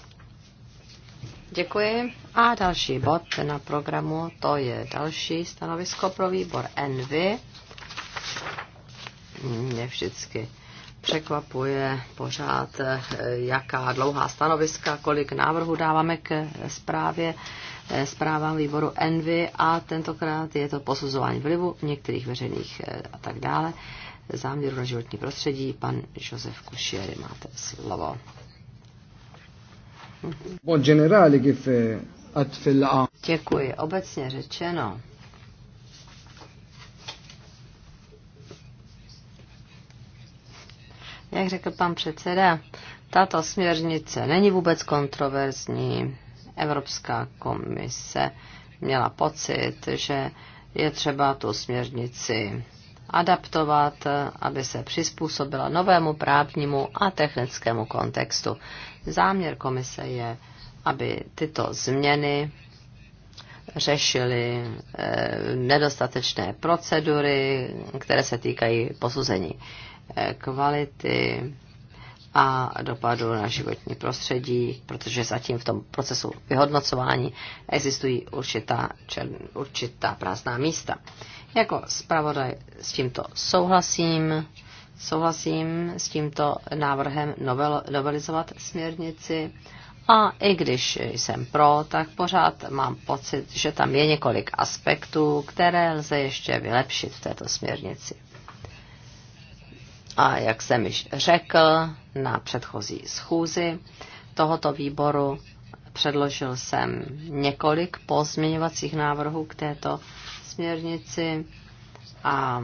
Děkuji. A další bod na programu, to je další stanovisko pro výbor Envy. Je vždycky překvapuje pořád, eh, jaká dlouhá stanoviska, kolik návrhů dáváme k eh, zprávě, eh, zprávám výboru Envy a tentokrát je to posuzování vlivu některých veřejných a tak dále. Záměru na životní prostředí, pan Josef Kušiery, máte slovo. Děkuji. Obecně řečeno, Jak řekl pan předseda, tato směrnice není vůbec kontroverzní. Evropská komise měla pocit, že je třeba tu směrnici adaptovat, aby se přizpůsobila novému právnímu a technickému kontextu. Záměr komise je, aby tyto změny řešily eh, nedostatečné procedury, které se týkají posuzení Eh, kvality a dopadu na životní prostředí, protože zatím v tom procesu vyhodnocování existují určitá, čer, určitá prázdná místa. Jako zpravodaj s tímto souhlasím, souhlasím s tímto návrhem novel, novelizovat směrnici a i když jsem pro, tak pořád mám pocit, že tam je několik aspektů, které lze ještě vylepšit v této směrnici. A jak jsem již řekl na předchozí schůzi tohoto výboru, předložil jsem několik pozměňovacích návrhů k této směrnici a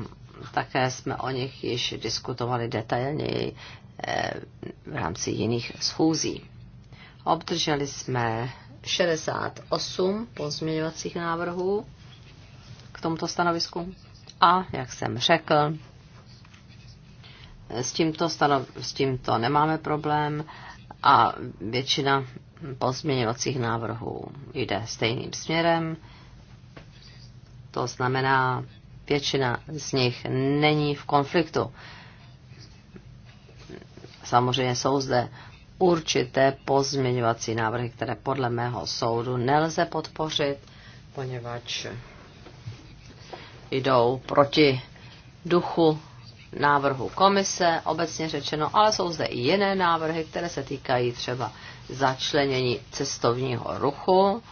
také jsme o nich již diskutovali detailněji eh, v rámci jiných schůzí. Obdrželi jsme 68 pozměňovacích návrhů k tomuto stanovisku a, jak jsem řekl, s tímto, stanov, s tímto nemáme problém a většina pozměňovacích návrhů jde stejným směrem. To znamená, většina z nich není v konfliktu. Samozřejmě jsou zde určité pozměňovací návrhy, které podle mého soudu nelze podpořit, poněvadž jdou proti duchu návrhu komise, obecně řečeno, ale jsou zde i jiné návrhy, které se týkají třeba začlenění cestovního ruchu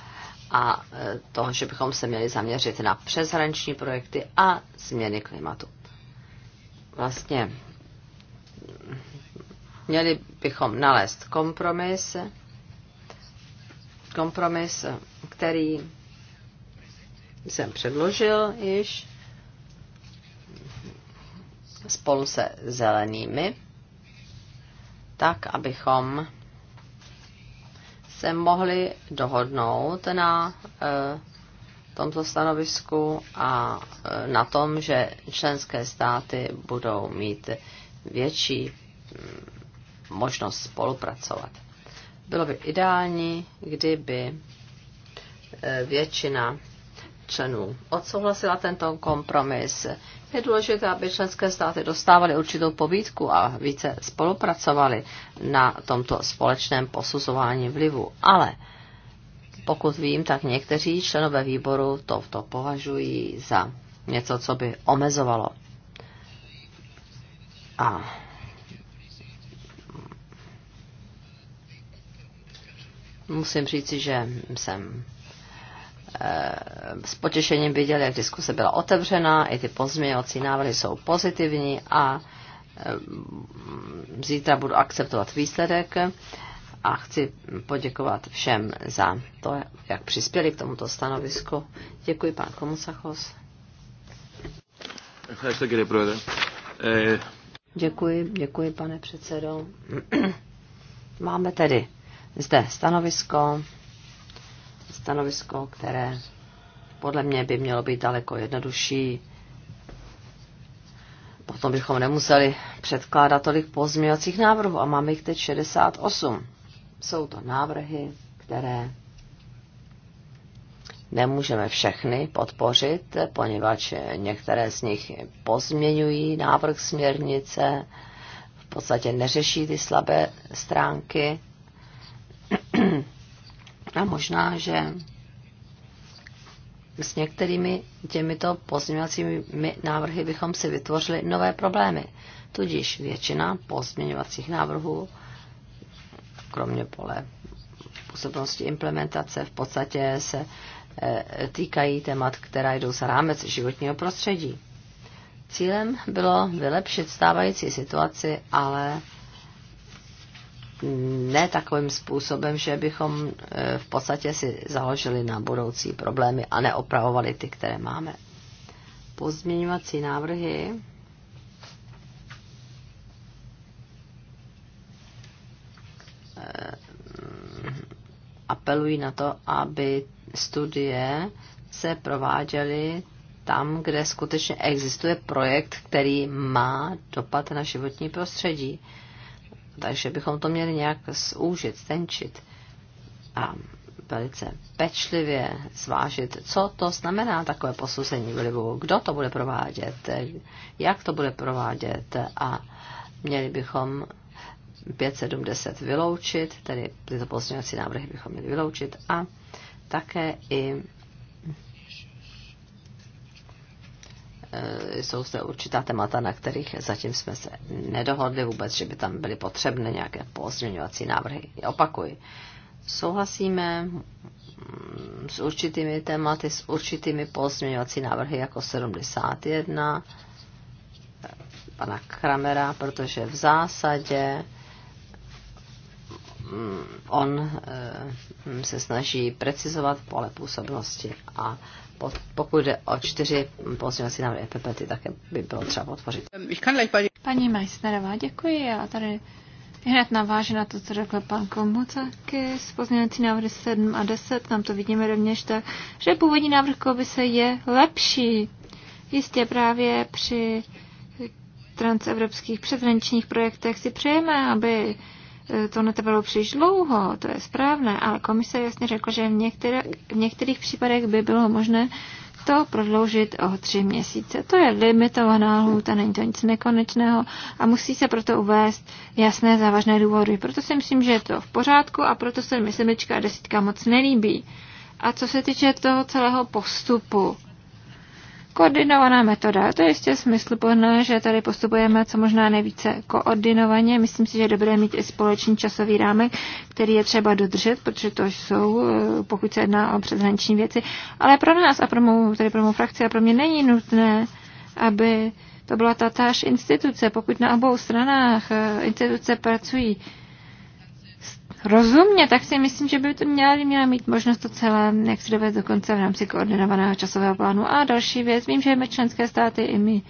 a e, toho, že bychom se měli zaměřit na přeshraniční projekty a změny klimatu. Vlastně měli bychom nalézt kompromis, kompromis, který jsem předložil již spolu se zelenými, tak abychom se mohli dohodnout na eh, tomto stanovisku a eh, na tom, že členské státy budou mít větší mm, možnost spolupracovat. Bylo by ideální, kdyby eh, většina členů odsouhlasila tento kompromis. Je důležité, aby členské státy dostávaly určitou pobídku a více spolupracovaly na tomto společném posuzování vlivu. Ale pokud vím, tak někteří členové výboru to, to považují za něco, co by omezovalo. A musím říci, že jsem Eh, s potěšením viděl, jak diskuse byla otevřená, i ty pozměňovací návrhy jsou pozitivní a eh, zítra budu akceptovat výsledek a chci poděkovat všem za to, jak přispěli k tomuto stanovisku. Děkuji, pán Komusachos. Děkuji, děkuji, pane předsedo. Máme tedy zde stanovisko stanovisko, které podle mě by mělo být daleko jednodušší. Potom bychom nemuseli předkládat tolik pozměňovacích návrhů a máme jich teď 68. Jsou to návrhy, které nemůžeme všechny podpořit, poněvadž některé z nich pozměňují návrh směrnice, v podstatě neřeší ty slabé stránky a možná, že s některými těmito pozměňovacími návrhy bychom si vytvořili nové problémy. Tudíž většina pozměňovacích návrhů, kromě pole působnosti implementace, v podstatě se e, týkají témat, která jdou za rámec životního prostředí. Cílem bylo vylepšit stávající situaci, ale ne takovým způsobem, že bychom e, v podstatě si založili na budoucí problémy a neopravovali ty, které máme. Pozměňovací návrhy. E, apelují na to, aby studie se prováděly tam, kde skutečně existuje projekt, který má dopad na životní prostředí. Takže bychom to měli nějak zúžit, stenčit a velice pečlivě zvážit, co to znamená takové posouzení vlivu, kdo to bude provádět, jak to bude provádět a měli bychom 570 vyloučit, tedy tyto pozměňovací návrhy bychom měli vyloučit a také i Eh, jsou zde určitá témata, na kterých zatím jsme se nedohodli vůbec, že by tam byly potřebné nějaké pozměňovací návrhy. Opakuji, souhlasíme s určitými tématy, s určitými pozměňovací návrhy jako 71 eh, pana Kramera, protože v zásadě mm, on eh, se snaží precizovat pole působnosti a pokud jde o čtyři pozměňovací návrhy EPP, ty také by bylo třeba podpořit. Ehm, Paní Majsnerová, děkuji. Já tady hned navážu na to, co řekl pan Komucaky z pozměňovací návrhy 7 a 10. Tam to vidíme rovněž tak, že původní návrh komise je lepší. Jistě právě při transevropských přeshraničních projektech si přejeme, aby E, to netrvalo příliš dlouho, to je správné, ale komise jasně řekla, že v, některé, v některých případech by bylo možné to prodloužit o tři měsíce. To je limitovaná lhůta, není to nic nekonečného a musí se proto uvést jasné závažné důvody. Proto si myslím, že je to v pořádku a proto se mi semička a desítka moc nelíbí. A co se týče toho celého postupu, Koordinovaná metoda, to je jistě smysluplné, že tady postupujeme co možná nejvíce koordinovaně. Myslím si, že je dobré mít i společný časový rámek, který je třeba dodržet, protože to jsou, eh, pokud se jedná o přeshraniční věci. Ale pro nás a pro mou, tady pro mou frakci a pro mě není nutné, aby to byla ta táž instituce. Pokud na obou stranách eh, instituce pracují rozumně, tak si myslím, že by to měla, měla mít možnost to celé, jak se dovést dokonce v rámci koordinovaného časového plánu. A další věc, vím, že my členské státy i my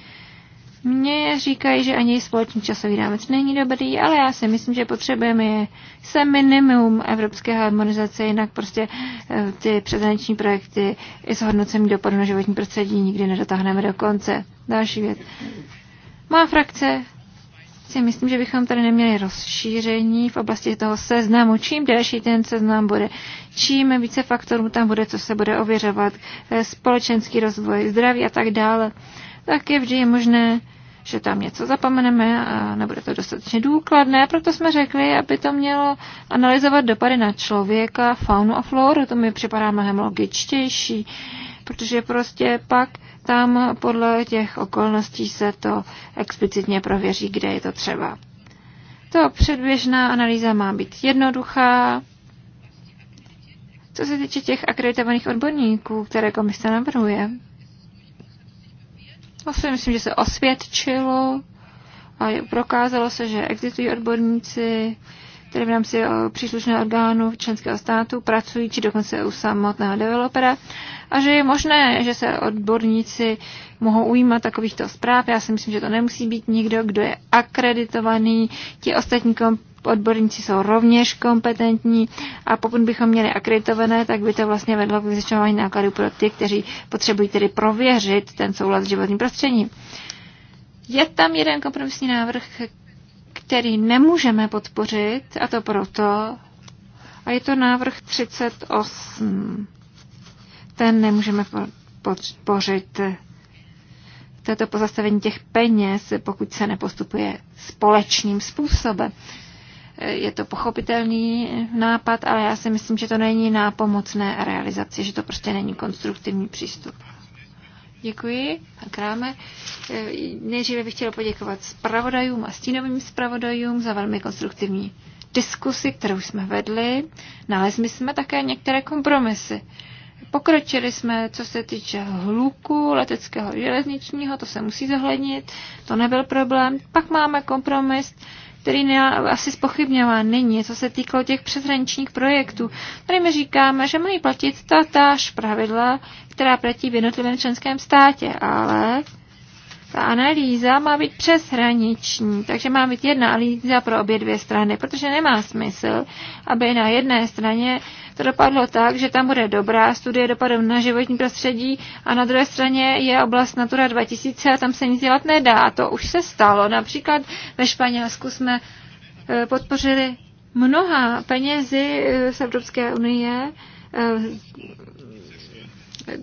mně říkají, že ani společný časový rámec není dobrý, ale já si myslím, že potřebujeme je se minimum evropské harmonizace, jinak prostě eh, ty přezaneční projekty i s hodnocením dopadu na životní prostředí nikdy nedotáhneme do konce. Další věc. Má frakce si myslím, že bychom tady neměli rozšíření v oblasti toho seznamu. Čím delší ten seznam bude, čím více faktorů tam bude, co se bude ověřovat, eh, společenský rozvoj, zdraví a tak dále, tak je vždy možné že tam něco zapomeneme a nebude to dostatečně důkladné, proto jsme řekli, aby to mělo analyzovat dopady na člověka, faunu a floru, to mi připadá mnohem logičtější, protože prostě pak tam podle těch okolností se to explicitně prověří, kde je to třeba. To předběžná analýza má být jednoduchá. Co se týče těch akreditovaných odborníků, které komise navrhuje, to si myslím, že se osvědčilo a prokázalo se, že existují odborníci, které v rámci eh, příslušného orgánu členského státu pracují, či dokonce u samotného developera, a že je možné, že se odborníci mohou ujímat takovýchto zpráv. Já si myslím, že to nemusí být nikdo, kdo je akreditovaný. Ti ostatní odborníci jsou rovněž kompetentní a pokud bychom měli akreditované, tak by to vlastně vedlo k vyzečování nákladů pro ty, kteří potřebují tedy prověřit ten soulad s životním prostředím. Je tam jeden kompromisní návrh, který nemůžeme podpořit, a to proto, a je to návrh 38 ten nemůžeme podpořit toto pozastavení těch peněz, pokud se nepostupuje společným způsobem. Je to pochopitelný nápad, ale já si myslím, že to není nápomocné realizaci, že to prostě není konstruktivní přístup. Děkuji, pan Kráme. Nejdříve bych chtěla poděkovat zpravodajům a stínovým zpravodajům za velmi konstruktivní diskusi, kterou jsme vedli. Nalezli jsme také některé kompromisy. Pokročili jsme, co se týče hluku leteckého železničního, to se musí zohlednit, to nebyl problém. Pak máme kompromis, který ne, asi spochybňová není, co se týkalo těch přeshraničních projektů. Tady my říkáme, že mají platit tatáž pravidla, která platí v jednotlivém členském státě, ale ta analýza má být přeshraniční, takže má být jedna analýza pro obě dvě strany, protože nemá smysl, aby na jedné straně to dopadlo tak, že tam bude dobrá studie dopadu na životní prostředí a na druhé straně je oblast Natura 2000 a tam se nic dělat nedá. A to už se stalo. Například ve Španělsku jsme eh, podpořili mnoha penězi eh, z Evropské unie eh,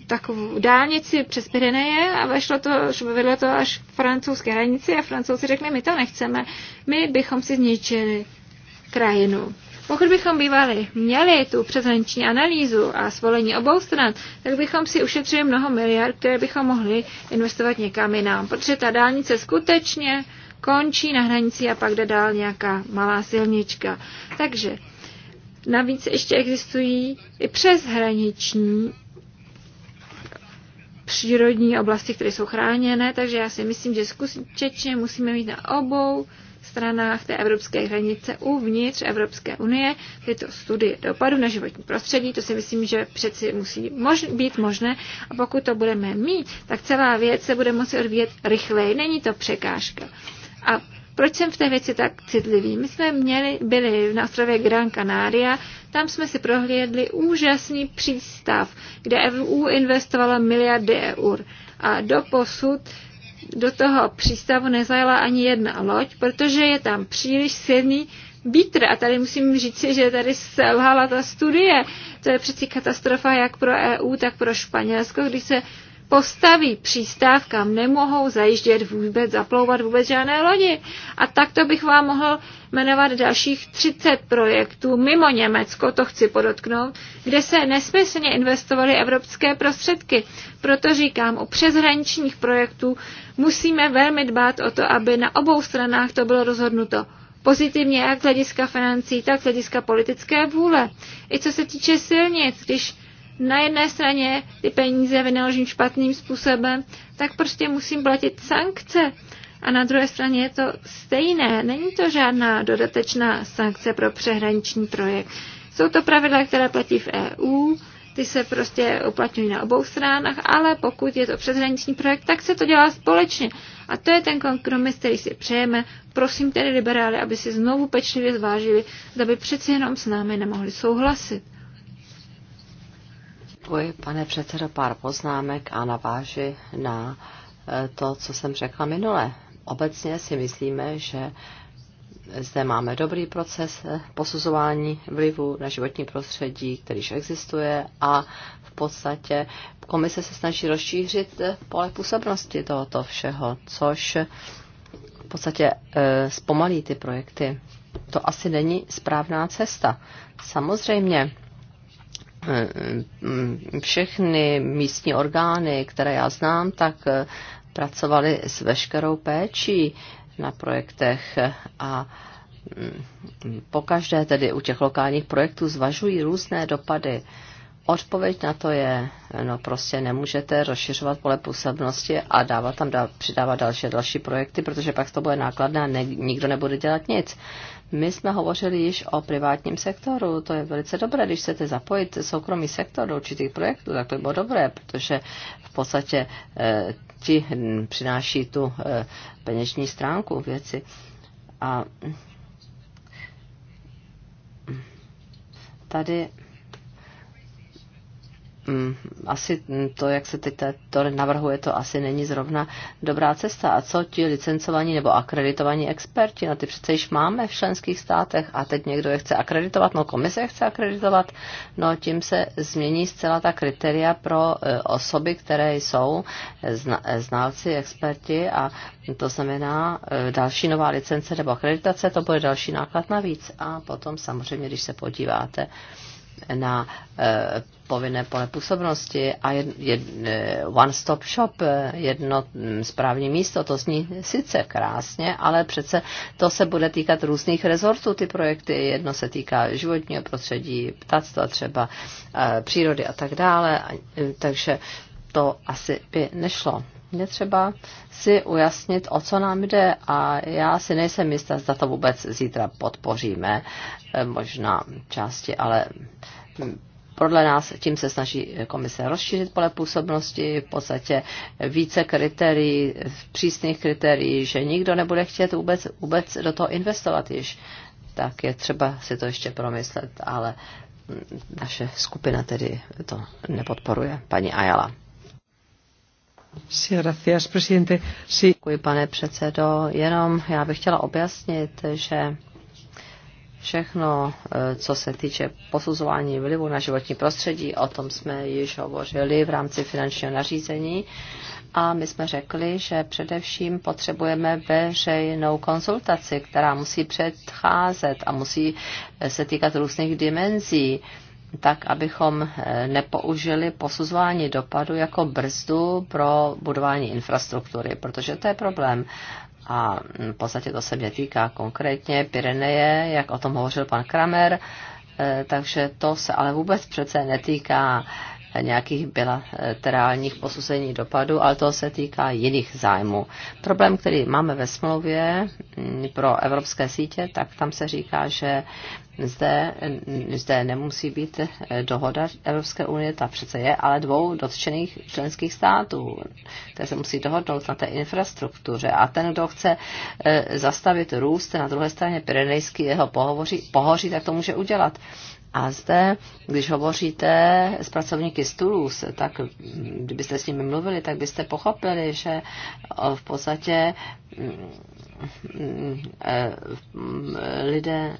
takovou dálnici přes Pireneje a vešlo to, vedlo to až k francouzské hranici a francouzi řekli, my to nechceme, my bychom si zničili krajinu. Pokud bychom bývali měli tu přeshraniční analýzu a svolení obou stran, tak bychom si ušetřili mnoho miliard, které bychom mohli investovat někam jinam, protože ta dálnice skutečně končí na hranici a pak jde dál nějaká malá silnička. Takže navíc ještě existují i přeshraniční přírodní oblasti, které jsou chráněné, takže já si myslím, že skutečně musíme mít na obou stranách té evropské hranice uvnitř Evropské unie tyto studie dopadu na životní prostředí. To si myslím, že přeci musí mož- být možné a pokud to budeme mít, tak celá věc se bude moci odvíjet rychleji. Není to překážka. A proč jsem v té věci tak citlivý? My jsme měli, byli na ostrově Gran Canaria, tam jsme si prohlédli úžasný přístav, kde EU investovala miliardy eur. A do posud do toho přístavu nezajela ani jedna loď, protože je tam příliš silný vítr. A tady musím si, že tady selhala ta studie. To je přeci katastrofa jak pro EU, tak pro Španělsko, když se postaví přístav, kam nemohou zajíždět vůbec, zaplouvat vůbec žádné lodi. A takto bych vám mohl jmenovat dalších 30 projektů mimo Německo, to chci podotknout, kde se nesmyslně investovaly evropské prostředky. Proto říkám, o přeshraničních projektů musíme velmi dbát o to, aby na obou stranách to bylo rozhodnuto pozitivně jak z hlediska financí, tak z hlediska politické vůle. I co se týče silnic, když na jedné straně ty peníze vynaložím špatným způsobem, tak prostě musím platit sankce. A na druhé straně je to stejné. Není to žádná dodatečná sankce pro přehraniční projekt. Jsou to pravidla, která platí v EU, ty se prostě uplatňují na obou stranách, ale pokud je to přeshraniční projekt, tak se to dělá společně. A to je ten kompromis, který si přejeme. Prosím tedy liberály, aby si znovu pečlivě zvážili, zda by přeci jenom s námi nemohli souhlasit. Děkuji, pane předsedo, pár poznámek a naváži na eh, to, co jsem řekla minule. Obecně si myslíme, že zde máme dobrý proces eh, posuzování vlivu na životní prostředí, který již existuje a v podstatě komise se snaží rozšířit eh, pole působnosti tohoto všeho, což v podstatě e, zpomalí ty projekty. To asi není správná cesta. Samozřejmě Eh, všechny místní orgány, které já znám, tak eh, pracovali s veškerou péčí na projektech a mm, pokaždé tedy u těch lokálních projektů zvažují různé dopady. Odpověď na to je, no prostě nemůžete rozšiřovat pole působnosti a dávat tam, přidávat další další projekty, protože pak to bude nákladné a ne, nikdo nebude dělat nic. My jsme hovořili již o privátním sektoru, to je velice dobré, když chcete zapojit soukromý sektor do určitých projektů, tak to bylo dobré, protože v podstatě eh, ti hm, přináší tu eh, peněžní stránku věci. A hm, tady Mm, asi to, jak se teď to navrhuje, to asi není zrovna dobrá cesta. A co ti licencovaní nebo akreditovaní experti? No ty přece již máme v členských státech a teď někdo je chce akreditovat, no komise je chce akreditovat, no tím se změní zcela ta kritéria pro e, osoby, které jsou e, znalci, experti a to znamená e, další nová licence nebo akreditace, to bude další náklad navíc. A potom samozřejmě, když se podíváte, na eh, povinné pole působnosti a eh, one stop shop, eh, jedno mm, správní místo, to zní sice krásně, ale přece to se bude týkat různých rezortů, ty projekty, jedno se týká životního prostředí, ptactva třeba, přírody a tak dále, takže to asi by nešlo je třeba si ujasnit, o co nám jde a já si nejsem jistá, zda to vůbec zítra podpoříme, eh, možná části, ale hm, podle nás tím se snaží komise rozšířit pole působnosti, v podstatě více kritérií, přísných kritérií, že nikdo nebude chtět vůbec, vůbec do toho investovat již. Tak je třeba si to ještě promyslet, ale hm, naše skupina tedy to nepodporuje, paní Ayala. Děkuji, pane předsedo. Jenom já bych chtěla objasnit, že všechno, eh, co se týče posuzování vlivu na životní prostředí, o tom jsme již hovořili v rámci finančního nařízení. A my jsme řekli, že především potřebujeme veřejnou konzultaci, která musí předcházet a musí eh, se týkat různých dimenzí tak abychom eh, nepoužili posuzování dopadu jako brzdu pro budování infrastruktury, protože to je problém. A mm, v podstatě to se mě týká konkrétně Pireneje, jak o tom hovořil pan Kramer, eh, takže to se ale vůbec přece netýká nějakých bilaterálních posuzení dopadu, ale to se týká jiných zájmů. Problém, který máme ve smlouvě mm, pro evropské sítě, tak tam se říká, že zde, mm, zde nemusí být eh, dohoda Evropské unie, ta přece je, ale dvou dotčených členských států, které se musí dohodnout na té infrastruktuře. A ten, kdo chce eh, zastavit růst na druhé straně jeho pohoří, pohoří, tak to může udělat. A zde, když hovoříte s pracovníky z Toulouse, tak kdybyste s nimi mluvili, tak byste pochopili, že eh, v podstatě mm, mm, eh, mm, lidé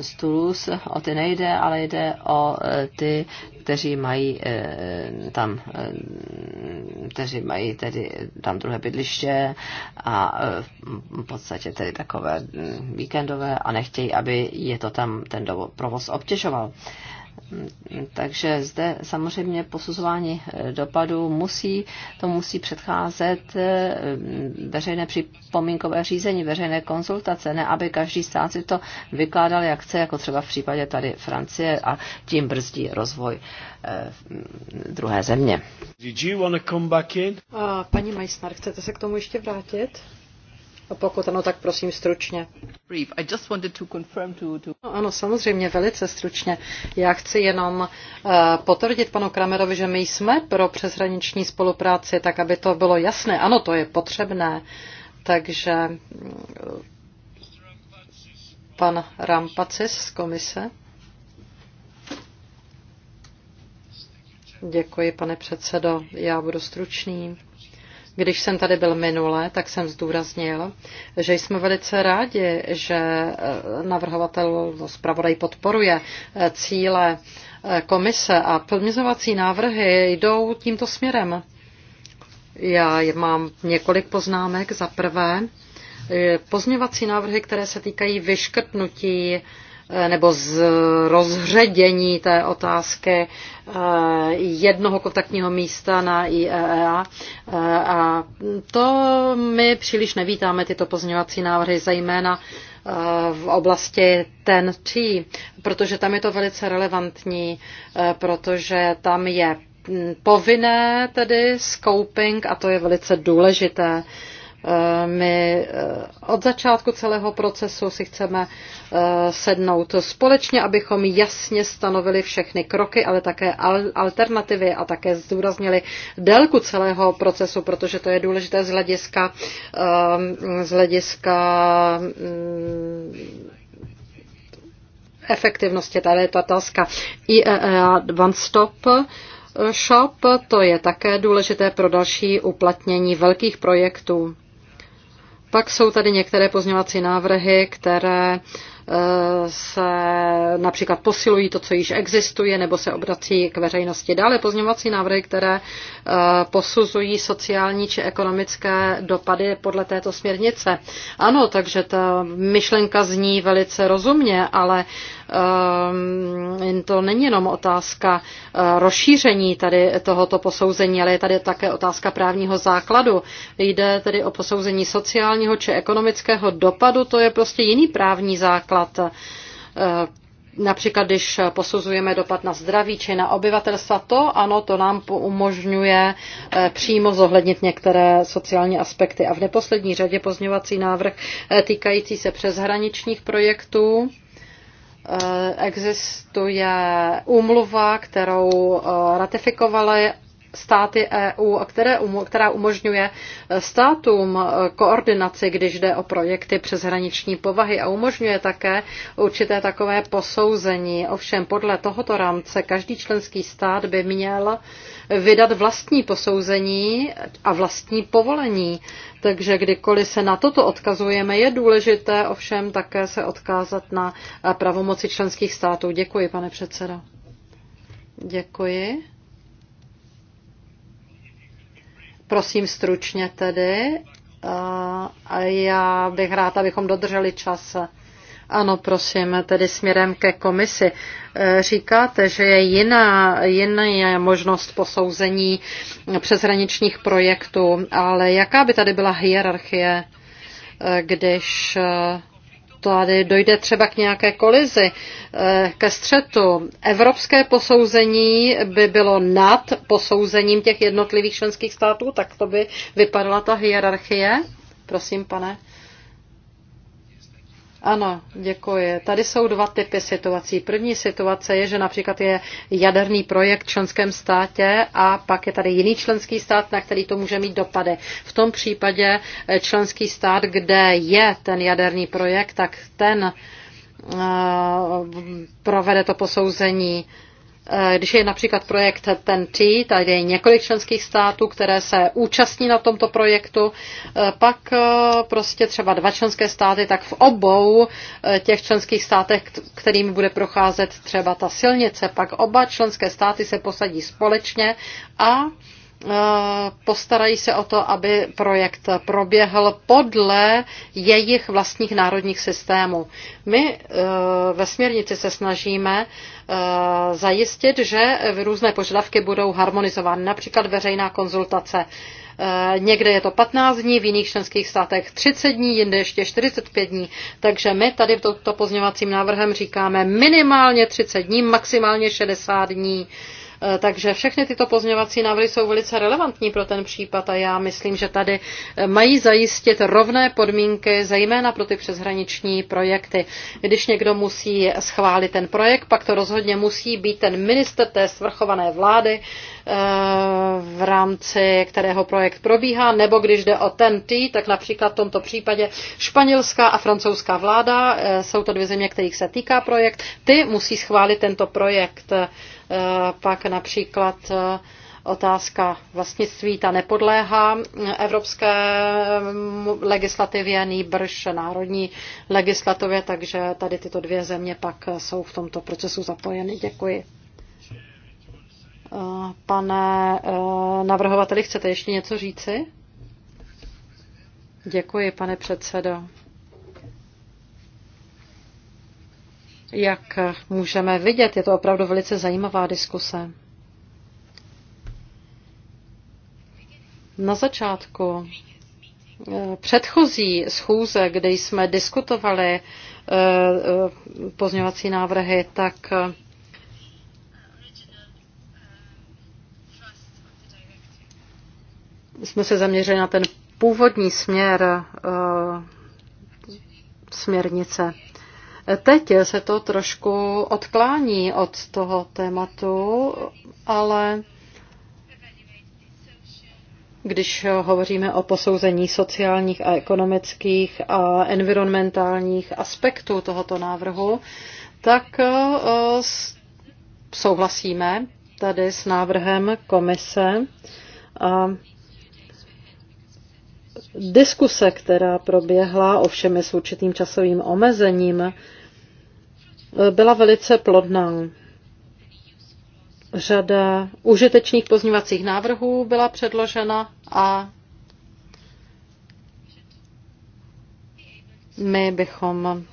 z eh, Toulouse, o ty nejde, ale jde o eh, ty, kteří mají eh, tam, kteří mají tedy tam druhé bydliště a v podstatě tedy takové mm, víkendové a nechtějí, aby je to tam ten provoz obtěžoval. Takže zde samozřejmě posuzování dopadů musí, to musí předcházet eh, veřejné připomínkové řízení, veřejné konzultace, ne aby každý stát si to vykládal, jak chce, jako třeba v případě tady Francie a tím brzdí rozvoj eh, druhé země. Did you come back in? A paní Meissner, chcete se k tomu ještě vrátit? Pokud ano, tak prosím stručně. No, ano, samozřejmě, velice stručně. Já chci jenom uh, potvrdit panu Kramerovi, že my jsme pro přeshraniční spolupráci, tak aby to bylo jasné. Ano, to je potřebné. Takže mm, pan Rampacis z komise. Děkuji, pane předsedo. Já budu stručný. Když jsem tady byl minule, tak jsem zdůraznil, že jsme velice rádi, že e, navrhovatel no, zpravodaj podporuje e, cíle e, komise a plnizovací návrhy jdou tímto směrem. Já mám několik poznámek. Za prvé, pozměvací návrhy, které se týkají vyškrtnutí nebo z rozředění té otázky eh, jednoho kontaktního místa na IEA. E eh, a to my příliš nevítáme, tyto pozměňovací návrhy, zejména eh, v oblasti ten tří, protože tam je to velice relevantní, protože tam je hm, povinné tedy scoping a to je velice důležité. Uh, Eh, my eh, od začátku celého procesu si chceme eh, sednout společně, abychom jasně stanovili všechny kroky, ale také alternativy a také zdůraznili délku celého procesu, protože to je důležité z hlediska, z hlediska mm, efektivnosti. Tady je ta otázka IEA e One Stop Shop, to je také důležité pro další uplatnění velkých projektů. Pak jsou tady některé pozněvací návrhy, které eh, se například posilují to, co již existuje, nebo se obrací k veřejnosti. Dále pozněvací návrhy, které eh, posuzují sociální či ekonomické dopady podle této směrnice. Ano, takže ta myšlenka zní velice rozumně, ale Ehm, to není jenom otázka eh, rozšíření tady tohoto posouzení, ale je tady také otázka právního základu. Jde tedy o posouzení sociálního či ekonomického dopadu, to je prostě jiný právní základ. Eh, například, když posuzujeme dopad na zdraví či na obyvatelstva, to ano, to nám umožňuje eh, přímo zohlednit některé sociální aspekty. A v neposlední řadě pozňovací návrh týkající se přeshraničních projektů Eh, existuje úmluva, kterou eh, ratifikovaly státy EU, které, která umožňuje eh, státům eh, koordinaci, když jde o projekty přeshraniční povahy a umožňuje také určité takové posouzení. Ovšem podle tohoto rámce každý členský stát by měl vydat vlastní posouzení a vlastní povolení. Takže kdykoliv se na toto odkazujeme, je důležité ovšem také se odkázat na eh, pravomoci členských států. Děkuji, pane předsedo. Děkuji. Prosím stručně tedy. A já bych rád, abychom dodrželi čas. Ano, prosím, tedy směrem ke komisi. E, říkáte, že je jiná, jiná je možnost posouzení přeshraničních projektů, ale jaká by tady byla hierarchie, e, když e, tady dojde třeba k nějaké kolizi, eh, ke střetu. Evropské posouzení by bylo nad posouzením těch jednotlivých členských států, tak to by vypadala ta hierarchie. Prosím, pane ano, děkuji. Tady jsou dva typy situací. První situace je, že například je jaderný projekt v členském státě a pak je tady jiný členský stát, na který to může mít dopady. V tom případě eh, členský stát, kde je ten jaderný projekt, tak ten eh, provede to posouzení Eh, když je například projekt TEN-T, tady je několik členských států, které se účastní na tomto projektu, eh, pak eh, prostě třeba dva členské státy, tak v obou těch členských státech, kterým bude procházet třeba ta silnice, pak oba členské státy se posadí společně a Eh, postarají se o to, aby projekt proběhl podle jejich vlastních národních systémů. My eh, ve směrnici se snažíme eh, zajistit, že různé požadavky budou harmonizovány, například veřejná konzultace. Někde je to 15 dní, v jiných členských státech 30 dní, jinde ještě 45 dní. Takže my tady tomto pozněvacím návrhem říkáme minimálně 30 dní, maximálně 60 dní Eh, takže všechny tyto pozměňovací návrhy jsou velice relevantní pro ten případ a já myslím, že tady eh, mají zajistit rovné podmínky, zejména pro ty přeshraniční projekty. Když někdo musí schválit ten projekt, pak to rozhodně musí být ten minister té svrchované vlády, eh, v rámci kterého projekt probíhá, nebo když jde o ten T, tak například v tomto případě španělská a francouzská vláda, jsou to dvě země, kterých se týká projekt, ty musí schválit tento projekt. Eh, pak například eh, otázka vlastnictví, ta nepodléhá evropské mm, legislativě, nýbrž národní legislativě, takže tady tyto dvě země pak eh, jsou v tomto procesu zapojeny. Děkuji. Pane navrhovateli, chcete ještě něco říci? Děkuji, pane předsedo. Jak můžeme vidět, je to opravdu velice zajímavá diskuse. Na začátku eh, předchozí schůze, kde jsme diskutovali eh, eh, pozňovací návrhy, tak jsme se zaměřili na ten původní směr směrnice. Teď se to trošku odklání od toho tématu, ale když hovoříme o posouzení sociálních a ekonomických a environmentálních aspektů tohoto návrhu, tak eh, souhlasíme tady s návrhem komise. A diskuse, která proběhla, ovšem je s určitým časovým omezením, byla velice plodná. Řada užitečných pozměňovacích návrhů byla předložena a my bychom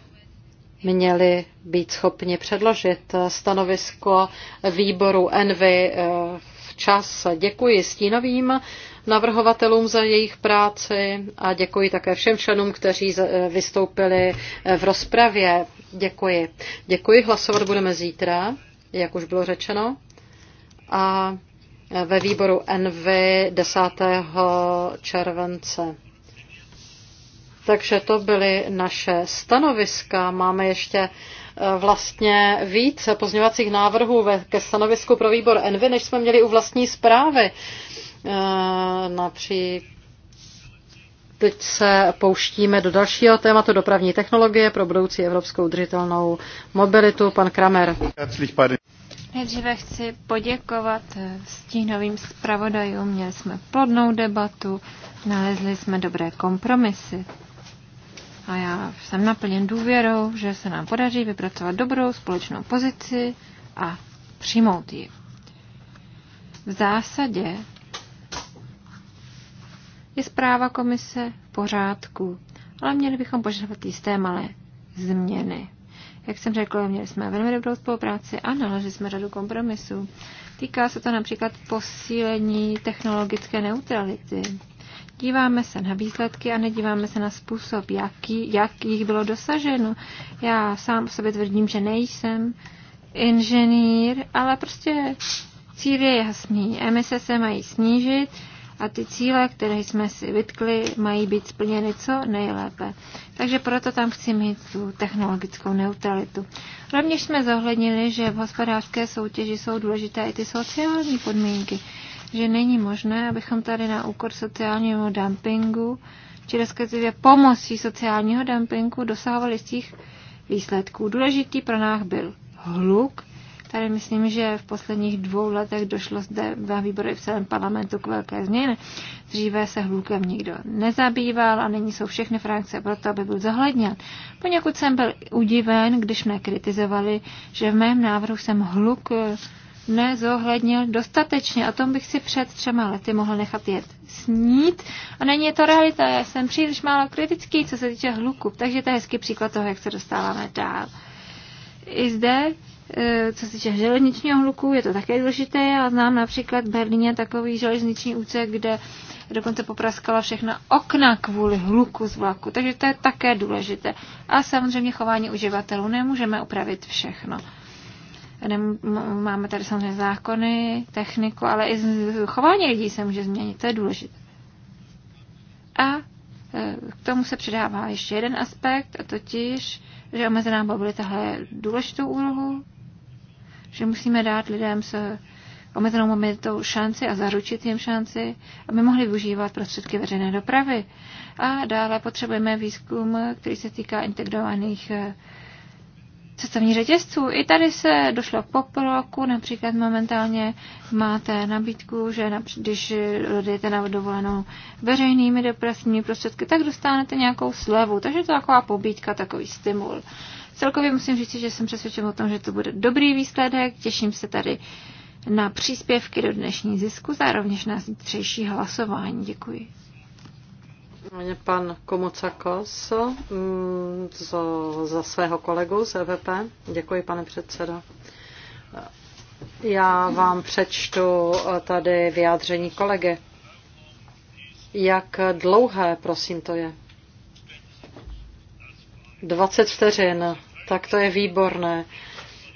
měli být schopni předložit stanovisko výboru Envy eh, včas. Děkuji stínovým navrhovatelům za jejich práci a děkuji také všem členům, kteří vystoupili v rozpravě. Děkuji. Děkuji, hlasovat budeme zítra, jak už bylo řečeno. A ve výboru NV 10. července. Takže to byly naše stanoviska. Máme ještě eh, vlastně víc pozměňovacích návrhů ke stanovisku pro výbor NV, než jsme měli u vlastní zprávy. Eh, Například Teď se pouštíme do dalšího tématu dopravní technologie pro budoucí evropskou udržitelnou mobilitu. Pan Kramer. Nejdříve chci poděkovat eh, stínovým zpravodajům. Měli jsme plodnou debatu, nalezli jsme dobré kompromisy. A já jsem naplněn důvěrou, že se nám podaří vypracovat dobrou společnou pozici a přijmout ji. V zásadě je zpráva komise v pořádku, ale měli bychom požadovat jisté malé změny. Jak jsem řekl, měli jsme velmi dobrou spolupráci a nalezli jsme řadu kompromisů. Týká se to například posílení technologické neutrality. Díváme se na výsledky a nedíváme se na způsob, jaký, jak jich bylo dosaženo. Já sám o sobě tvrdím, že nejsem inženýr, ale prostě cíl je jasný. Emise se mají snížit a ty cíle, které jsme si vytkli, mají být splněny co nejlépe. Takže proto tam chci mít tu technologickou neutralitu. Rovněž jsme zohlednili, že v hospodářské soutěži jsou důležité i ty sociální podmínky, že není možné, abychom tady na úkor sociálního dumpingu, či respektive pomocí sociálního dumpingu dosahovali z těch výsledků. Důležitý pro nás byl hluk, Tady myslím, že v posledních dvou letech došlo zde ve výbory v celém parlamentu k velké změně. Dříve se hlukem nikdo nezabýval a nyní jsou všechny frakce proto, aby byl zohledněn. Poněkud jsem byl udiven, když mě kritizovali, že v mém návrhu jsem hluk nezohlednil dostatečně. O tom bych si před třema lety mohl nechat jet snít. A není to realita, já jsem příliš málo kritický, co se týče hluku. Takže to je hezký příklad toho, jak se dostáváme dál. I zde Eh, co se týče železničního hluku, je to také důležité. Já znám například v Berlíně takový železniční úcek, kde dokonce popraskala všechna okna kvůli hluku z vlaku, takže to je také důležité. A samozřejmě chování uživatelů nemůžeme upravit všechno. Máme tady samozřejmě zákony, techniku, ale i chování lidí se může změnit, to je důležité. A eh, k tomu se přidává ještě jeden aspekt, a totiž, že omezená mobilita hraje důležitou úlohu že musíme dát lidem se omezenou mobilitou šanci a zaručit jim šanci, aby mohli využívat prostředky veřejné dopravy. A dále potřebujeme výzkum, který se týká integrovaných eh, cestovní řetězců. I tady se došlo k poproku, například momentálně máte nabídku, že například, když jdete na dovolenou veřejnými dopravními prostředky, tak dostanete nějakou slevu. Takže to je taková pobídka, takový stimul. Celkově musím říct, že jsem přesvědčen o tom, že to bude dobrý výsledek. Těším se tady na příspěvky do dnešní zisku, zároveň na zítřejší hlasování. Děkuji. Pan Komocakos mm, za svého kolegu z EVP. Děkuji, pane předsedo. Já vám přečtu tady vyjádření kolegy. Jak dlouhé, prosím, to je? 20 vteřin. Tak to je výborné.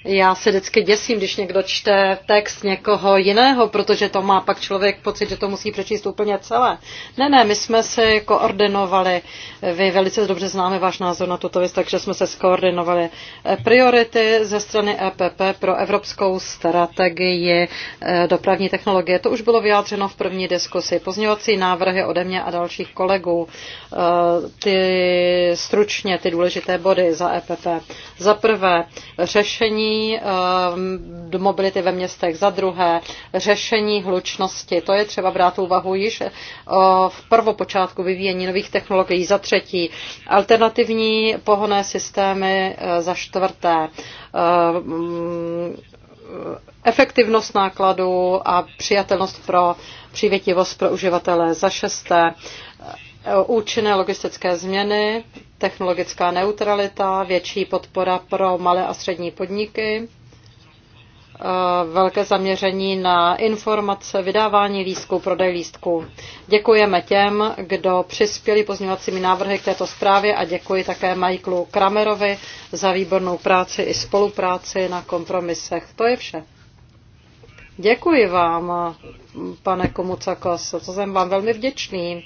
Já se vždycky děsím, když někdo čte text někoho jiného, protože to má pak člověk pocit, že to musí přečíst úplně celé. Ne, ne, my jsme se koordinovali. Vy velice dobře známe váš názor na tuto věc, takže jsme se skoordinovali. Priority ze strany EPP pro evropskou strategii eh, dopravní technologie. To už bylo vyjádřeno v první diskusi. Pozměňovací návrhy ode mě a dalších kolegů. Eh, ty stručně, ty důležité body za EPP. Za prvé, řešení Ehm, do mobility ve městech, za druhé řešení hlučnosti. To je třeba brát úvahu již eh, v prvopočátku vyvíjení nových technologií, za třetí alternativní pohonné systémy, eh, za čtvrté ehm, efektivnost nákladů a přijatelnost pro přivětivost pro uživatele. Za šesté, eh, účinné logistické změny technologická neutralita, větší podpora pro malé a střední podniky, eh, velké zaměření na informace, vydávání lístků, prodej lístků. Děkujeme těm, kdo přispěli pozměňovacími návrhy k této zprávě a děkuji také Michaelu Kramerovi za výbornou práci i spolupráci na kompromisech. To je vše. Děkuji vám, pane Komucakos, to jsem vám velmi vděčný.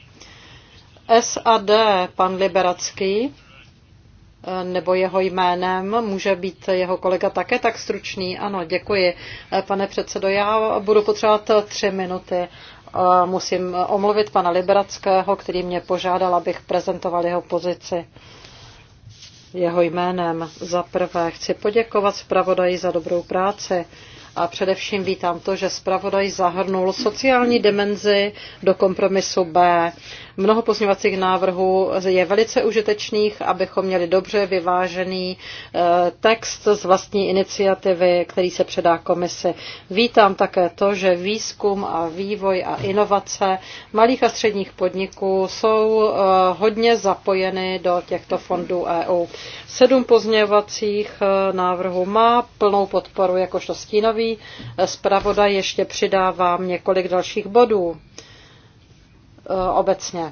SAD, pan Liberacký, eh, nebo jeho jménem, může být jeho kolega také tak stručný. Ano, děkuji, eh, pane předsedo. Já budu potřebovat tři minuty. Eh, musím omluvit pana Liberackého, který mě požádal, abych prezentoval jeho pozici jeho jménem. Za prvé chci poděkovat zpravodaji za dobrou práci a především vítám to, že zpravodaj zahrnul sociální dimenzi do kompromisu B. Mnoho pozměňovacích návrhů je velice užitečných, abychom měli dobře vyvážený eh, text z vlastní iniciativy, který se předá komisi. Vítám také to, že výzkum a vývoj a inovace malých a středních podniků jsou eh, hodně zapojeny do těchto fondů EU. Sedm pozměňovacích eh, návrhů má plnou podporu jakožto stínový zdraví, zpravodaj ještě přidávám několik dalších bodů eh, obecně.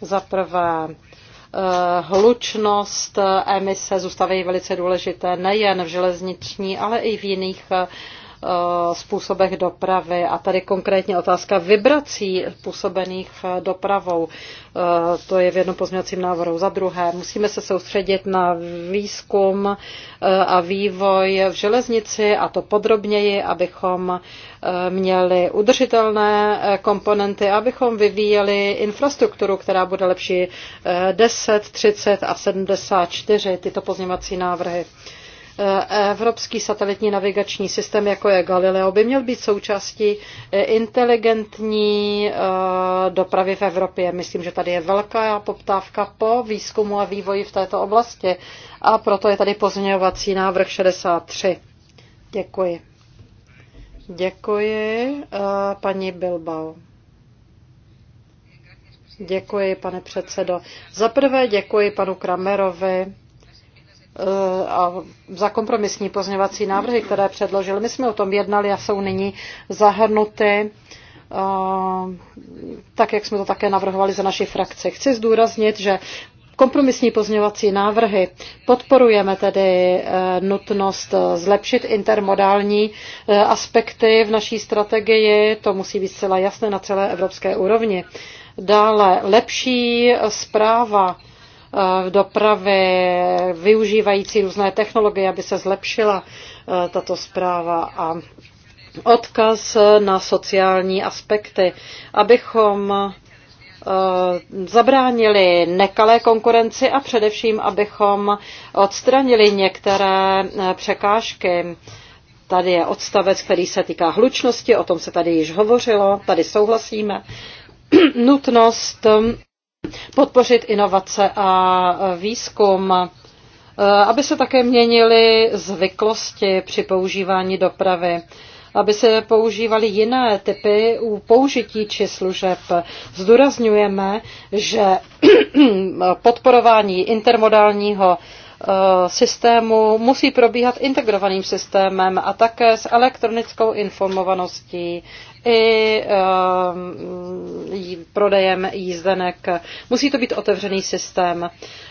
Za prvé, eh, hlučnost eh, emise zůstávají velice důležité nejen v železniční, ale i v jiných Eh, způsobech dopravy. A tady konkrétně otázka vibrací působených eh, dopravou. Eh, to je v jednom pozměňovacím návrhu. Za druhé, musíme se soustředit na výzkum a vývoj v železnici a to podrobněji, abychom měli udržitelné komponenty, abychom vyvíjeli infrastrukturu, která bude lepší 10, 30 a 74, tyto pozměňovací návrhy. Evropský satelitní navigační systém, jako je Galileo, by měl být součástí inteligentní eh, dopravy v Evropě. Myslím, že tady je velká poptávka po výzkumu a vývoji v této oblasti a proto je tady pozměňovací návrh 63. Děkuji. Děkuji, eh, paní Bilbao. Děkuji, pane předsedo. Za prvé děkuji panu Kramerovi a za kompromisní pozměňovací návrhy, které předložil. My jsme o tom jednali a jsou nyní zahrnuty tak, jak jsme to také navrhovali za naši frakci. Chci zdůraznit, že kompromisní pozměňovací návrhy. Podporujeme tedy e, nutnost zlepšit intermodální e, aspekty v naší strategii, to musí být zcela jasné na celé evropské úrovni. Dále lepší zpráva Eh, dopravy, využívající různé technologie, aby se zlepšila eh, tato zpráva a odkaz na sociální aspekty, abychom eh, zabránili nekalé konkurenci a především, abychom odstranili některé překážky. Tady je odstavec, který se týká hlučnosti, o tom se tady již hovořilo, tady souhlasíme. Nutnost podpořit inovace a výzkum, eh, aby se také měnily zvyklosti při používání dopravy aby se používaly jiné typy u použití či služeb. Zdůrazňujeme, že podporování intermodálního eh, systému musí probíhat integrovaným systémem a také s elektronickou informovaností i ehm, prodejem jízdenek. Musí to být otevřený systém.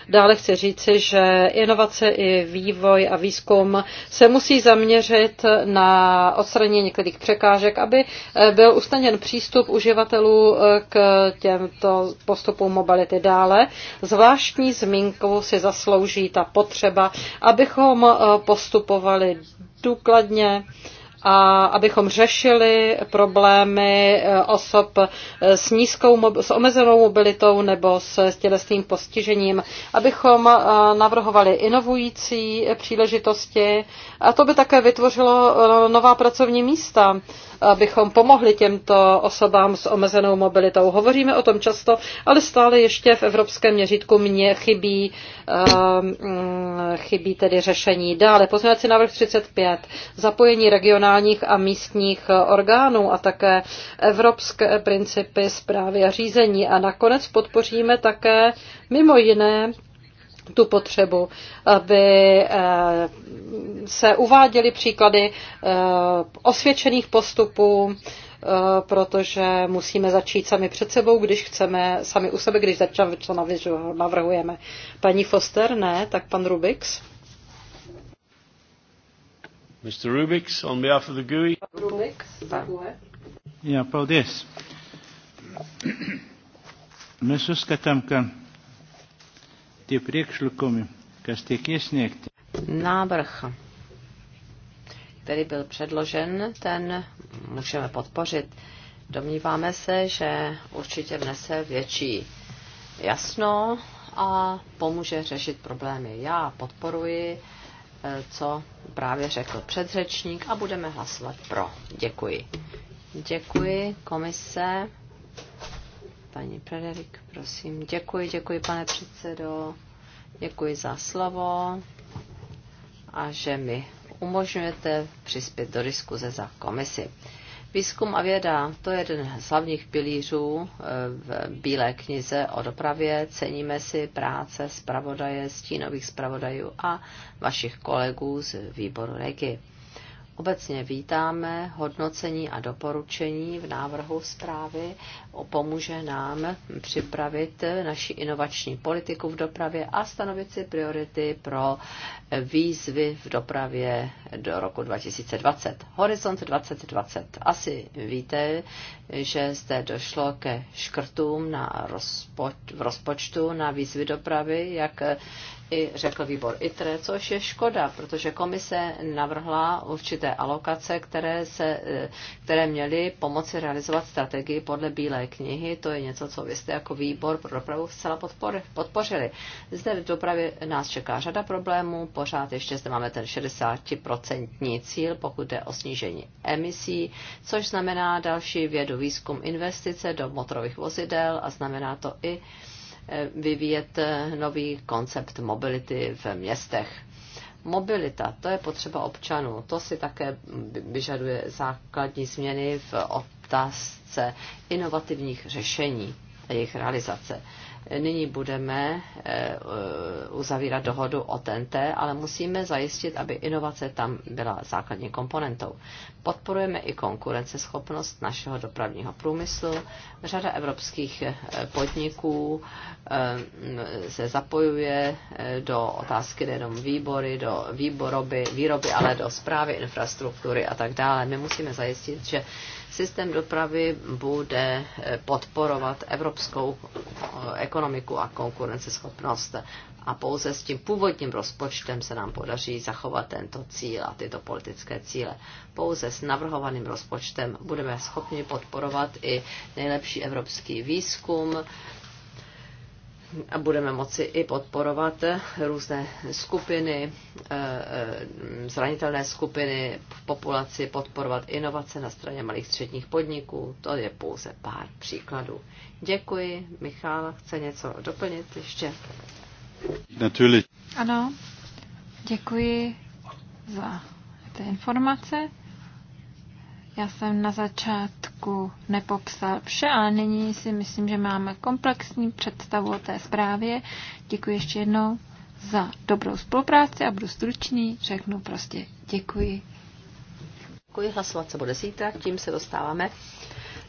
Dále chci říci, že inovace i vývoj a výzkum se musí zaměřit na odstranění některých překážek, aby eh, byl ustaněn přístup uživatelů eh, k těmto postupům mobility dále. Zvláštní zmínkou si zaslouží ta potřeba, abychom eh, postupovali důkladně a abychom řešili problémy eh, osob eh, s nízkou, s omezenou mobilitou nebo s tělesným postižením, abychom eh, navrhovali inovující příležitosti a to by také vytvořilo nová pracovní místa, abychom pomohli těmto osobám s omezenou mobilitou. Hovoříme o tom často, ale stále ještě v evropském měřítku mně chybí, mm, chybí tedy řešení. Dále pozměňovací návrh 35, zapojení regionální regionálních a místních eh, orgánů a také evropské principy zprávy a řízení. A nakonec podpoříme také mimo jiné tu potřebu, aby eh, se uváděly příklady eh, osvědčených postupů, protože musíme začít sami před sebou, když chceme, sami u sebe, když začneme, co navržujeme. Paní Foster, ne, tak pan Rubix. Mr. Rubix, on behalf of the GUI. Rubix, Jā, paldies. Mēs uzskatām, ka tie priekšlikumi, kas tiek iesniegti. Návrh, který byl předložen, ten můžeme podpořit. Domníváme se, že určitě vnese větší jasno a pomůže řešit problémy. Já podporuji co právě řekl předřečník a budeme hlasovat pro. Děkuji. Děkuji komise. Paní Frederik, prosím. Děkuji, děkuji, pane předsedo. Děkuji za slovo a že mi umožňujete přispět do diskuze za komisi. Výzkum a věda, to je jeden z hlavních pilířů eh, v Bílé knize o dopravě. Ceníme si práce zpravodaje, stínových zpravodajů a vašich kolegů z výboru REGI. Obecně vítáme hodnocení a doporučení v návrhu zprávy. Pomůže nám připravit naši inovační politiku v dopravě a stanovit si priority pro výzvy v dopravě do roku 2020. Horizont 2020. Asi víte, že zde došlo ke škrtům na rozpoč- v rozpočtu na výzvy dopravy, jak i řekl výbor ITRE, což je škoda, protože komise navrhla určité alokace, které, se, e, které měly pomoci realizovat strategii podle Bílé knihy. To je něco, co vy jste jako výbor pro dopravu zcela podpořili. Zde v dopravě nás čeká řada problémů, pořád ještě zde máme ten 60% cíl, pokud jde o snížení emisí, což znamená další vědu, výzkum, investice do motorových vozidel a znamená to i Eh, vyvíjet eh, nový koncept mobility v městech. Mobilita, to je potřeba občanů. To si také vyžaduje základní změny v otázce inovativních řešení a jejich realizace nyní budeme eh, eh, uzavírat dohodu o TNT, ale musíme zajistit, aby inovace tam byla základní komponentou. Podporujeme i konkurenceschopnost našeho dopravního průmyslu. Řada evropských eh, podniků se zapojuje do otázky nejenom výbory, do výboroby, výroby, ale do zprávy infrastruktury a tak dále. My musíme zajistit, že systém dopravy bude eh, podporovat evropskou eh, ekonomiku a konkurenceschopnost. A pouze s tím původním rozpočtem se nám podaří zachovat tento cíl a tyto politické cíle. Pouze s navrhovaným rozpočtem budeme schopni podporovat i nejlepší evropský výzkum, a budeme moci i podporovat různé skupiny, eh, eh, zranitelné skupiny v populaci, podporovat inovace na straně malých středních podniků. To je pouze pár příkladů. Děkuji. Michála chce něco doplnit ještě? Natürlich. Ano, děkuji za ty informace. Já jsem na začátku nepopsal vše, ale nyní si myslím, že máme komplexní představu o té zprávě. Děkuji ještě jednou za dobrou spolupráci a budu stručný, řeknu prostě děkuji. Děkuji, hlasovat se bude zítra, tím se dostáváme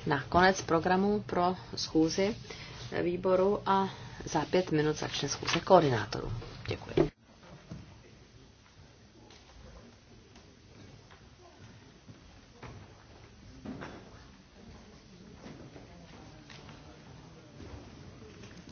na konec programu pro schůzi výboru a za pět minut začne schůze koordinátorů. Děkuji.